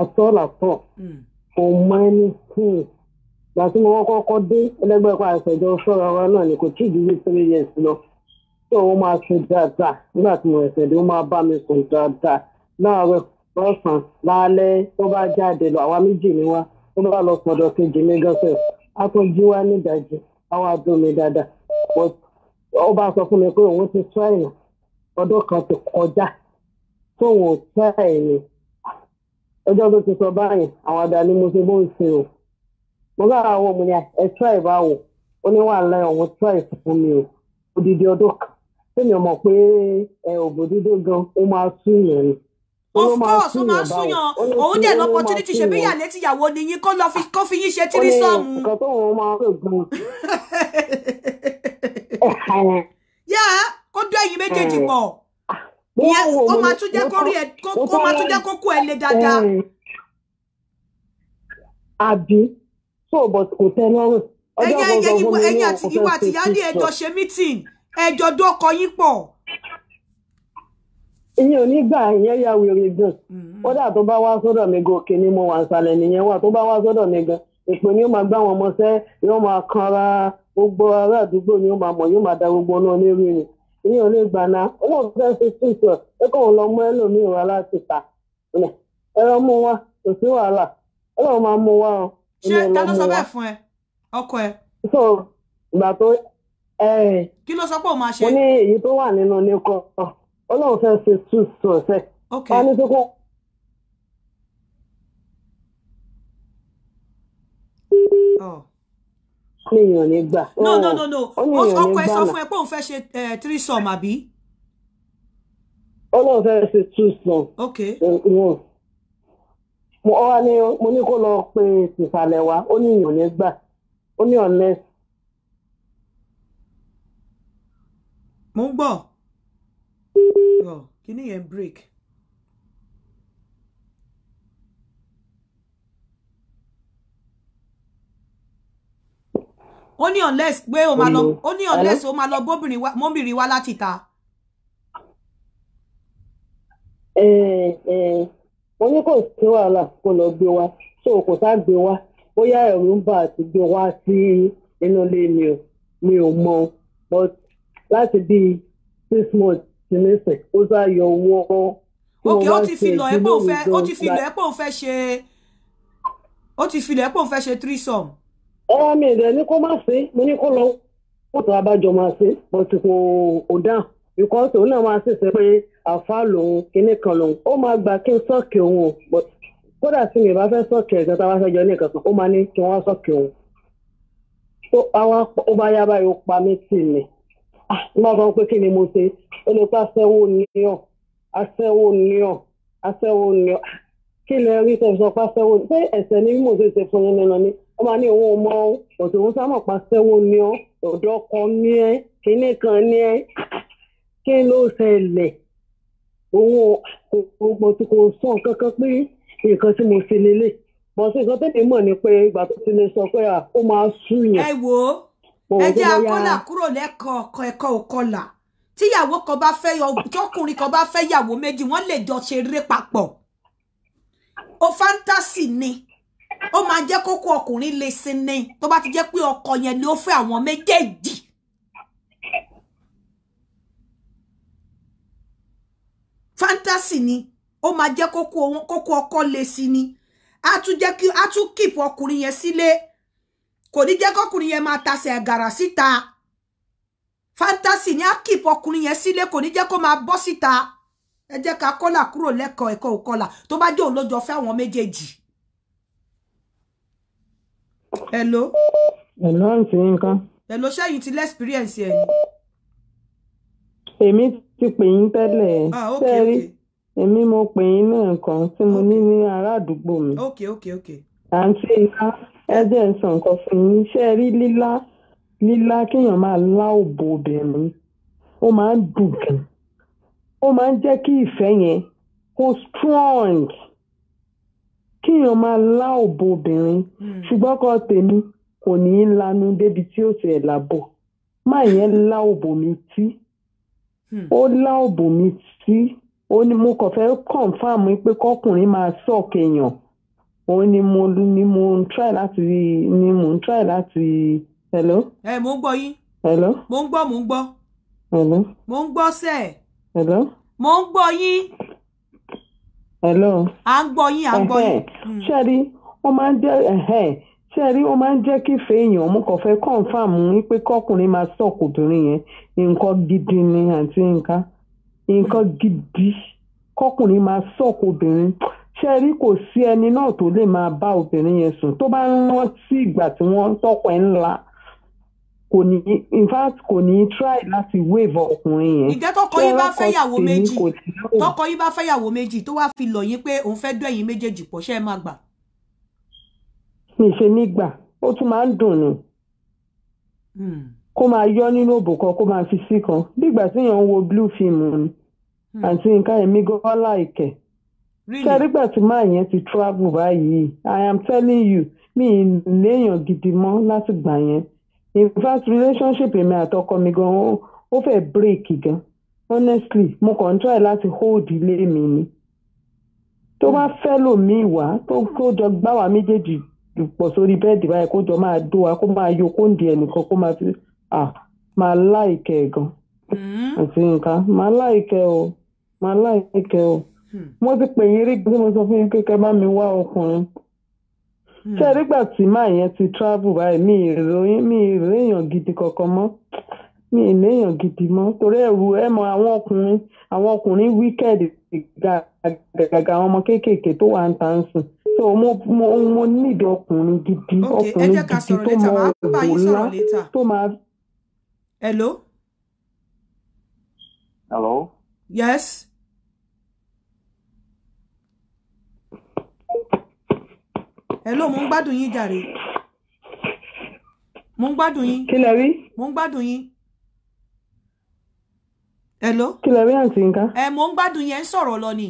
àtọ́làtọ̀ mm. kò mọ ẹni kùn gbàtí mo kọ́kọ́ dé ẹlẹ́gbẹ́ pa àṣẹjọ fọ́ra wa náà ni kò tí ì dúró tó o máa sùn dáadáa nígbà tí mo ẹ̀sẹ̀ dé o máa bá mi sùn dáadáa láàárọ̀ lọ́sàn-án lálẹ́ tó bá jáde lọ àwa méjì ni wá tó bá lọ sọ̀dọ̀ kejì mi gánṣẹ́ a tún jí wá nídàájí àwọn àdó mi dáadáa ó bá sọ fún mi pé òun ti tọ́ ẹ̀yìn ọdún kan ti kọjá tóun ò tọ́ ẹ̀yìn ọjọ́ tó ti sọ báyìí àwọn àdá ni mo ṣe bó ń ṣe o mo bá àwọn ọmọ yẹn ẹ̀ tọ́ ẹ̀ bá wò ó ní wàhálà ọ̀hún tọ́ ẹ̀ fún mi o odidi ọdún kan tèmi ọmọ pé òbòdúdó gan ó máa sún yẹn ni of course ó máa ń súyàn òun dẹ̀ l'opportunity ṣe bí ìyàlẹ́ ti yàwó ni yín kó lọ fi kó fi yín ṣe tírísọ́ọ̀mù. nǹkan tó wọn máa ń gbọ́n. yá kó dún ẹ̀yin méjèèjì eh. pọ̀ ó máa tún jẹ́ kó rí ẹ ó máa tún jẹ́ kó kú ẹ lé eh. dáadáa. àbí tó bọ̀ kò tẹ́ lọ́rùn. ẹ̀yin àti ìwà àti ìyáálé ẹjọ ṣe meeting. ẹjọ́ ọkọ yín pọ̀. ìyẹn ò ní ya wèrè gan mm-hmm. dà tó bá wá sọ́dọ̀ mi gan òkè ni mo wà nsàlẹ̀ nìyẹn wà tó bá wá sọ́dọ̀ mi gan ìpè ni ó máa gbá wọn mọṣẹ́ yóò máa kanra gbogbo ará da gbogbo náà ni ìyẹn ò ní gbà náà fi lọ mú ẹlòmíì láti ta mú wa Eh. kí ló sọ pé ó máa ṣe. mo ní èyí tó wà nínú nìkọ Ọlọ́run fẹ́ẹ́ ṣe two to ọ̀sẹ̀. Eh. ok wọn ní tó kọ. níyàn oh. ní gbà. no no oh. no no ọkọ ẹ sọ fún ẹ pé òun fẹ́ ṣe eh, three sum àbí. Ọlọ́run fẹ́ẹ́ ṣe two sum. ok wọn mo ní kó lọ pe tìsàlẹ̀ wa ó ní ìyàn ní gbà ó ní ọ̀nẹ́sì. mo ń gbọ́ ọ kíní yẹn break. ó ní unless pé máa lọ ó ní unless ó máa lọ bóbìnrin wá mọ́bìnrin wá láti ta. mo so kò sá gbé wá bóyá ẹ̀rù ń bà àti gbé wá sí inú mi o mi ò mọ but láti bíi six months ti nísìn ó sá yọ owó. òkè ó ti fi lọ ẹ pé ó fẹ́ ó ti fi lọ ẹ pé ó fẹ́ ṣe ó ti fi lọ ẹ pé ó fẹ́ ṣe threesome. ọwọ́ mi ìdẹ̀ ni kó má sí mo ní kó lọ wọ́n abájọ máa sí but kò kò dáhùn because òun náà máa ṣèṣe pé àfa lòun kinní kan lòun ó máa gbà kí n sọ́ọ̀kì òun but kódà tí mi bá fẹ́ sọ́ọ̀kì ẹ̀gbọ́n tá a bá fẹ́ jọ ní ìkankan ó máa ní kí wọ́n sọ́ọ̀kì òun. ó bá yá báyìí ó pa mí tì mí lọ́dọ̀ ah, pé kí ni mo ṣe ó lè pa aṣẹ́wó níyàn aṣẹ́wó níyàn aṣẹ́wó níyàn ah, kí lè rí tẹ̀ sọ pa aṣẹ́wó pé ẹ̀sẹ̀ ni bí mo ṣe ṣe fún yín nínú ni ó máa ní òun mọ òtún sámọ pa aṣẹ́wó níyàn ọ̀dọ́ kan ní ẹ kíní kan ní ẹ kí ló ṣẹlẹ̀ òun kò tí kò sọ nǹkan kan pé nǹkan tí mo ṣe lélẹ̀ mọ̀ sí nǹkan tẹ́lẹ̀ mọ̀ ni pé ìgbà tó ti lè sọ pé ó máa sú yẹn. ẹ wo ẹ jẹ́ akọ́là kúrò lẹ́kọ̀ọ́ ọkọ ẹ̀kọ́ òkọlà tíyàwó kan bá fẹ́ ọkùnrin kan bá fẹ́ yàwó méjì wọ́n lè jọ ṣeré papọ̀ o fantasy ni ó máa jẹ́ kókó ọkùnrin lè sinmi tó bá ti jẹ́ pé ọkọ yẹn ni ó fẹ́ àwọn méjèèjì. fantasy ni ó máa jẹ́ kókó ọkọ lè sinmi á tún jẹ́ kí á tún kìpọ̀ ọkùnrin yẹn sílé. Si kò ní jẹ́ kọkùnrin yẹn máa tasẹ̀ gàrà síta fantasy ni á kìp ọkùnrin yẹn sílé kò ní jẹ́ kó máa bọ́ síta ẹ jẹ́ ká kọ́là kúrò lẹ́kọ̀ọ́ ẹ̀kọ́ òkọ́là tó bá jẹ́ òun ló jọ fẹ́ àwọn méjèèjì. hello. hello àǹtí nǹkan. hello sẹ́yìn ti lẹ́spíríẹ̀nsì ẹ̀ ni. èmi ti pè yín tẹ́lẹ̀ sẹ́rí ah, èmi mo pè yín náà kan tí mo ní ní ará mi. ok ok ok. àǹtí nǹkan ẹ jẹ́ ń sọ nǹkan fún yín ṣé ẹ rí lílá lílá kéèyàn máa lá òbò obìnrin ó máa ń dùn gan ó máa ń jẹ́ kí ìfẹ́ yẹn kó strong kéèyàn máa lá òbò obìnrin hmm. ṣùgbọ́n kan tèmi kò ní í lanu débi tí ó ti ẹ̀ lábò máa yẹn lá òbò mi tí hmm. ó lá òbò mi tí ó ní mo kàn fẹ́ kọ̀ǹfàmù pé kọkùnrin máa sọ̀kèèyàn. So òun ni mo ni mo ń try láti ni mo ń try láti hello. ẹ mo ń gbọ́ yín. hello. mo ń gbọ́ mo ń gbọ́. hello. mo ń gbọ́ sẹ́ẹ̀. hello. mo ń gbọ́ yín. hello. à ń gbọ́ yín à ń gbọ́ yín. Hmm. ṣé ẹ rí wọ́n máa ń jẹ́ ṣé ẹ rí ó máa ń jẹ́ kí ìfẹ́ èèyàn kàn fẹ́ confam wípé kọkùnrin máa sọ̀kò obìnrin yẹn nǹkan gidi ni àǹtí nǹkan nǹkan gidi kọkùnrin máa sọ̀kò obìnrin ṣe rí kò sí ẹni náà tó lè máa bá obìnrin yẹn sùn tó bá ń rántí ìgbà tí wọ́n tọkọ ẹ̀ ńlá kò ní in fact kò ní try láti wave ọkùnrin yẹn. ìjẹ́ tọkọ yín bá fẹ́yàwó méjì tọkọ yín bá fẹ́yàwó méjì tó wá fi lọ̀ yín pé òun fẹ́ dún méjèèjì pọ̀ ṣẹ́ ẹ máa gbà. mi nígbà ó tún máa ń dùn ni hmm. kó máa yọ nínú òbò kan kó máa fi sí kan bí ìgbà tí èèyàn ń wo blue film ni hmm. àǹtí nǹkan ẹ̀mí gọ́ọ́lá ìkẹ́ kẹrígbà tí máa yẹn ti travel báyìí i am telling you mi léèyàn gidi mọ́ láti gbà yẹn in fact relationship èmi àtọkọ mi gan ó fẹ́ break gan honestly mo kàn ń try láti hold ilé mi ni tó bá fẹ́ lòmíì wá tó jọ gbá wa méjèèjì pọ̀ sórí bẹ́ẹ̀dì báyìí kó jọ máa dó wa kó máa yọ kóńdì ẹnìkan kó máa fi máa láìkẹ́ gan hmm? àti nǹkan máa láìkẹ́ o máa láìkẹ́ o. Hmm. wọ́n ti pè yín rí bí mo sọ fún yín kékeré bá mi wá ọkùnrin hmm. ṣé ẹ nígbà tí màá yẹn ti travel báyìí mi ìròyìn mi ìròyìn gidi kankan mọ́ mi ìléyàn gidi mọ́ torí ẹ̀rù ẹ mọ àwọn ọkùnrin àwọn ọkùnrin wíkẹ́ẹ̀dì gàgàgà àwọn ọmọ kéékèèké tó wà ń tà ń sùn so mo mo mo nídìí ọkùnrin gidi ọkùnrin gidi tó mọ òwò ńlá tó máa. hello. hello. yes. hello mo ń gbádùn yín jàre mo ń gbádùn yín. kí lẹ rí. mo ń gbádùn yín. hello. kí lẹ rí àǹtí nǹkan. ẹ mo ń gbádùn yẹn ń sọ̀rọ̀ lọ ni.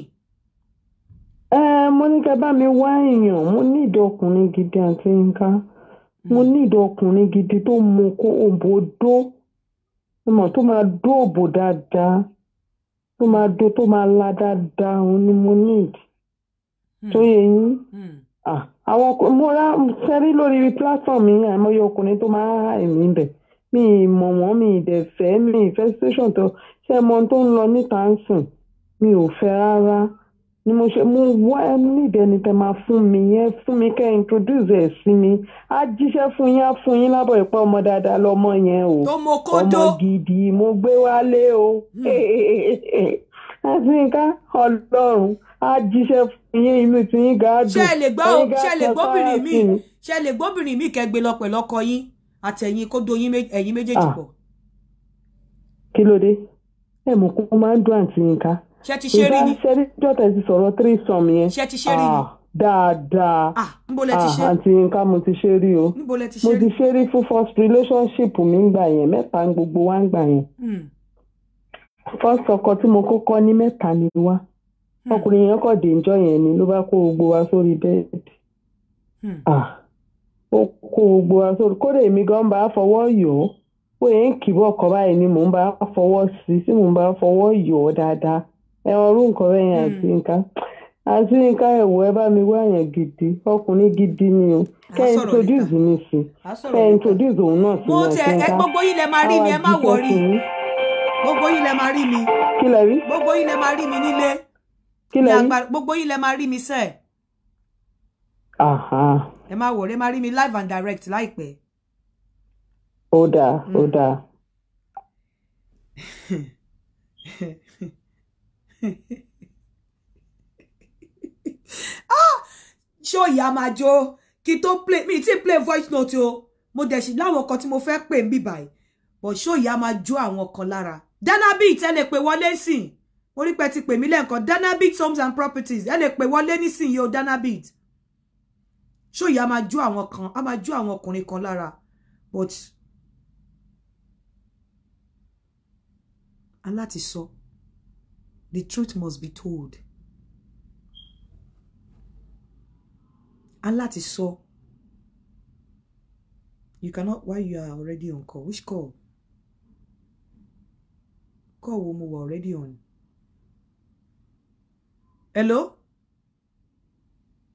ẹ mo ní kẹ bá mi wá èèyàn mo ní ìdí ọkùnrin gidi àǹtí nǹkan mo hmm. ní ìdí ọkùnrin gidi tó mú kó òbò dó ọmọ tó máa dó òbò dáadáa tó máa dó tó máa la dáadáa òun ni mo ní ìdí tó yẹ yín. Hmm àwọn ọkùnrin mo rá ṣe rí lórí platform mi àìmọye ọkùnrin tó máa ń há èmi bẹ̀ mi mọ̀ wọ́n mi ìdẹ̀ fẹ́ mi ìfẹ́ station tó ṣe mọ tó ń lọ níta ń sìn mi ò fẹ́ rárá ni mo ṣe mo wá ẹ nídìí ẹni tẹ máa fún mi yẹn fún mi kẹ́ introduce ẹ̀ sí mi á jíṣẹ́ fún yín á fún yín lábọ̀ ìpá ọmọ dáadáa lọ́mọ yẹn o ọmọ gidi mo gbé wálé o hmm. Azinka Ọlọ́run á jíṣẹ́ fún yín inú ti yín gáàdùn. ṣe lè gbọ́ o ṣe lè gbóbìnrin mi ṣe lè gbóbìnrin mi kẹgbẹ lọ pẹ̀lú ọkọ yín àtẹ̀yìn kó do ẹ̀yìn méjèèjì ah. pọ̀. kí ló dé ẹ mú kó máa ń dún àǹtí yín ká. ṣe ti ṣe rí ni ìgbà ṣe jọta ti sọ̀rọ̀ three sum yẹn. ṣe ti ṣe rí ni ah, dáadáa ah, àǹtí yín ká mo ti ṣe rí o mo ti ṣe rí fún first relationship mi ń gbà yẹn mẹ́ta gbogbo wa ń gbà yẹn. Hmm. first ọkọ tí mo kọ́kọ́ ní mẹ́ta ni wá. Hmm. ọkùnrin yẹn kọ di njọ yẹn ni ló bá kó gbogbo wa sórí bẹẹdì hmm. ah, ó kó gbogbo wa sórí kódà èmi gan bá fọwọ́ yò ó pé èyí ń kì í bọ̀ kọ́ báyìí ni mò ń bá fọwọ́ sí sí mò ń bá fọwọ́ yò ó dáadáa ẹran ọdún nǹkan rẹ yẹn àti hmm. nǹkan àti nǹkan ẹ̀wọ́ ẹ bá mi wá yẹn gidi ọkùnrin gidi ni o kẹ́ ẹ introduce mi sí kẹ́ ẹ introduce òun náà sí náà sí nǹkan àwọn àdìsẹ́ kì í gbogbo yìí lẹ máa rí mi nílé. kí lẹ rí gbogbo yín lẹ máa rí mi sẹ. ẹ máa wò ó ẹ máa rí mi live and direct láìpẹ́. ó dáa ó dáa. Hmm. ah ṣó ìyá máa jó kí tó play mi tí play voice note o mo dẹ̀ sì láwọn kan tí mo fẹ́ pè ń bì báyìí but ṣó ìyá máa jó àwọn kan lára Danabit ẹ lè pè wọlé sìn orí pẹ ti pè mí lẹ́ǹkan Danabit homes and properties ẹ lè pè wọlé nísìnyí o Danabit ṣóyè a máa jó àwọn kan a máa jó àwọn ọkùnrin kan lára but aláti sọ the truth must be told aláti sọ you cannot why you are already on call which call call wo mo wà already on hello.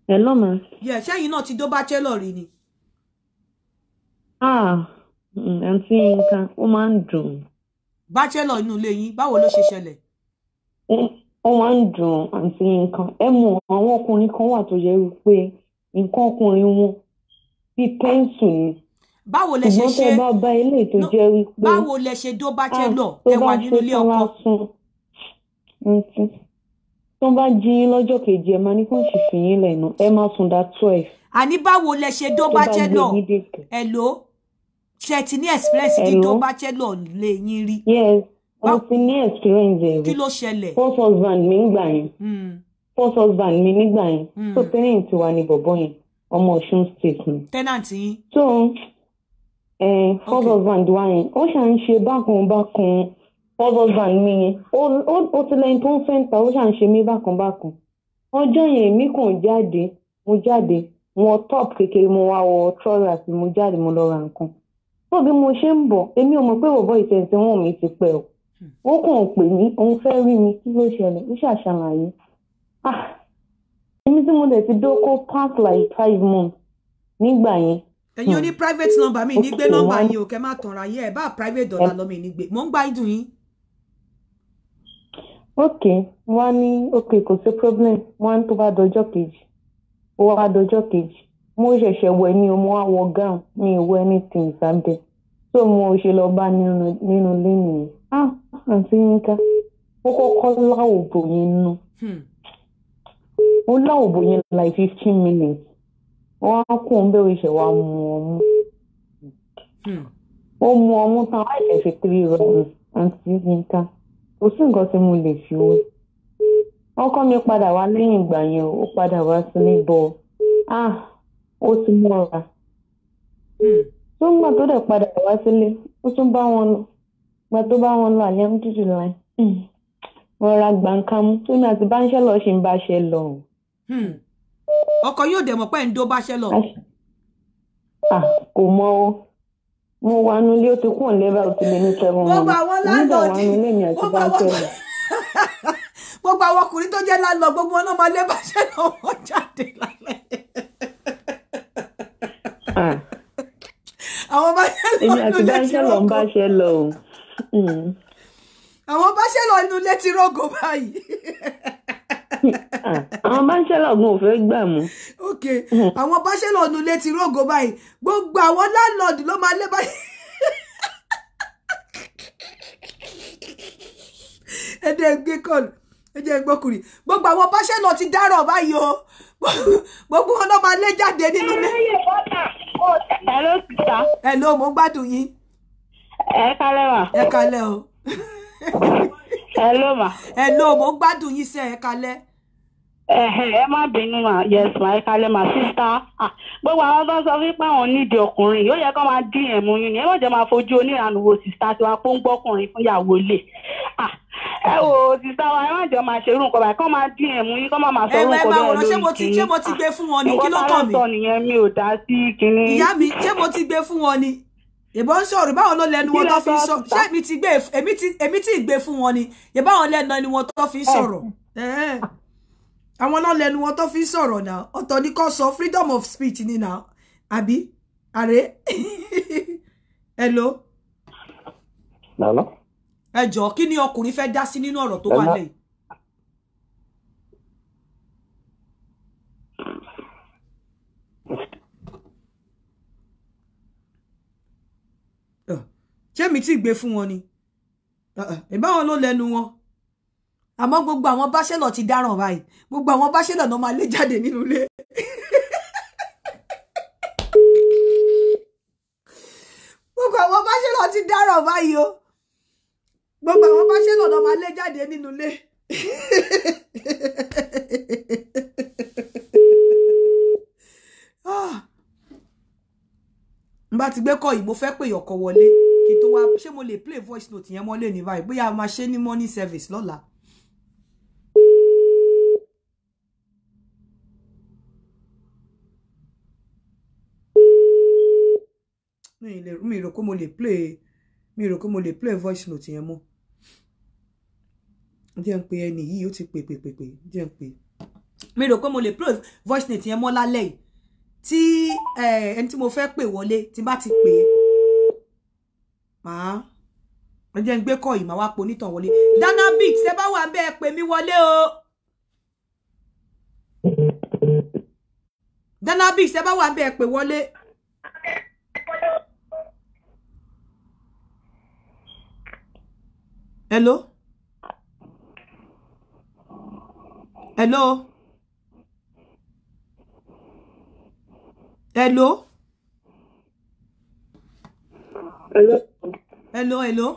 hello ma. yẹ ṣẹ́yìn náà ti dó bachelor rí ni. ah mm, àǹtí Yinka ó máa ń dùn. bachelor inú ilé yín báwo ló ṣe ṣẹlẹ̀. ó máa ń dùn àǹtí Yinka ẹ mọ àwọn ọkùnrin kan wà tó yẹ wípé nǹkan ọkùnrin wọn bíi pẹ́ńsù ni báwo lẹ ṣe ṣe ṣùgbọ́n tẹ bá bá ilé tó jẹ́ wípé báwo lẹ ṣe dó bachelor ẹ wà nínú ilé ọkọ tó bá jí yín lọ́jọ́ kejì ẹ̀ máa ní kó sì fi yín lẹ́nu ẹ máa sùn dá twelve. àní báwo lẹ ṣe dó bachelor ẹ ló ṣe ti ní experience di dó bachelor lè yín rí. yes mo ti ní experience ẹ̀ rí kí ló ṣẹlẹ̀. first husband mi nígbà yẹn hmm. first husband mi nígbà yẹn hmm. so parent wa ni bọ̀bọ̀ yẹn ọmọ Ọ̀ṣun state ni. tenant yín. so eh, first husband wa yẹn ó ṣàn bákan bákan husband mi yẹn ó ti lẹ́yìn tó ń fẹ́ǹta ó ṣàn ṣe mí bákan bákan ọjọ́ yẹn èmi kàn jáde mo jáde wọn top kékeré mo wá wọ trousers mo jáde mo lọ ra nǹkan tó bí mo ṣe ń bọ̀ èmi ò mọ̀ pé bọ̀bọ̀ ìtẹ̀sí wọn mi ti pẹ́ o ó kàn pè mí òun fẹ́ rí mi kí ló ṣẹlẹ̀ ó ṣàṣàlàyé ah èmi tí mo dẹ̀ ti dóko pass like five months nígbà yẹn ẹ̀yin ò ní private number mi hmm. ní gbé number hmm. yín o kẹ́ má tanra yẹ ẹ bá private dollar hmm. lọ́mọ ìnígbé mò ń gbá ìdùn yín ok wọn ní ok kò sí problem wọn á ní tó bá dọjọ́ kejì ó wá dọjọ́ kejì mo ṣẹ̀ṣẹ̀ wẹ̀ ní o mo wá wọ gown mi ì wẹ̀ anything sábẹ́ tó mo ṣe lọ bá nínú nínú ilé ah àǹtí Yínká ó kọ́kọ́ láwòbò yẹn nù hmm. ó láwòbò yẹn like fifteen minutes wọn á kó ń bẹ̀rẹ̀ ṣẹ̀ wá mu ọmú hmm. ó mu ọmú tán láì fẹ́ three rounds àǹtí Yínká kò sí nǹkan tí mo lè fi wé ọkọ mi padà wá lẹ́yìn ìgbà yẹn ó padà wá sílé bọ ah ó ti mọ́ra hmm. tó ń gbà tó dẹ̀ padà wá sílé ó tún bá wọn lọ gbà tó bá wọn lọ àlẹ́ ń tútù láì wọn hmm, ra gbàǹkan mú tó ní àti báńṣẹ́ lọ ṣì ń báṣẹ́ lọ. Hmm. ọkọ yóò dẹ̀ mọ̀ pé ń dó báṣẹ́ lọ. kò mọ o mo wà nulẹ̀ ó ti kún lẹ́bà ó ti lé ní seven one nígbà wà nulẹ̀ mi àti báńkì rẹ̀. gbogbo àwọn ọkùnrin tó jẹ́ lálọ́ gbogbo wọn náà máa lẹ́bà ṣẹ́ náà wọ́n jáde lálẹ́. àwọn bá ṣe lọ èmi àti báńkì lọ ń bá ṣe lọ hmm. àwọn bá ṣe lọ inú ilé rògó báyìí. àwọn báṣẹ́lọ̀ gan ò fẹ́ gbà mú. ok hmm. àwọn báṣẹ́lọ̀ ọ̀nù ilé ti rògo báyìí gbogbo àwọn láńlọ́ọ̀dù ló máa lé báyìí. ẹ dẹ́ gbé kọ́ọ̀lù ẹ jẹ́ gbọ́kùnrin gbogbo àwọn báṣẹ́lọ̀ ti dárọ̀ báyìí o gbogbo wọn náà máa lé jáde nínú ilé. ẹ ló ti ta. ẹ ló mo gbádùn yín. ẹ kalẹ́ wa. ẹ kalẹ́ o. hello ma. hello mo gbádùn yín sẹ́ ẹ kalẹ́. ẹ má bínú ma yes ma ẹ kalẹ́ ma Ah, gbogbo àwọn tó ń sọ wípé àwọn nídìí ọkùnrin yóò yẹ kó máa dín ẹ̀mú yín ni ẹ má jẹ́ máa fojú oníranú wo sísá tí wàá pọ́ńgbọ́ ọkùnrin fún ìyàwó lè ah, ẹ wò sísá wa ẹ má jọ máa ṣerú nǹkan báyìí kó máa dín ẹ̀mú yín kó máa máa sọ orúkọ bẹ́ẹ̀ lórí kìíní ṣé mo ti ṣé mo ti gbé fún wọn ni ah, kí ló kàn mí ìyá mi ṣé mo ti gbé fún wọn ni ìbọn sọ̀rọ̀ báwọn ló lẹ́nu e e wọn tó fi ń sọ̀rọ̀ ṣé èmi ti gbé èmi ti gbé fún wọn ni ìbáwọn lẹ́nu wọn tó fi ń sọ̀rọ̀ àwọn náà lẹ́nu wọn tó fi ń sọ̀rọ̀ náà ọ̀tọ̀ ni kò sọ freedom of speech ni náà àbí àrẹ hello. hello. ẹ jọ̀ọ́ kí ni ọkùnrin fẹ́ dá sí nínú ọ̀rọ̀ tó wà lẹ́yìn. ṣé mi ti gbé fún wọn ni ìbáwọn ló lẹ́nu wọn àmọ́ gbogbo àwọn báṣẹlọ ti dáràn báyìí gbogbo àwọn báṣẹlọ náà máa lé jáde nínú ilé gbogbo àwọn báṣẹlọ ti dáràn báyìí o gbogbo àwọn báṣẹlọ náà máa lé jáde nínú ilé. Ah! n bá ti gbé kọ́ yìí mo fẹ́ pè yọ̀kọ̀ wọlé kí n tó wá ṣé mo lè play voice note yẹn mọ́lẹ̀ ní báyìí bóyá máa ṣe ní morning service lọ́la. mi rò pé mo le play mi rò pé mo le play voice note yẹn mọ́ jẹ́ ń pe ẹni yìí ó ti pè pè pè pè jẹ́ ń pe mi rò pé mo le play voice note yẹn mọ́ lálẹ́ yìí tí eh, ẹni tí mo fẹ́ pè wọlé tí bá ti pè é màá ẹ jẹ́ ń gbé kọ́ yìí màá wá ponítàn wọlé Danabix ẹ bá wà bẹ́ẹ̀ pè mí wọlé o Danabix ẹ bá wà bẹ́ẹ̀ pè wọlé. hello hello hello hello hello hello.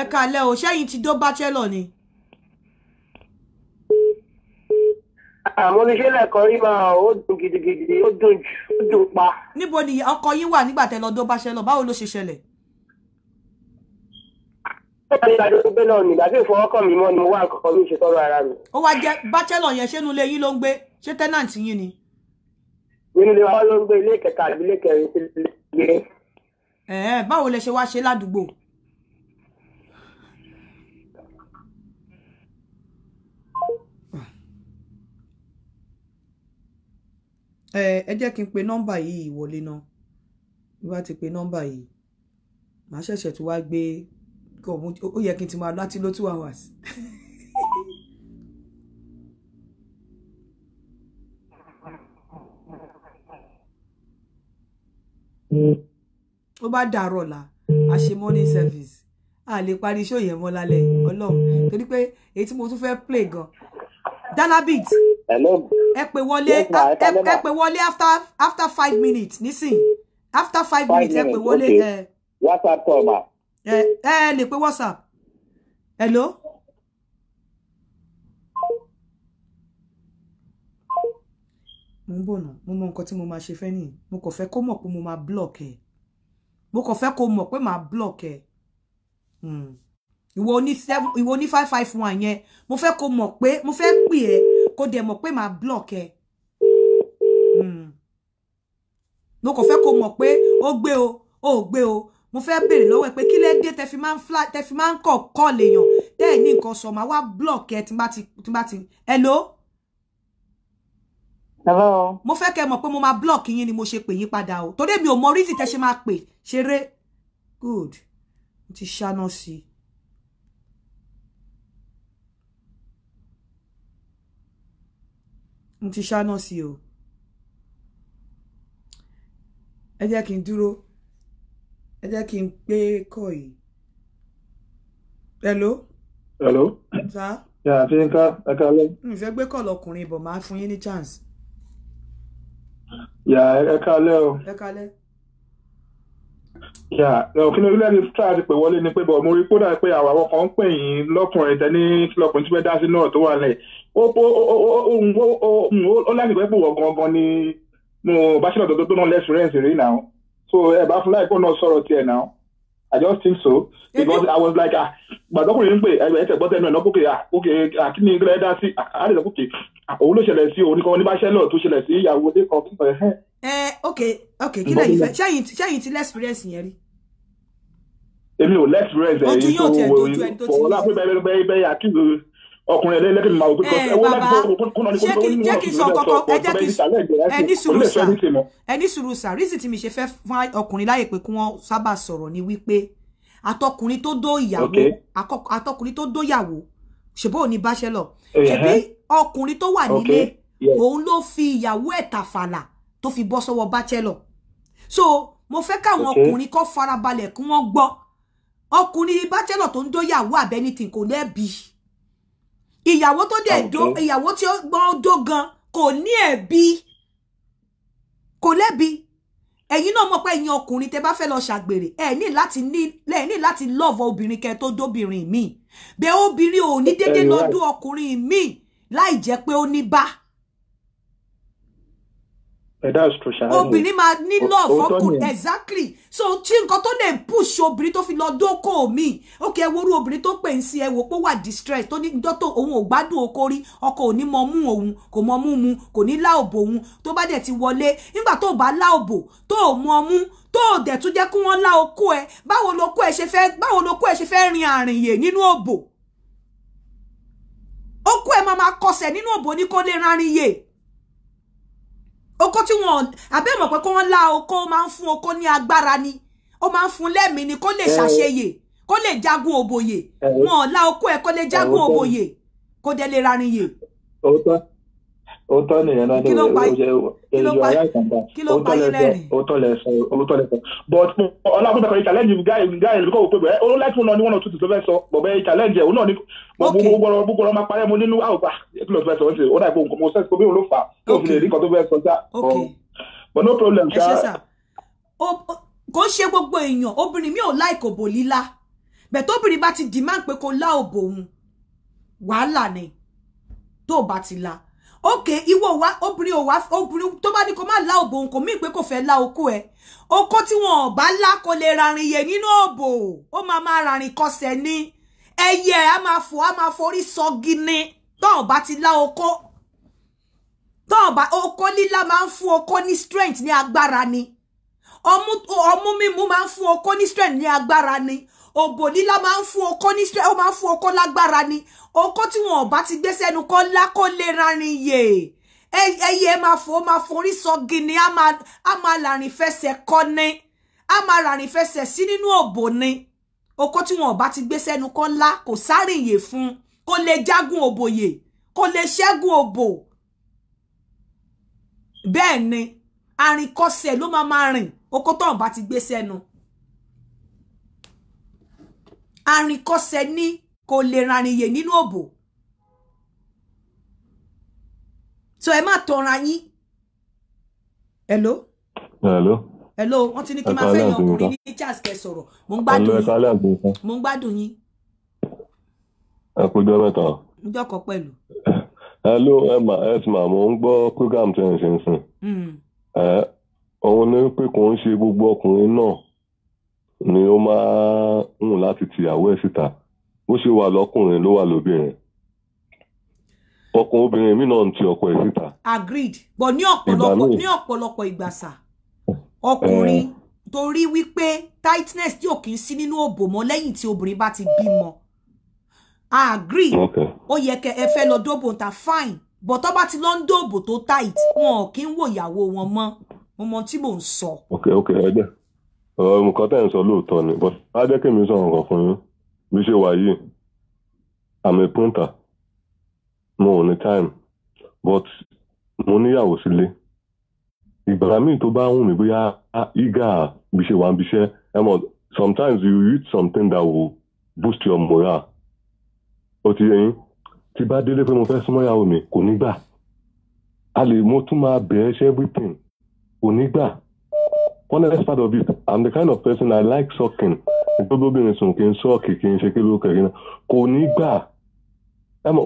ẹ kàlẹ́ o ṣẹ́yìn ti dó bachelor ni. àmọ́ ah, ní ṣe lẹ́ẹ̀kan rí máa ó dùn gidigidi ó dùn jù ó dùn pa. níbo ni ọkọ yín wà nígbà tẹ́ lọ dó bachelor báwo ló ṣe ṣẹlẹ̀. ó ní ìdájọ́ gbé náà ní ìdájọ́ ìfọwọ́kàn mi mọ́ ni mo wá nǹkan kan mi ṣe tọrọ ara mi. ó wá jẹ bachelor yẹn ṣé inú yín ló ń gbé ṣé tenant yín ni nínú ilé wa ló ń gbé ilé kẹta àbí ilé kẹrin sí ilé. ẹ ẹ báwo lẹ ṣe wá ṣe ládùúgbò. ẹ jẹ́ kí n pe nọ́mbà yìí wọlé náà bí wàá ti pe nọ́mbà yìí màá ṣẹ̀ṣẹ̀ tún wá gbé ó yẹ kí n ti máa láti ló two hours. ó bá dàárọ̀ la a ṣe morning service a lè parí iṣẹ́ yẹn mọ́ lálẹ́ ọlọ́run torí pé èyí tí mo tún fẹ́ play gan dalabit ẹ pè wọlé ẹ pè wọlé after after five minutes nísìn after five, five minutes ẹ pè wọlé ẹ whatsapp call ma ẹ ẹ lè pè whatsapp hello. mo ń bọ̀ nà mo mọ nǹkan tí mo máa ṣe fẹ́ nìyí mo kàn fẹ́ kó mọ̀ pé mo máa block ẹ̀ mo kàn fẹ́ kó mọ̀ pé màá block ẹ̀ hmm. ìwọ ní seven ìwọ ní five five one yẹn mo fẹ́ kó mọ̀ pé mo fẹ́ pè ẹ́ kó dẹ̀ mọ̀ pé màá block ẹ̀ hmm. mo kàn fẹ́ kó mọ̀ pé ó gbé o ó gbé o mo fẹ́ béèrè lọ́wọ́ ẹ̀ pé kí lẹ dé tẹ fi máa ń fly tẹ fi máa ń kọ̀ kọ́ lèèyàn tẹ́ ẹ̀ ní nǹkan sọ màá wá block ẹ̀ tí n bá ti hello hello. mo fẹ́ kẹ́ mọ̀ pé mo máa block yín ni mo ṣe pè yín padà o torí mi ò mọ reason tẹ́ ṣe máa pè ṣeré good mo ti ṣáná sí i. mo ti ṣáná sí o ẹ jẹ́ kí n dúró ẹ jẹ́ kí n pé kọ́ yìí. hello. hello. sa. yàrá fi ń ká ẹ ká lọ. n ò fẹ́ gbé kọ́ lọkùnrin bọ̀ máa fún yín ní chance yà ẹ kalẹ́ o. ẹ kalẹ́. yà òfin orílẹ̀ èdè star ti pè wọlé ni pé bọ̀ mo rí kódà pé àwọn àwọn kan ń pè yín lọ́kùnrin tẹ́ ní kílọ̀kùnrin tí fẹ́ dá sí náà tó wà lẹ̀ ó ó láti pẹ́ pò wọ̀ gangan ni mo bá ṣe lọ́dọ̀ tó náà lẹ́sùn rẹ̀ ń sì rí náà so ẹ bá fún láì pọ̀ náà sọ̀rọ̀ tiẹ̀ náà. I just think so because I was like gbàdọ́kùnrin ń pè ẹsẹ̀ gbọ́tẹ́ náà lọ́kùnkè àkókè àkíní ìgbẹ́lẹ́ dá sí àdìsọ́kùnkè òun ló ṣẹlẹ̀ sí òun nìkan oníbàṣẹ́lọ̀ tó ṣẹlẹ̀ sí ìyàwó lẹ́kọ̀ọ́ kíkan ẹ̀. ẹ ok ok kí lẹ́yìn fẹ́ ṣẹ́yìn ṣẹ́yìn ti lẹ́sìpírẹ́sì yẹn rí. èmi ò lẹ́sìpírẹ́sì ẹ̀yìn tó wọ ọkùnrin ẹlẹ́lẹ́ kí n máa wò pé eh, ẹ wọ́n láti fọwọ́ kó náà ní kó ní wọ́n fi lọ́dọ̀ sọ ọ̀pọ̀ ọ̀pọ̀ ẹni sàlẹ̀ ìjọba ẹ ní sùúrù sà rísì tí mi ṣe fẹ́ fún ọkùnrin láyè pé kí wọ́n sábà sọ̀rọ̀ ni wípé atọkùnrin tó dó ìyàwó atọkùnrin tó dó ìyàwó ṣèbó ò ní bachelor ṣèbí ọkùnrin tó wà nílé òun ló fi ìyàwó ẹ̀ tàfàlà tó fi bọ́ sọ́wọ́ bachelor so mo fẹ́ káwọn ọkùnrin kó farabalẹ̀ kí wọ́n gbọ́ ọkùnrin bachelor tó ń dó ìyàwó àbẹ́nitì kò lẹ́bi ìyàwó tó dẹ̀ ah, dó ìyàwó tí ó gbọ́n dó gan kò ní ẹ̀bi kò lẹ́bi ẹ̀yin náà mọ̀ pé ẹ̀yin ọkùnrin tẹ́ bá fẹ́ lọ ṣàgbèrè ẹ̀ ní láti ní lẹ́ ní láti lọ́ọ̀vọ̀ obìnrin kẹ́ tó dóbìnrin míì bẹ́ẹ̀ obìnrin ò ní déédéé lọ́dún ọkùnrin míì láì jẹ́ pé ó ní bá. Eh, obìnrin máa ní love ọkùn exactly so tí nǹkan tó lè push obìnrin tó fi lọ dóko mi ok ẹ worú obìnrin tó pè ń sí ẹ wò pé wà distress tó ní dọ́tò òun ò gbádùn oko rí ọkọ ò ní mọ mú òun kò mọ mú mu kò ní láòbò òun tó bá dẹ̀ ti wọlé nígbà tó bá láòbò tó ò mọ mú tó ò dẹ̀ tún jẹ́ kí wọ́n lá oko ẹ báwo loko ẹ ṣe fẹ́ báwo loko ẹ ṣe fẹ́ rin àrìnyè nínú òbò oko ẹ máa máa kọsẹ̀ nínú òbò ní kó lè rárin yè oko tí wọ́n àbẹ́ mọ̀ pé kó wọ́n lá oko ó máa ń oko ní agbára ni ó máa ń fún lẹ́mìí ni kó lè eh. ṣàṣeyè kó lè jagun òbòyè eh. wọn ò oko ẹ̀ kó lè jagun eh, òbòyè kó dẹ̀ lè rarin yè. òótọ́ ó tọ́ nìyẹn náà ní ìjọ ayé àkàndá ó tọ́ lẹ́sẹ̀ ó tọ́ lẹ́sẹ̀ ó tọ́ lẹ́sẹ̀ but ọlọ́kùnrin kan challenge guy guy lóko wò pé bẹ́ẹ̀ ó lẹ́tún náà ní one or two tó fẹ́ sọ bọ̀bẹ́ challenge ẹ̀ ó náà ní gbogbo gbogbo ọmọ parẹ́ mo nínú àwògbà kí ló fẹ́ sọ wọ́n ti ó dà pé nǹkan mo sẹ́sì kó bí òun ló fà kí òfin lè rí nǹkan tó fẹ́ sọ sá um, but no problem sá. kò ṣe gbogbo okay Iwo wa obìnrin ò wá obìnrin tó bá ní kó má lá òbò nǹkan míì pé kò fẹ́ lá okó ẹ okó tí wọn ò bá lá kó lè rarin yè nínú òbò ó máa máa rarin kọsẹ̀ ní ẹyẹ a máa fò a máa forí sọ gini tọ́ọ̀ bá ti lá okó tọ́ọ̀ bá okó lílá máa fu fún okó strength ní agbára ni ọmú mímu máa ń fún okó ní strength ní agbára ni òbò lílá máa ń fún okó ní ó máa ń fún okó lágbára ni okó tí wọn ò bá ti gbé sẹ́nu kọ́ ńlá kó lè rarin yè ẹyẹ máa fò ó máa forí sọ gini á máa làrìn fẹsẹ̀ kọ́ ni á máa làrìn fẹsẹ̀ sí nínú òbò ni okó tí wọn ò bá ti gbé sẹ́nu kọ́ ńlá kò sáré yè fún kó lè jágun òbòyè kó lè ṣẹ́gun òbò bẹ́ẹ̀ ni àrìnkọsẹ̀ ló máa máa rìn okó tó ń ti gbé sẹ́nu arìnkọsẹ̀ ní kò lè rànìyè nínú òbò so ẹ má tọra yín hello. hello. hello wọ́n ti ní kí n máa fẹ́ yan ọkùnrin ní charles kẹ sọ̀rọ̀ mo ń gbádùn yín mo ń gbádùn yín. ẹ kú jọ mẹ́ta. njọ́ kan pẹ̀lú. hello emma esma mo ń gbọ́ program tẹ̀ ń ṣe ń sìn. Hmm. òun ni pé kò ń ṣe gbogbo ọkùnrin náà ni ó máa ń hùn láti tìyàwó ẹ̀ síta bó ṣe wà lọ́kùnrin ló wà lóbìnrin ọkùn obìnrin mi náà ń ti ọkọ ẹ̀ síta. agreed but ní ọ̀pọ̀lọpọ̀ ní ọ̀pọ̀lọpọ̀ ìgbà sà ọkùnrin torí wípé tightness yóò kì í sí nínú òbò mọ́ lẹ́yìn tí obìnrin bá ti bímọ agree ó yẹ kẹ ẹ fẹ́ lọ dóbò ta fine but tó bá ti lọ ń dóbò tó tight wọn ò kí ń wò ìyàwó wọn mọ́ mo mọ tí mò ń sọ. ok ok ẹ dẹ́ ọ̀rọ̀ nǹkan tẹ̀ ń sọ lóòótọ́ ni but á jẹ́ kí mi sọ nǹkan fún yín bí ṣe wà yìí I'm a mo ò ní time but mo níyàwó sílé ìgbà míì tó bá ń wù mí bóyá ìgà bí ṣe wà ń bíṣẹ́ ẹ mọ̀ sometimes you read something that will boost your morale ó ti yẹ yín tí bá délé pé mo fẹ́ súnmọ́ ìyàwó mi kò ní gbà a lè mo tún máa bẹ̀ẹ́ ṣe everything kò ní gbà honest part of it i'm the kind of person i like sucking gbogbo obìnrin sùn kì í sọ́ọ̀kì kì í ṣe kí ló kẹ̀kẹ́ náà kò ní gbà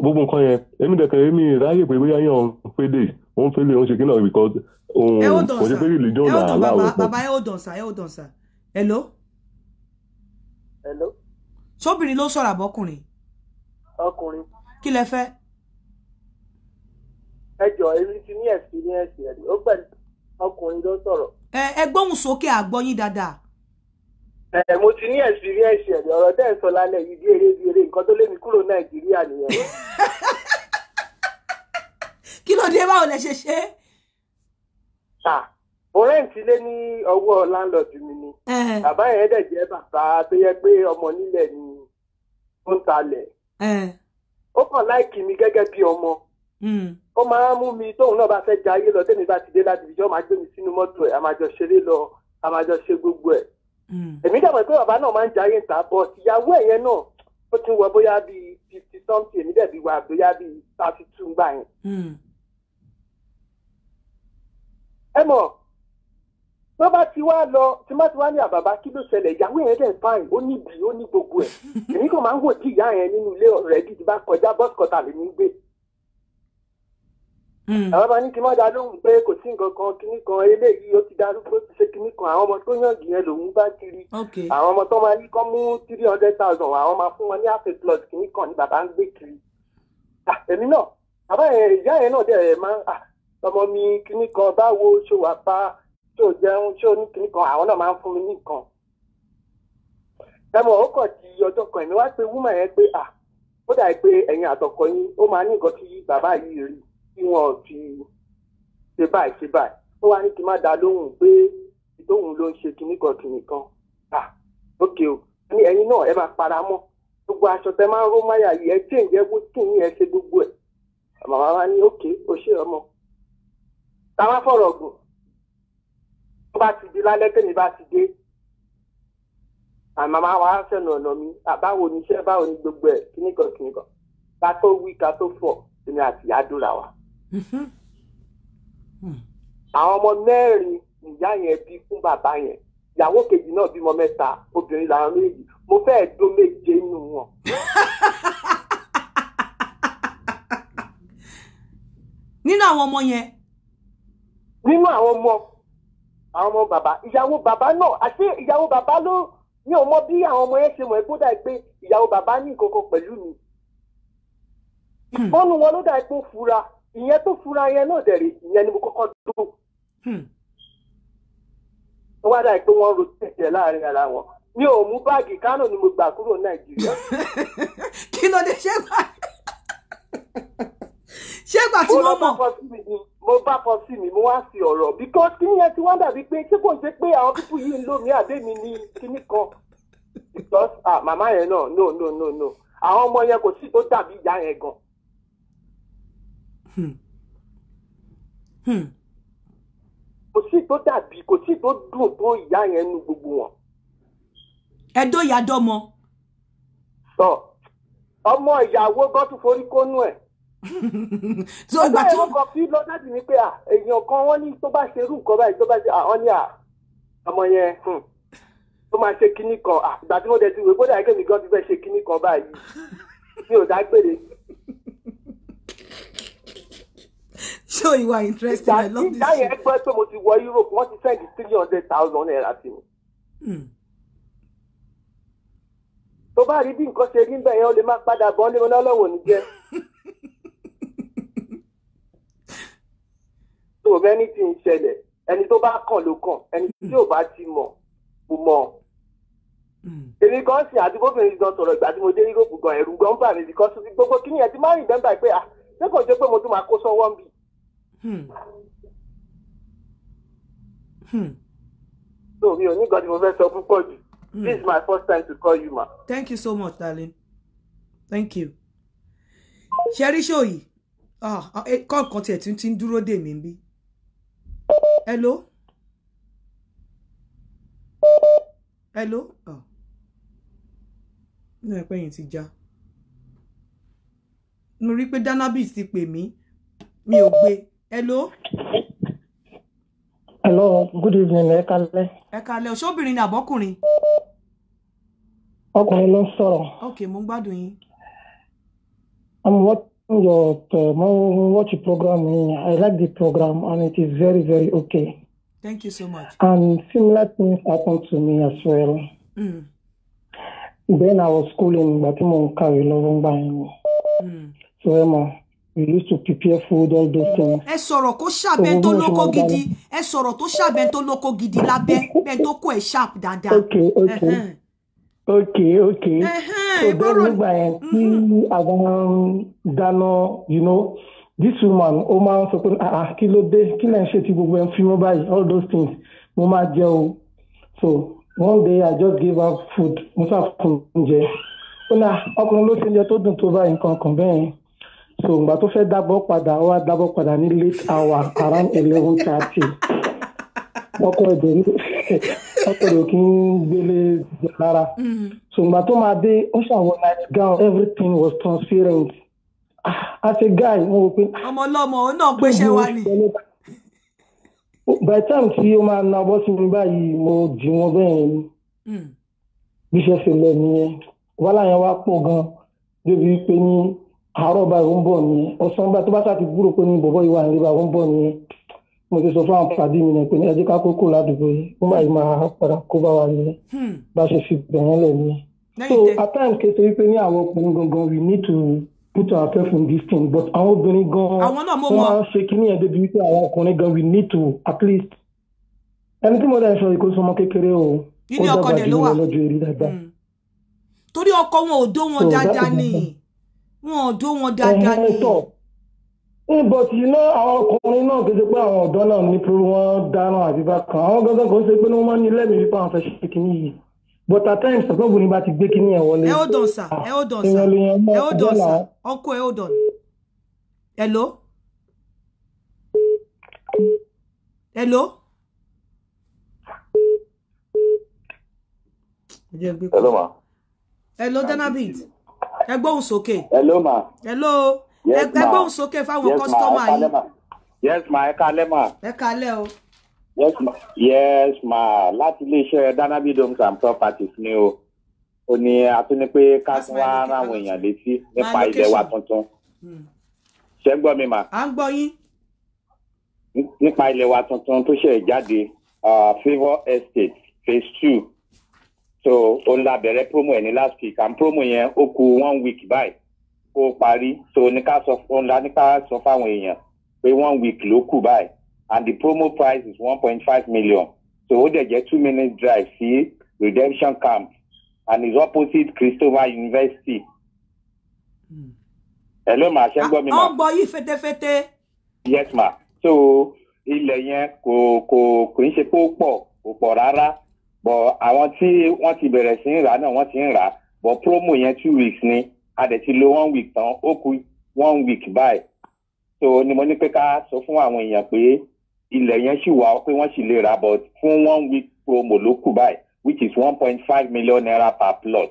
gbogbo nǹkan yẹn èmi dẹ̀kẹ̀ èmi ráyè pé bóyá yàn ń fédè ó ń fẹ́lẹ̀ ó ń ṣe kí náà because òun kò ṣe pé religion náà aláwọ̀ pọ̀. bàbá ẹ ò dàn sá ẹ ò dàn sá hello. hello. sóbìnrin ló sọ̀rọ̀ àbọ̀kùnrin. ọkùnrin. kí lẹ fẹ́. ẹ jọ èmi ti ní experience rẹ ó pẹ̀lú ọkùnrin ló sọ̀rọ̀ ẹ gbóhùn sókè àgbọ́yín dáadáa. ẹ mo ti ní experience ẹ̀ ọ̀rọ̀ tẹ́ ẹ̀ sọ lálẹ́ yìí bí eré bí eré nǹkan tó lé mi kúrò nàìjíríà nìyẹn. kí ló dé báwo lẹ ṣe ṣe é. mo rẹ́ǹtì lé ní ọwọ́ landlord mi ni bàbá yẹn dẹ̀ jẹ́ bàbá tó yẹ pé ọmọ nílẹ̀ ni ó ń talẹ̀ ó kàn láìkì mi gẹ́gẹ́ bí ọmọ. Hmm ó máa ń mú mi tóun náà bá fẹ́ jayé lọ tẹ́mi bá ti dé láti ìjọ máa gbé mi sínú mọ́tò ẹ̀ a máa jọ ṣeré lọ a máa jọ ṣe gbogbo ẹ̀. Hmm. èmi dàgbà pé bàbá náà máa ń jayé ta bọ̀ ìyàwó ẹ̀ yẹn náà ó ti wọ bóyá bíi fifty something èmi dẹ̀bi wà bóyá bíi thirty two gbà yẹn. Hmm. ẹ mọ̀ tó bá ti wá lọ tí má ti wá ní àbàbà kí ló ṣẹlẹ̀ ìyàwó yẹn dẹ̀ fine ó ní bì ó ní gbogbo ẹ̀ èmi kàn máa ń wò tí ìyá yẹn nínú ilé ọ̀rẹ́dì ti bá kọjá bọ́sùkọ̀tà lèmi ń gbé. Hmm. àwọn máa ní kí n má dá lóhùn pé kò sí nǹkan kan kíní kan eléyìí ó ti darúgbó ti ṣe kíní kan àwọn ọmọ tó yàn yẹn lòún bá kiri àwọn ọmọ tó máa ní kọ́ mú three hundred thousand àwọn máa fún wọn ní half a plus kíní kan ní bàbá ń gbé kiri èmi náà bàbá yẹn ìyá yẹn náà dẹ̀ máa ọmọ mi kíní kan báwo ṣó wà pa ṣó jẹun ṣó ní kíní kan àwọn náà máa ń fún mi ní nǹkan ẹmọ ó kàn di ọjọ́ kan ẹ̀mí wá pé wúmọ̀ yẹn pé à ó dà pé ẹ̀yin àtọkọ yín ó máa ní nǹkan tí wọn fi ṣe báyìí ṣe báyìí ó wá ní kí n má dá lóhùn pé ìtòhùn ló ń ṣe kinní kan kinní kan à ókè o ní ẹ̀yin náà ẹ máa para mọ́ gbogbo aṣọ tẹ máa ń ró máyà yìí ẹ jẹ́ ìjẹ́ wútì ní ẹ ṣe gbogbo ẹ̀ màmá wa ní ókè o ṣe ọmọ táwa fọ̀rọ̀ gùn tó bá ti di lálẹ́ tẹ̀mí bá ti dé àmàmá wa sẹ́nu ọ̀nà mi àbáwo níṣẹ́ báwo ni gbogbo ẹ̀ kíníkan kíníkan ká tó wí ká tó fọ̀ èmi àti àdúrà wa àwọn ọmọ mẹ́rin ìyá yẹn bí fún bàbá yẹn ìyàwó kejì náà bímọ mẹ́ta obìnrin làwọn méjì mo fẹ́ẹ́ dó méje nù wọn. nínú àwọn ọmọ yẹn. nínú àwọn ọmọ àwọn ọmọ bàbá ìyàwó bàbá náà àti ìyàwó bàbá ló ní ọmọ bí àwọn ọmọ yẹn ṣe mọ̀ ẹ́ kó dà pé ìyàwó bàbá ní ìkọ̀kọ̀ pẹ̀lú mi. ìfọ́nù hmm. wọn ló dà pé ó fura ìyẹn tó fura yẹn náà dẹ̀rẹ̀ ìyẹn ni mo kọ́kọ́ dúró. Hmm. wọ́n wá dàgbé wọn ro tẹ̀sẹ̀ láàrin ara wọn mi ò mú báàgì kánò ni mo gbà kúrò nàìjíríà. kí ló dé ṣé gbà ṣé gbà tí wọ́n mọ̀. mo bá pọ̀ sí mi mo wá sí ọ̀rọ̀ because kí yẹn ti wá dàbí pé ṣé kò ṣe pé àwọn pípù yìí ń lò mí àbẹ́mi ní kíní kan because ah màmá yẹn náà no no no no àwọn ọmọ yẹn kò sí tó dàbí ìyá yẹn gan-an. Hmm. Hmm. kò sí tó dàbí kò sí tó dùn tó ìyá yẹn nu gbogbo wọn. ẹdọ ìyá dọmọ. sọ ọmọ ìyàwó gọ́tù forí kónú ẹ̀. tó ìgbà tó. ọmọ ìyàwó lọ láti ní pé èèyàn kan wọ́n ní tó bá ṣe irú nǹkan báyìí tó bá ṣe àwọn ní ọmọ yẹn hmm, tó máa ṣe kinní kan ìgbà tí mo dẹ̀ ti wò ó bóyá ẹgbẹ́ mi gan ti fẹ́ ṣe kinní kan báyìí mi ò dágbére ṣé you are interested i love this. ìgbà yẹn pẹ́ pé mo ti wọ Europe wọ́n ti send three hundred thousand naira sí mi. Hmm. tó bá rí bí nǹkan ṣe rí ń bẹ̀ yẹn ó lè máa padà bọ́ lé wọn lọ́wọ́ ní jẹ́. tó o mẹ́ni ti ń ṣẹlẹ̀ ẹni tó bá kàn ló kàn ẹni tí ò bá ti mọ̀ kò mọ̀ hmm. èmi gan sin àti bóbìnrin gan sọ̀rọ̀ ìgbà tí mo dé Europe gan ẹ̀rù gan bà mí because gbogbo kí ni ẹ ti máa ń rìn bẹ́ẹ̀ báyìí pé ah ṣé kò jẹ́ pé mo tún máa kó sọ́wọ́ ń bì Hmm. Hmm. so mi ò ní nǹkan tí mo fẹ́ sọ púpọ̀ jù hmm. this is my first time to call you ma. thank you so much darling thank you. ṣẹ́rí ṣòyí kọ́ọ̀kan ah, ah, eh, tiẹ̀ tún ti ń dúró dè mí bí. hello. hello. ní ẹ̀pẹ́ yìí ti já. mo rí i pé danabis ti pè mí mi ò gbé. hello. hello good evening ẹ kalẹ. ẹ kalẹ ṣóbìnrin ni àbọ́kùnrin. ọkùnrin ló ń sọ̀rọ̀. ok mo ń gbádùn yín. i'm watching your uh, mo watch your program i like the program and it is very very okay. thank you so much. and similar things happen to me as well. Mm. then i was schooling ìgbà tí mo ń kàwé lọ́wọ́ ń gbà yín. Mm. so ẹ mọ̀. we need to prepare food all those things. ẹ sọ̀rọ̀ kó ṣàbẹ̀ tó lóko gidi ẹ sọ̀rọ̀ tó ṣàbẹ̀ tó lóko gidi lábẹ́ bẹ́ẹ̀ tó kó ẹ̀ sharp dáadáa. okay okay uh-huh. okay okay uh so bẹ́ẹ̀ nígbà yẹn tí mm-hmm. àwọn dáná you know this woman ó máa ń sọ pé ah, ah kí ló dé kí lẹ́yìn ṣe ti gbogbo ẹ̀ ń fi wọ́n báyìí all those things mo máa jẹ o so one day i just gave her food mo sá fún oúnjẹ ó náà ah, ọkùnrin ló ṣe oúnjẹ tó dùn tó báyìí nǹkan kan bẹ́ẹ̀ yẹn so ìgbà tó fẹ́ dábọ̀ padà wá dábọ̀ padà ní late hour around eleven thirty ọkọ̀ ẹ̀dẹ̀ ní ọkọ̀ ẹ̀dẹ̀ kì í gbélé rárá mm-hmm. so ìgbà tó máa dé ó ṣàwọn night gown everything was transparent ah, as a guy mo rò pé. Ah. ọmọ ọlọ́mọ náà gbéṣẹ́ wá ni. by time tí ó máa na bọ́ sí mi báyìí mo dì wọ́n bẹ́ẹ̀ ni mm. bí ṣe ṣe lọ nìyẹn wàhálà yẹn wá pọ̀ gan-an débi pé ní àárọ̀ báyìí ó ń bọ̀ nìyẹn ọ̀sán báyìí tó bá ṣáà ti gbúrò pé ní bọ̀bọ̀ ìwà ìrìn báyìí ó ń bọ̀ nìyẹn mo ti sọ fún àwọn pàdé mi náà pé ní ẹjẹ ká kókó ládùúgbò yìí ó máa yìí máa padà kó bá wa nìyẹn hmm. bá ṣe fi bẹ̀rẹ̀ lẹ̀ nìyẹn. so at times kése wípé ní àwọn ọkùnrin gangan we need to put ourselves in this thing but àwọn obìnrin gan wọn máa ń ṣe kíní yẹn débi wípé àwọn ọkùnrin gan we need to at least ẹni tí mo dẹ̀ sọ yìí kó sọmọ kékeré o ó dàgbà jù lọ́jọ́ eré dáadáa. Hmm. torí ọkọ wọn ò dó wọn dáadáa wọn ò dó wọn dáadáa ni. níbo tí iná àwọn ọkùnrin náà kì í ṣe pé àwọn ọ̀dọ́ náà ní pé wọ́n dáná àbí bá kan àwọn gángan kan ṣe pé wọ́n máa ń ní lẹ́mìí wípé àwọn fẹ́ ṣe kìíní yìí but at times ọ̀gbọ́n obìnrin bá ti gbé kìíní ẹ̀ wọlé. ẹ ó dàn sà ẹ ó dàn sà ẹ ó dàn sà ọkọ ẹ ó dàn. hello. hello. hello ma. hello danabit ẹ gbóhùn sókè. hello ma. hello yes ma ẹ gbóhùn sókè fáwọn kọ́sítọ́mà yìí. yes ma ẹ kalẹ́ ma. ẹ kalẹ́ o. yes ma yes ma láti iléeṣẹ́ danabi homes and properties ni o ó ní atúní pé ká tún wá ráwọn èèyàn létí nípa ilẹ̀ wa tuntun hmm. ṣé ń gbọ́ mi ma. à ń gbọ́ yín. nípa ilẹ̀ wa tuntun tó ṣe jáde uh, favour estate phase two so ó ń labẹ̀rẹ̀ promo ẹ̀ ní last week and promo yẹn ó kù one week báyìí kó o parí so oníká sọ ńlá nípa sọ fáwọn èèyàn pé one week ló kù báyìí and the promo price is one point five million so ó dẹ̀ jẹ́ two minute drive sí redemption camp and it's opposite christopher university. Mm. hello ma ṣe ń ah, gbọ́ mi ma. ọgbọ yìí fetefete. yes ma so ilẹ̀ yẹn kò kò kò ń ṣe pé ó pọ̀ kò pọ̀ rárá bọ̀ àwọn tí wọ́n ti bẹ̀rẹ̀ sí ń rà náà wọ́n ti ń rà bọ̀ promo yẹn two weeks ni a dẹ̀ ti lò one week tán ó kù one week báyìí so ni mo ní pé ká sọ fún àwọn èèyàn pé ilẹ̀ yẹn ṣì wà pé wọ́n sì lè rà but fún one week promo ló kù báyìí which is one point five million naira per plot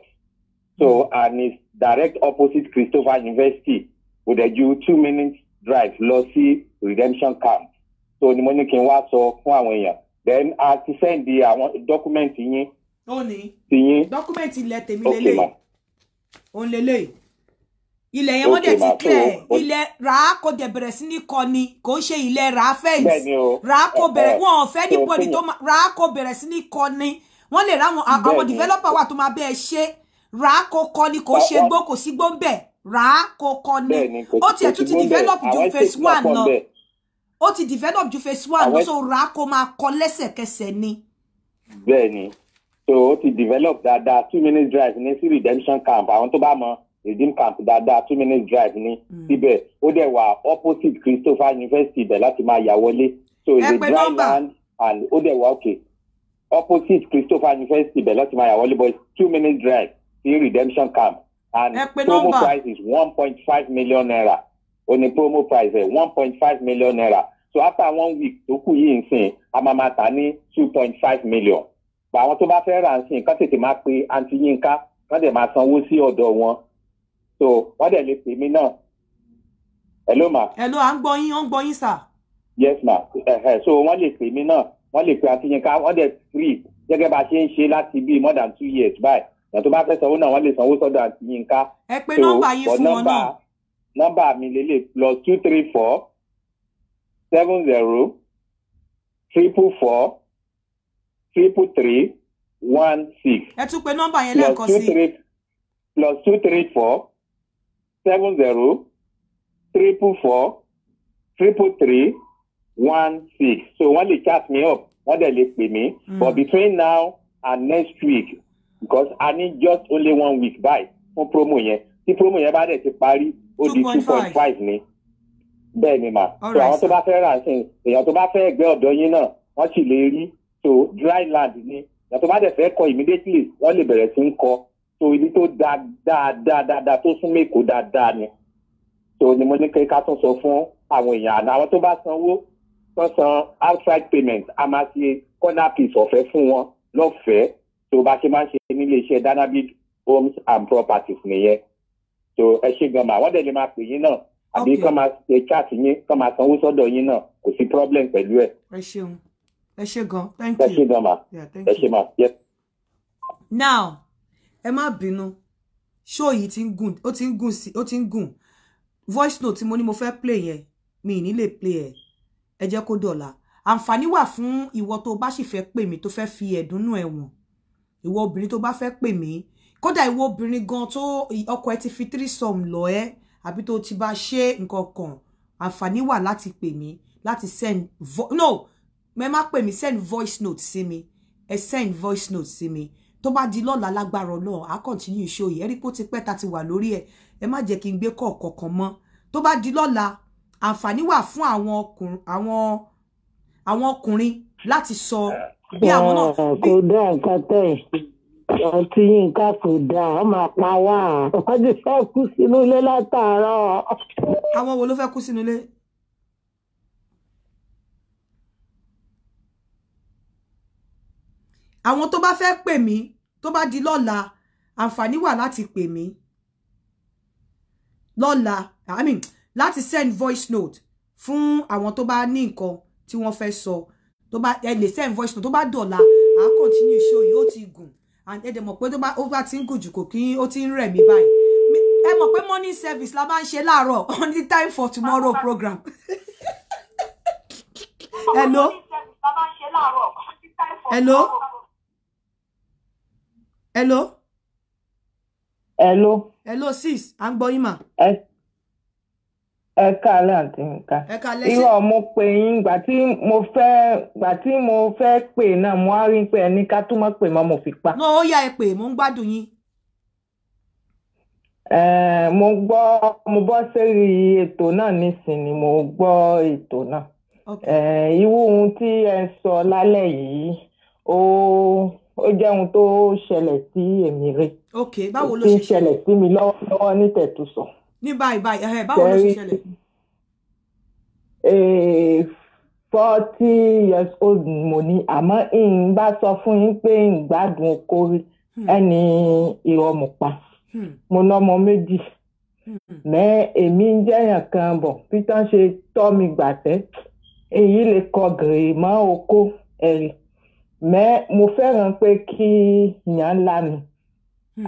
so and it's direct opposite Christopher University kò dẹ̀ ju two minutes drive lọ sí redemption camp so ni mo ní kí n wá sọ fún àwọn èèyàn then a ti sẹ́ndì àwọn dọ́kúmẹ́ǹtì yín. ó ní dọ́kúmẹ́ǹtì ilẹ̀ tèmi lélẹ̀ òun lélẹ̀ ilẹ̀ yẹn wọ́n dẹ̀ ti clear ilẹ̀ rà á kò dẹ̀ bẹ̀rẹ̀ sí ní kọ ni kò ń ṣe Ra rà á eh, eh, fẹ́ǹsì rà á kò bẹ̀rẹ̀ wọ́n ò fẹ́ níbọ̀dì tó rà á ni wọ́n lè ra àwọn developer wà tó máa bẹ́ẹ̀ ṣe rà á kò kọ ni kò ṣe gbó kò sí gbó ń bẹ̀ rà á kò kọ ni ó tiẹ̀ tún ti develop ju phase one náà ó ti develop ju phase one lọ so ra kó máa kọ lẹ́sẹ̀kẹsẹ̀ ni. bẹ́ẹ̀ni so ó ti develop dáadáa two minutes drive ní sí redemption camp àwọn tó bá mọ redeem camp dáadáa two minutes drive ní hmm. síbẹ̀ ó dẹ̀ wà opposite Christopher University ibẹ̀ láti máa yà wọlé so it's a dry land and ó dẹ̀ wà okay opposite Christopher University ibẹ̀ láti máa yà wọlé but two minutes drive sí redemption camp and promo price is one point five million naira ó ní promo price ẹ̀ one point five million naira so after one week tó kù yìí ń sìn a máa ní two point five million pa àwọn tó bá fẹ́ rà ń sìn kán tètè máa pe àǹtí Yínká kán dẹ̀ máa sanwó sí ọ̀dọ̀ wọn so wọ́n dẹ̀ lè pè mí náà hello ma. hello à ń gbọ́ yín à ń gbọ́ yín sà. yes ma eh, eh, so wọ́n lè pè mí náà wọ́n lè pe àǹtí Yínká wọ́n dẹ̀ free gẹ́gẹ́ bá a ṣe ń ṣe láti bíi more than two years báyìí ìyàn tó bá fẹ́ sanwó náà wọ́n lè sanwó sọ́dọ̀ àǹtí Yínká. ẹ pé nọ́mbà yín fún wọn náà nọ́mbà mi lélẹ̀ plus two three four seven zero triple four triple three one six. ẹ tún pe nọ́mbà yẹn lẹ́ẹ̀kan sí. plus two three four seven zero triple four triple three one six so wọ́n lè chat me up wọ́n dẹ̀ lè pè mí hmm. but between now and next week because I need just only one week báyìí fún promo yẹn tí promo yẹn bá dẹ̀ ti parí ó di two point five ni bẹ́ẹ̀ ni mà so àwọn tó bá fẹ́ rà sí èèyàn tó bá fẹ́ ẹgbẹ́ ọ̀dọ́ yín náà wọ́n sì lè rí so dry land ni èèyàn tó bá dẹ̀ fẹ́ kọ immediately wọ́n lè bẹ̀rẹ̀ sí ń kọ so ibi tó dáadáa dáadáa tó sún mẹ́kọ̀ọ́ dáadáa ni so ni mo ní kí ká tún sọ fún àwọn èèyàn àná àwọn tó bá sanwó tó san outside payment a máa ṣe corner piece ọ̀fẹ́ fún wọn lọ́fẹ̀ẹ́ tó bá ṣe máa ń ṣe nílé iṣẹ́ Danabid homes and properties nìyẹn so ẹ ṣe gan ma àwọn dẹ̀ lè máa pè yín náà àbí kàn máa ṣe chat yín kàn máa sanwó sọ́dọ̀ yín náà kò sí problem pẹ̀lú ẹ̀. ẹ ṣeun ẹ ṣe gan thank you ẹ ṣe gan ma ẹ ṣe ma now ẹ má bínú ṣó yìí ti ń gùn ó ti ń gùn sí ó ti ń gùn voice note tí mo ní mo fẹ́ play yẹn mi ì ní lè play ẹ̀ ẹ jẹ́ kó dọ̀la àǹfààní wà fún ìwọ tó bá sì fẹ́ pè mí tó fẹ́ fi ẹ̀dùnnú ẹ̀ wọ̀n ìwọ obìnrin tó bá fẹ́ pè mí kódà ìwọ obìnrin gan tó ọkọ ẹ ti fi threesome lọ ẹ àbí tó ti bá ṣe nǹkan kan àǹfààní wà láti pè mí láti send vo no mẹ má pè mí send voice note sí mi ẹ send voice note sí mi tó bá di lọ́la lágbára Ọlọ́run á continue iṣẹ́ òye ẹ̀rí pé ó ti pẹ́ ta ti wà lórí ẹ̀ ẹ má jẹ́ kí n gbé kọ̀ọ̀kan kan mọ́ tó bá di lọ́la àǹfààní wà fún àwọn ọkùnrin àwọn ọkùnrin láti sọ bí àwọn náà. kò dá nǹkan tẹ̀ àǹtí yínká kò dáa ọ máa pa wá wọn ti fẹ́ kú sínú ilé látàárọ̀. àwọn wo ló fẹ́ kú sínú ilé. àwọn tó bá fẹ́ pè mí tó bá di lọ́la àǹfààní wà láti pè mí lọ́la i mean láti send voice note fún àwọn tó bá ní nǹkan tí wọ́n fẹ́ sọ tó bá ẹ lè send voice note tó bá dọ̀la àá continue show yìí ti gùn and ẹ dẹ̀ mọ̀ pé ó bá ti ń gùn jù kò kí ó ti ń rẹ̀ mí báyìí ẹ mọ̀ pé morning service la máa ń ṣe láàárọ̀ on the time for tomorrow program. hello. hello. hello. hello. hello sis à ń gbọ́ yín mà. ẹ ẹ káalẹ́ àti nǹkan irọ́ mo pè yín gbà tí mo fẹ́ gbà tí mo fẹ́ pè náà mo á rí pé ẹni ká túmọ̀ pè mọ́ mo fi pa. náà ó yá ẹ pè mo ń gbádùn yín. mo gbọ́ mo bọ́ sórí ètò náà nísìnyí mo gbọ́ ètò náà irú ohun tí ẹ sọ lálẹ́ yìí ó ó jẹ́ ohun tó ṣẹlẹ̀ sí èmi rẹ̀ ó ti ṣẹlẹ̀ sí mi lọ́wọ́lọ́wọ́ ní sọ ní báyìí báyìí ẹ̀hẹ́ báwo ló ṣe ṣẹlẹ̀. forty years old mo ní àmọ́ n bá sọ fún yín pé n gbádùn oko hmm. ẹni irọ́ mo pa hmm. mo lọ́mọ méjì hmm. mẹ́ èmi ń jẹ́yàn kan bọ̀ peter ṣe tọ́ mi gbàtẹ́ èyí lè kọ gèrè mọ́ oko ẹ̀rì mẹ́ mo fẹ́ràn pé kí yàn lá mi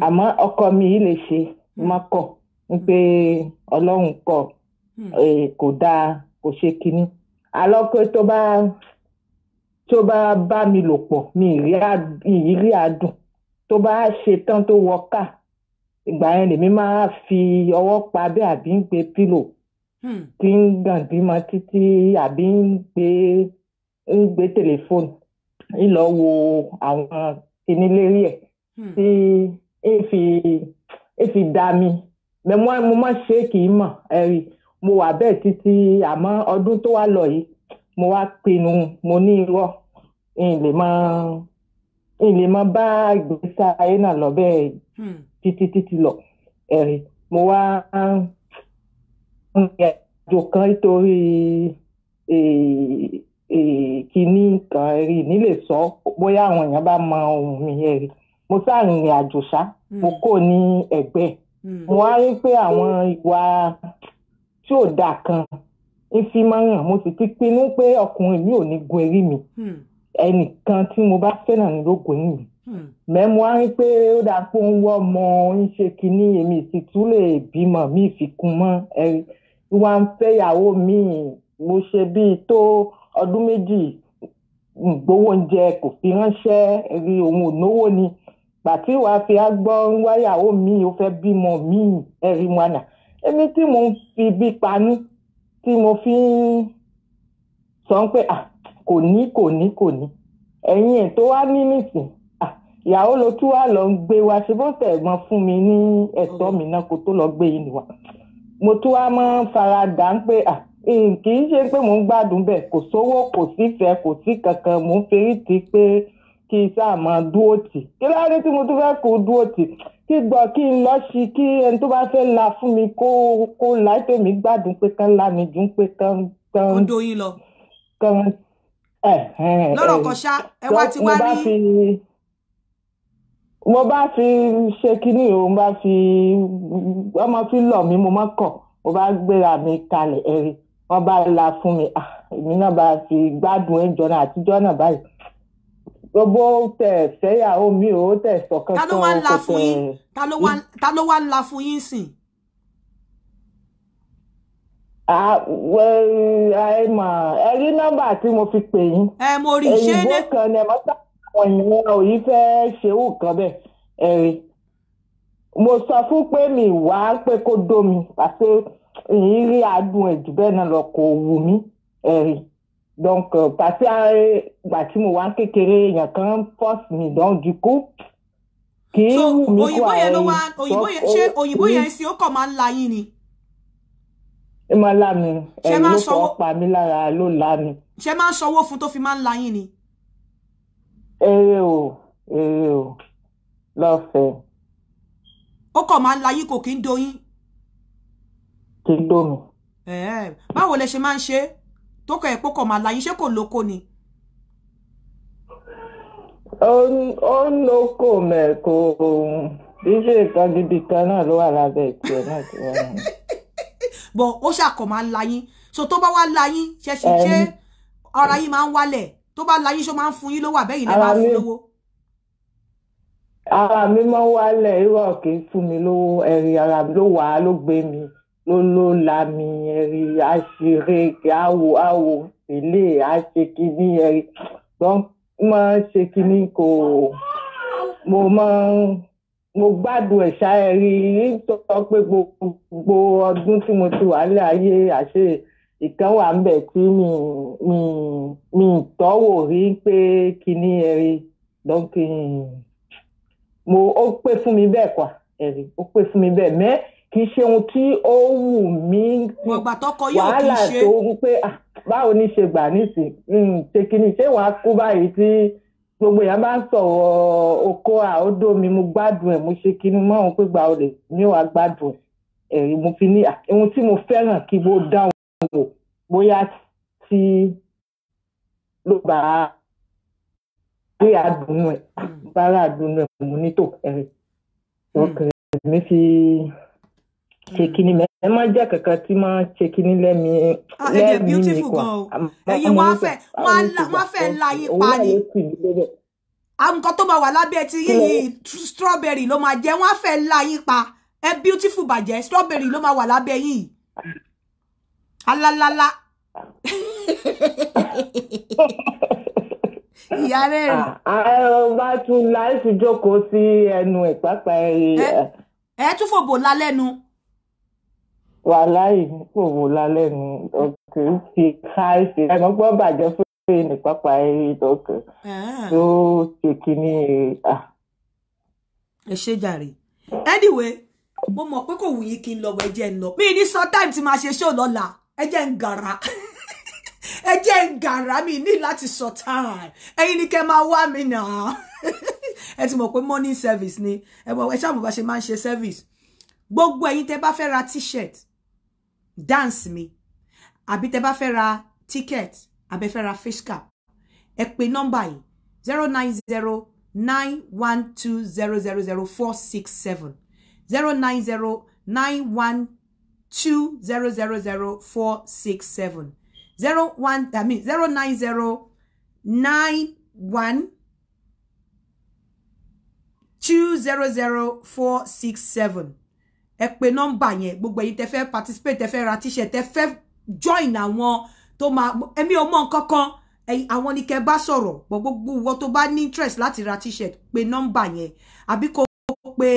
àmọ́ ọkọ mi yìí lè ṣe mọ́kọ̀. Hmm wípé ọlọ́run kọ̀ hmm. kò dáa kò ṣe kinní àlọ́ pé tó bá tó bá bá mi lò pọ̀ mi ìrírí àdùn tó bá ṣe tán tó wọ ká ìgbà yẹn lèmi máa fi ọwọ́ pa bẹ́ẹ̀ àbí ń gbé pílò hmm. tí ń gàn bímọ títí àbí ń gbé ń gbé tẹlifóònù ńlọ wo àwọn ìnílérí ẹ̀ hmm. tí ń fi ń fi dá mi mo mọ̀ ṣe kì í mọ̀ ẹ̀rí mo wà bẹ́ẹ̀ títí àmọ́ ọdún tó wá lọ yìí mo wá pinnu mo ní irọ́ n lè mọ n lè mọ bá ìgbésí ayé náà lọ bẹ́ẹ̀ hmm. títí títí lọ ẹ̀rí mo wá ìrìnàjò kan nítorí kínní kan rí nílé sọ bóyá àwọn èèyàn bá mọ ohun mi ẹ̀rí mo sáà rìnrìn àjò ṣá mo hmm. kò ní ẹ̀gbẹ́ ẹ̀. Hmm. mo á rí pé àwọn ìwà tí ò dáa kan ń fi máa hàn mo sì ti pinnu pé ọkùnrin mi ò ní gun eré mi hmm. ẹnìkan tí mo bá fẹ́ náà ni ló gun eré mi hmm. mẹ́mu á rí pé ó dáa pé ó ń wọ́ ọmọ ń ṣe kínní èmi sì tún lè bímọ mi ìfikún mọ́ ẹ̀rí wá ń fẹ́yàwó mi mo ṣe bíi tó ọdún méjì gbowó oúnjẹ kò fi ránṣẹ́ rí òun ò náwó ni gbàtí wàá fi agbọ́ wáyàwó mi ò fẹ́ bímọ mi ẹ̀rí wànà èmi tí mo fi bí panú tí mo fi ń sọ pé kò ní kò ní kò ní ẹ̀yin ẹ̀ tó wá ní nìsín ìyàwó ló tún wà lọ ń gbé wa ṣe bó tẹ̀gbọ́n fún mi ní ẹ̀tọ́ mi náà kó tó lọ gbé yìí nìwà mo tún wá máa ń fara ń pé kì í ṣe pé mò ń gbádùn bẹ́ẹ̀ kò sówó kò sífẹ̀ẹ́ kò sí kankan mò ń ferí ti pé kí n sáà máa dúró tì kí láyé tí mo tún fẹ́ kó dúró tì kí gbọ́ kí n lọ sí kí ẹni tó bá fẹ́ la fún mi kó kó láì pé mi gbádùn pé kán la mi dùn pé kán kán. ó dóyin lọ. kán ẹ ẹ ẹ lọ́rọ̀ kan ṣá ẹ wá ti wá rí. mo bá fi ṣe kínní o mo bá fi ọmọ fi lọ mi mo má kọ̀ mo bá gbéra mi kalẹ̀ ẹ̀rí wọ́n bá la fún mi ah, èmi náà bá fi gbádùn ẹjọ́ náà àtijọ́ náà báyìí gbogbo tẹ fẹ́yàwó mi ò tẹ sọ̀kan kan kọ̀tẹ̀. ta ló wá ń la fún yín sìn. ẹ mà ẹ rí nọ́mbà tí mo fi pè yín. ẹ mo rí ṣé ní. èyí kan ni ẹ mọ́tà àwọn ènìyàn ò yí fẹ́ ṣerú kan bẹ́ẹ̀ ẹ rí. mo sọ fún pé mi wá pé kó dó mi àti ìrírí adùn ẹ̀jú bẹ́ẹ̀ náà lọ kò wù mí ẹ rí donc pàṣẹ ìgbà tí mo wá kékeré èèyàn kan poste ni donc du coup kì í wù mí kó àyè sọ ṣé òyìnbó yẹn sí ó kàn máa ń la yín ni. ẹ máa la mi ẹ ló fọwọ́ pa mí lára ló la mi. ṣé máa ń sanwó fún tó fi máa ń la yín ni. eré o eré o lọ́fẹ̀ẹ́. ó kàn máa ń la yín kò kí ń doyín. kì í dó mi. báwo lẹ ṣe máa ń ṣe é tó kọ ẹ̀pọ́ kọ̀ máa láyé ṣé kò lóko ni. ó ń lóko mẹ́kò iṣẹ́ ìtọ́gidi kan náà ló wà lábẹ́ ìpè náà tí wọ́n mú. bọ̀ ó ṣàkọ̀ máa láyín so tó bá wá láyín ṣẹ̀ṣẹ̀ ṣé ara yín máa ń wálẹ̀ tó bá láyín ṣó máa ń fún yín lówó àbẹ́yìn lẹ́ máa fún lówó ara mi máa ń wálẹ̀ irọ́ kì í fún mi lówó ẹ̀rìn ara ló wà á ló gbé mi Lolo ẹ̀rí àṣìrèké àwò àwò èlé àṣekínní ẹ̀rí wọ́n máa ń ṣe kínní kò mo máa ń mo gbádùn ẹ̀ṣá ẹ̀rí sọ pé gbogbo ọdún tí mo ti wà lé ayé àṣẹ ìkan wà ń bẹ̀ tí mi mi mi tọ́wò rí pé kínní ẹ̀rí dọ́kì mo ó pé fún mi bẹ́ẹ̀ kọ́ ẹ̀rí ó pé fún mi bẹ́ẹ̀ mẹ́ẹ́ kì í ṣe ohun tí ó wù mí wàhálà tó ń pé ah, báwo ni ṣe gbà nísìn tèkìní hmm, ṣé wàá kú báyìí tí gbogbo èèyàn bá ń sọ̀rọ̀ oko àódó mi mo gbádùn ẹ̀ mo ṣe kinní mọ́ òun pé gbà olè mi wàá gbádùn ẹ̀ mo fi ní ah, ohun tí mo fẹ́ràn kí mo dáhùn wò bóyá tí ló bá rí àdùnnú ẹ̀ hmm. bá rí àdùnnú ẹ̀ mo ní tò ẹ̀rẹ̀ hmm. ọkàn mi fi ṣe hmm. kíní mẹ ẹ má jẹ́ kankan tí máa ṣe lẹ́mí lẹ́mí mi kọ ẹyin wọn fẹ́ wọn fẹ́ la yí pa ni nǹkan tó máa wà lábẹ́ ti yíyí strawberry ló máa jẹ́ wọn fẹ́ la yí pa ẹ beautiful bàjẹ́ strawberry ló máa wà lábẹ́ yìí alalala ìyá rẹ. ọba ah, ah, tún láìsí jókòó sí ẹnu ẹ̀ pápá ẹ̀. ẹ tún fòbò lálẹ́nu wàláì kò wò lálẹ́ nu ọkẹ́ fi ká ṣe ẹ̀mọ́ gbọ́ fún ní pápá eré ìdọ́kẹ́ tó ṣe kínní. Ah. ẹ ṣe jàre anyway mo mọ̀ pé kò wù yín kí n lọ wọ ẹjẹ́ ń lọ mi ní sọ time tí màá ṣe ṣó lọ́la ń gàrà ẹjẹ́ ń gàrà mi ní láti sọ time ẹ̀yin ni kẹ́ máa wá mi nà ẹ ti mọ̀ pé morning service ni ẹ ṣáà mo bá ṣe máa ń ṣe service gbogbo ẹ̀yin tẹ́ bá fẹ́ ra t-shirt dance mi àbí tẹ́ bá fẹ́ ra ticket àbẹ fẹ́ ra fish cap ẹ pè nọ́mbà yìí zero nine zero nine one two zero zero zero four six seven zero nine zero nine one two zero zero zero four six seven zero one i mean zero nine zero nine one two zero zero four six seven ẹ pè nọ́mbà yẹn gbogbo ẹ̀yin tẹ fẹ́ participate tẹ fẹ́ ra t-shirt tẹ join àwọn tó máa èmi ò mọ̀ nǹkan kan ẹ̀yin ni kẹ́ bá sọ̀rọ̀ bọ̀ gbogbo ìwọ tó bá ní interest láti ra t-shirt pè nọ́mbà yẹn àbí kò pè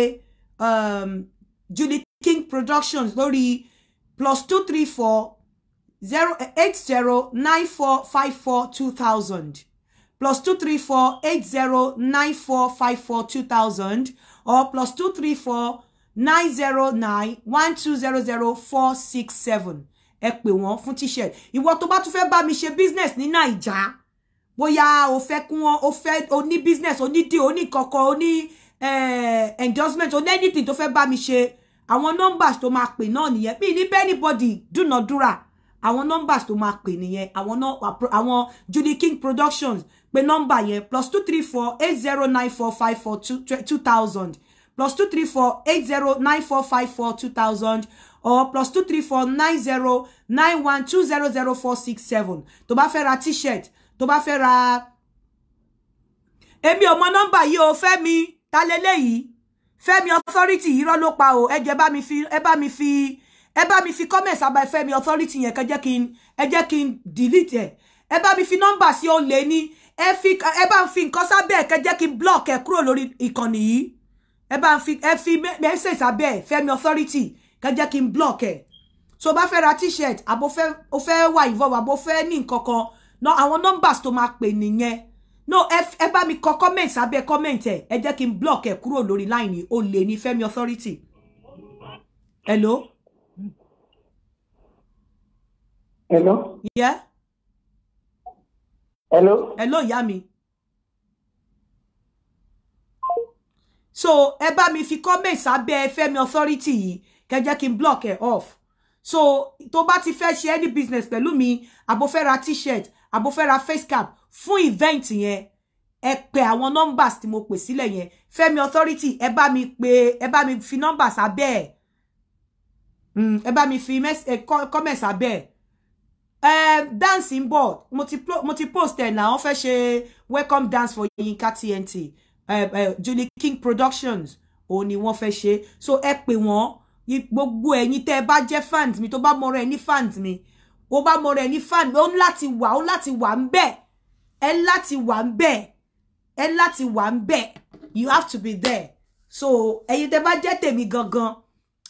um, Julie King Productions lórí plus two three four zero eight zero nine four five four two thousand plus two three four eight zero nine four five four two thousand or plus two three four 909 1200467 ẹ pè wọ́n fún t-shirt ìwọ tó bá tún fẹ́ bá mi ṣe business ní Naija bóyá o fẹ́ kún wọn o fẹ́ o ní business o ní deal o ní kọ̀kọ̀ o ní eh, endorsement o ní anything tó fẹ́ bá mi ṣe àwọn numbers tó máa pè náà nìyẹn mi ní anybody dúnàdúrà àwọn numbers tó máa pè nìyẹn àwọn àwọn Judy King Productions pé number yẹn plus two three four eight zero nine four five four two two thousand plus two three four four eight zero nine five four two thousand or plus two two three four nine nine zero one zero 90 91 200467 tó bá fẹ́ ra t-shirt To bá fẹ́ ra èmi ò mọ nọ́mbà yìí o Fẹ́mi ta leleyi Fẹ́mi authority irọ́ ló pa o ẹ jẹ́ mi fi ẹ bá mi fi ẹ bá mi fi comments about Fẹ́mi authority yẹn kan jẹ́ kin ẹ jẹ́ kin delete ẹ ẹ bá mi fi number si o lé ní ẹ fi ẹ bá fi nǹkan sábẹ́ kan jẹ́ kin block e kúrò lórí ìkànnì yìí ẹ bá fi ẹ fi message abẹ́ Fẹ́mi authority kẹ́ jẹ́ kí block e. So ba fẹ́ ra t-shirt abo fẹ́ o fẹ́ wà involve àbò fẹ́ ní nǹkan kan no àwọn numbers tó máa pè nìyẹn no e bá mi kọ comment sábẹ́ comment e. ẹ jẹ́ kí block e. Kuro lori line o lè ní Fẹ́mi authority hello. hello. yeah. hello. hello Yami. mi. so ẹ bá mi fi comment sábẹ́ Fẹ́mi authority yìí kẹ́ jẹ́ kí n block ẹ off so tó bá ti fẹ́ ṣe any business pẹ̀lú mi àbò fẹ́ t-shirt àbò fẹ́ ra face cap fún event yẹn ẹ pè àwọn numbers tí mo pè sílẹ̀ yẹn Fẹ́mi authority ẹ bá mi pè ẹ bá mi fi numbers sábẹ́ ẹ mm, ẹ bá mi fi eh, comment sábẹ́ ẹ uh, dancing board mo ti, post ẹ̀ náà wọ́n fẹ́ ṣe welcome dance for Yinka TNT Eh, eh, Julie King Productions òun ni wọ́n fẹ́ ṣe so ẹ pè wọ́n gbogbo ẹ̀yin tẹ́ ẹ je fans mi tó bá mọ rẹ̀ ní fans mi ó bá mọ rẹ̀ ní fan mi ó ń láti wà ó láti wà ń bẹ̀ ẹ láti wà ń bẹ̀ you have to be there so ẹ̀yin tẹ́ bá jẹ́ tèmi gangan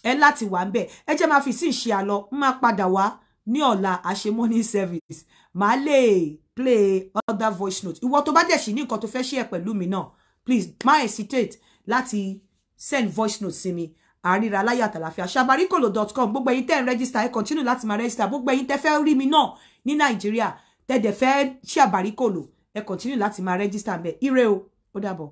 ẹ láti wà ń bẹ̀ ẹ jẹ́ máa fi sí ìṣe àlọ́ ń máa padà wá ní ọ̀la àṣemọ́ní service màá lè play other voice note ìwọ tó bá dẹ̀ sí ní nǹkan tó fẹ́ ṣe ẹ̀ pẹ̀lú mi náà please má hesitate láti send voice note sí mi àríra aláyà àtàlàfíà sabarikolo.com gbogbo ẹ̀yin tẹ́ ń register ẹ continue láti máa register gbogbo ẹ̀yin tẹ́ fẹ́ rí mi náà ní nàìjíríà tẹ́ dẹ̀ fẹ́ ẹ continue láti máa register bẹ́ẹ̀ ire o ó dàbọ̀.